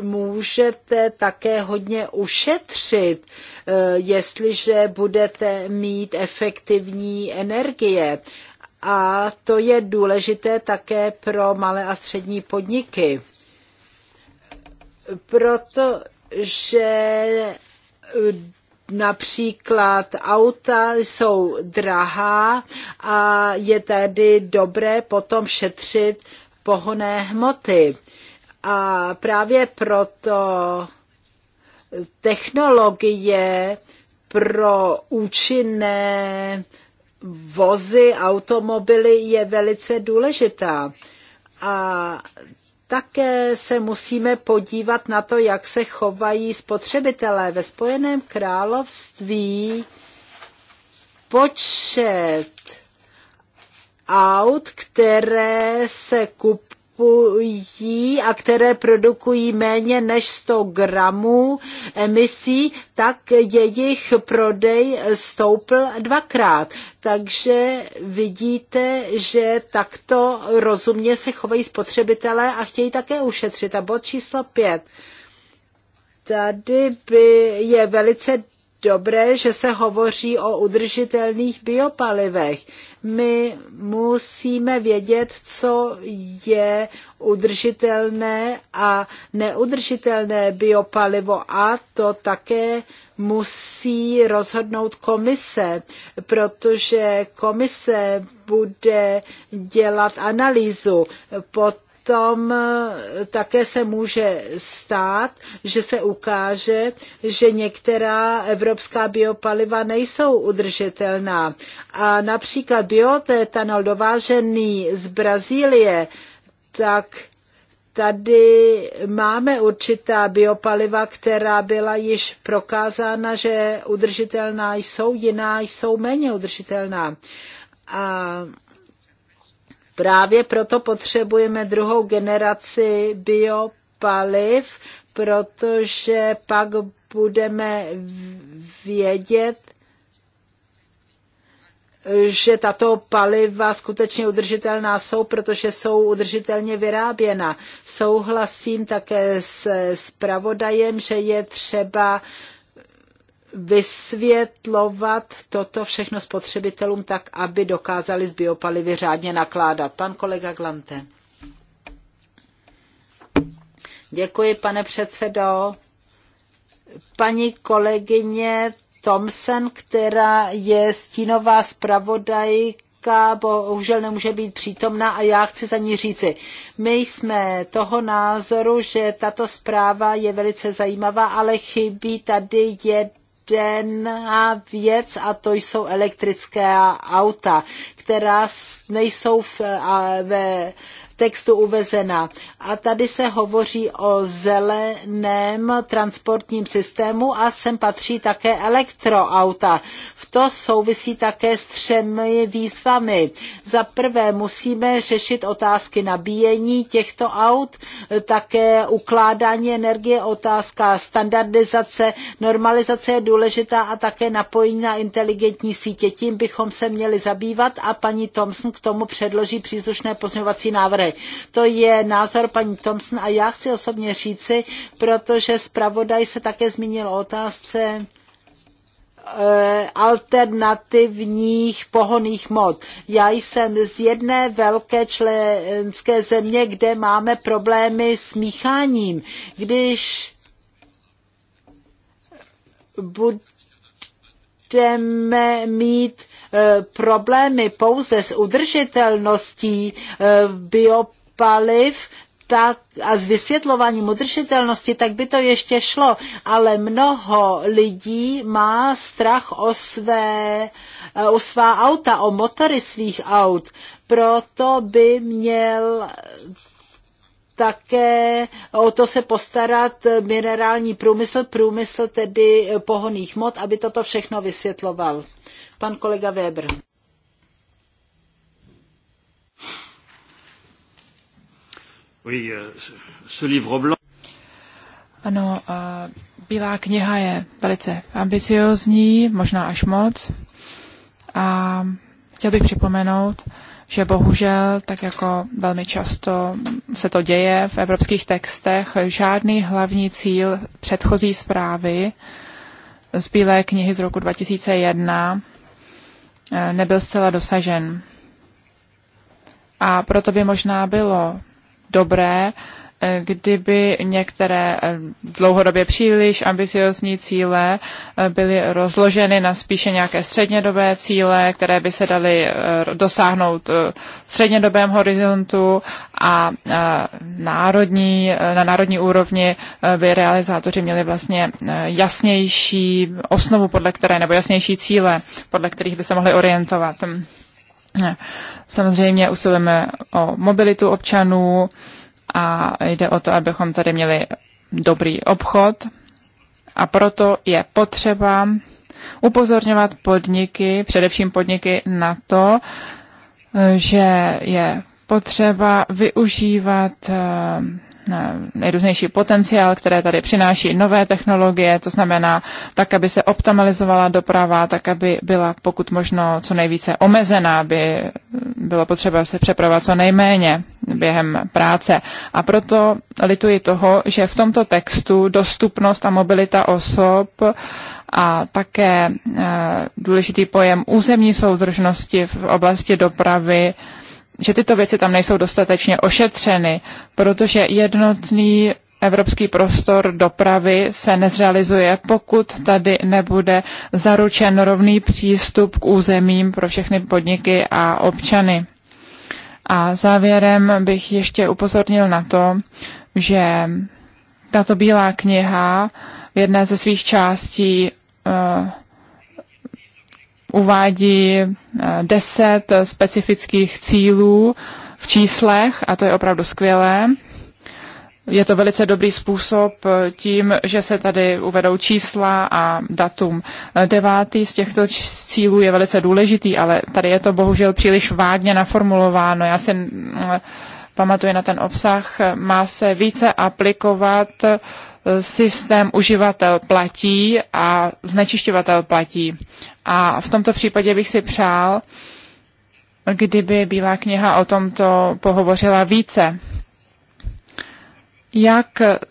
můžete také hodně ušetřit, eh, jestliže budete mít efektivní energie. A to je důležité také pro malé a střední podniky, protože například auta jsou drahá a je tedy dobré potom šetřit pohoné hmoty. A právě proto technologie pro účinné vozy, automobily je velice důležitá. A také se musíme podívat na to, jak se chovají spotřebitelé. Ve Spojeném království počet aut, které se kupují, kupují a které produkují méně než 100 gramů emisí, tak jejich prodej stoupl dvakrát. Takže vidíte, že takto rozumně se chovají spotřebitelé a chtějí také ušetřit. A bod číslo pět Tady by je velice dobré, že se hovoří o udržitelných biopalivech. My musíme vědět, co je udržitelné a neudržitelné biopalivo a to také musí rozhodnout komise, protože komise bude dělat analýzu. Pot potom eh, také se může stát, že se ukáže, že některá evropská biopaliva nejsou udržitelná. A například biotetanol dovážený z Brazílie, tak tady máme určitá biopaliva, která byla již prokázána, že udržitelná jsou, jiná jsou méně udržitelná. A Právě proto potřebujeme druhou generaci biopaliv, protože pak budeme vědět, že tato paliva skutečně udržitelná jsou, protože jsou udržitelně vyráběna. Souhlasím také s zpravodajem, že je třeba uh, vysvětlovat toto všechno spotřebitelům tak, aby dokázali z biopalivy řádně nakládat. Pan kolega Glante. Děkuji, pane předsedo. Paní kolegyně Thompson, která je stínová zpravodajka, bohužel nemůže být přítomná a já chci za ní říci. My jsme toho názoru, že tato zpráva je velice zajímavá, ale chybí tady jedna jedna věc a to jsou elektrická auta, která nejsou v, a, ve textu uvezena. A tady se hovoří o zeleném transportním systému a sem patří také elektroauta. V to souvisí také s třemi výzvami. Za prvé musíme řešit otázky nabíjení těchto aut, také ukládání energie, otázka standardizace, normalizace je důležitá a také napojení na inteligentní sítě. Tím bychom se měli zabývat a paní Thompson k tomu předloží příslušné pozměňovací návrhy výborech. To je názor paní Thompson a já chci osobně říci, protože zpravodaj se také zmínil o otázce eh, alternativních pohoných mod. Já jsem z jedné velké členské země, kde máme problémy s mícháním. Když bude budeme mít eh, problémy pouze s udržitelností eh, biopaliv, tak a s vysvětlováním udržitelnosti, tak by to ještě šlo. Ale mnoho lidí má strach o, své, eh, o svá auta, o motory svých aut. Proto by měl také o to se postarat minerální průmysl, průmysl tedy pohoných mod, aby toto všechno vysvětloval. Pan kolega Weber. Oui, euh, ce livre blanc. Ano, Bílá kniha je velice ambiciozní, možná až moc. A chtěl bych připomenout, že bohužel, tak jako velmi často se to děje v evropských textech, žádný hlavní cíl předchozí zprávy z Bílé knihy z roku 2001 eh, nebyl zcela dosažen. A proto by možná bylo dobré Eh, kdyby některé eh, dlouhodobě příliš ambiciozní cíle eh, byly rozloženy na spíše nějaké střednědobé cíle, které by se daly dosáhnout v střednědobém horizontu a národní, na národní úrovni by realizátoři měli vlastně jasnější osnovu, podle které, nebo jasnější cíle, podle kterých by se mohli orientovat. Hm. Samozřejmě usilujeme o mobilitu občanů, a jde o to, abychom tady měli dobrý obchod a proto je potřeba upozorňovat podniky, především podniky na to, že je potřeba využívat eh, Eh, nejrůznější potenciál, které tady přináší nové technologie, to znamená tak, aby se optimalizovala doprava, tak, aby byla pokud možno co nejvíce omezená, aby bylo potřeba se přepravovat co nejméně během práce. A proto lituji toho, že v tomto textu dostupnost a mobilita osob a také eh, důležitý pojem územní soudržnosti v oblasti dopravy že tyto věci tam nejsou dostatečně ošetřeny, protože jednotný evropský prostor dopravy se nezrealizuje, pokud tady nebude zaručen rovný přístup k územím pro všechny podniky a občany. A závěrem bych ještě upozornil na to, že tato bílá kniha v jedné ze svých částí uh, uvádí eh, deset specifických cílů v číslech a to je opravdu skvělé. Je to velice dobrý způsob eh, tím, že se tady uvedou čísla a datum. Eh, devátý z těchto cílů je velice důležitý, ale tady je to bohužel příliš vágně naformulováno. Já si mm, pamatuji na ten obsah. Má se více aplikovat systém uživatel platí a znečišťovatel platí. A v tomto případě bych si přál, kdyby Bílá kniha o tomto pohovořila více. Jak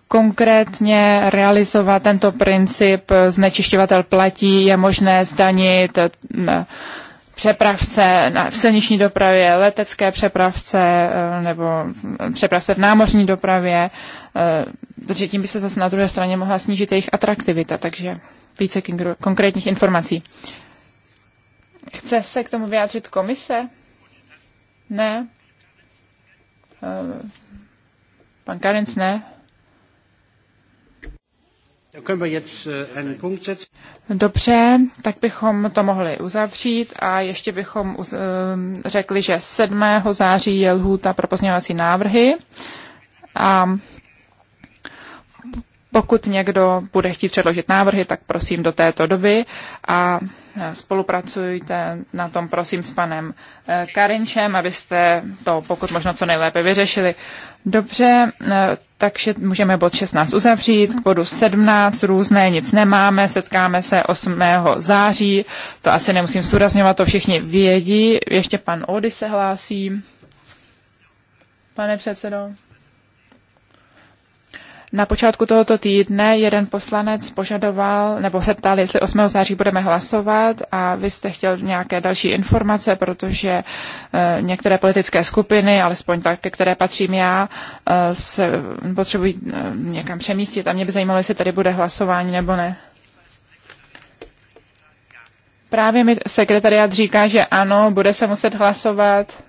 konkrétně realizovat tento princip znečišťovatel platí? Je možné zdanit eh, přepravce v silniční dopravě, letecké přepravce eh, nebo přepravce v námořní dopravě, eh, protože tím by se zase na druhé straně mohla snížit jejich atraktivita, takže více konkrétních informací. Chce se k tomu vyjádřit komise? Ne. Eh, pan Karenc ne. Äh, Dobře, tak bychom to mohli uzavřít a ještě bychom eh, řekli, že 7. září je lhůta pro pozměňovací návrhy a pokud někdo bude chtít předložit návrhy, tak prosím do této doby a spolupracujte na tom prosím s panem eh, Karinčem, abyste to pokud možno co nejlépe vyřešili. Dobře, eh, takže můžeme bod 16 uzavřít, k bodu 17 různé nic nemáme, setkáme se 8. září, to asi nemusím zdůrazňovat, to všichni vědí, ještě pan Ody se hlásí. Pane předsedo. Na počátku tohoto týdne jeden poslanec požadoval, nebo se ptal, jestli 8. září budeme hlasovat a vy jste chtěl nějaké další informace, protože eh, některé politické skupiny, alespoň tak, ke které patřím já, eh, se potřebují eh, někam přemístit a mě by zajímalo, jestli tady bude hlasování nebo ne. Právě mi sekretariat říká, že ano, bude se muset hlasovat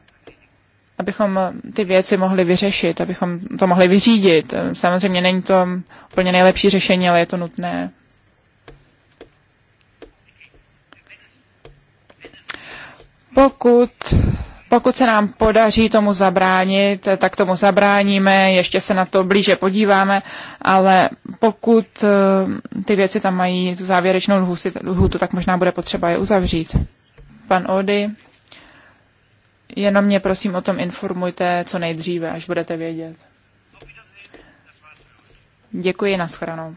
abychom ty věci mohli vyřešit, abychom to mohli vyřídit. Samozřejmě není to úplně nejlepší řešení, ale je to nutné. Pokud, pokud se nám podaří tomu zabránit, tak tomu zabráníme, ještě se na to blíže podíváme, ale pokud eh, ty věci tam mají tu závěrečnou lhůtu, tak možná bude potřeba je uzavřít. Pan Ody. Jenom mě prosím o tom informujte co nejdříve, až budete vědět. Děkuji, nashledanou.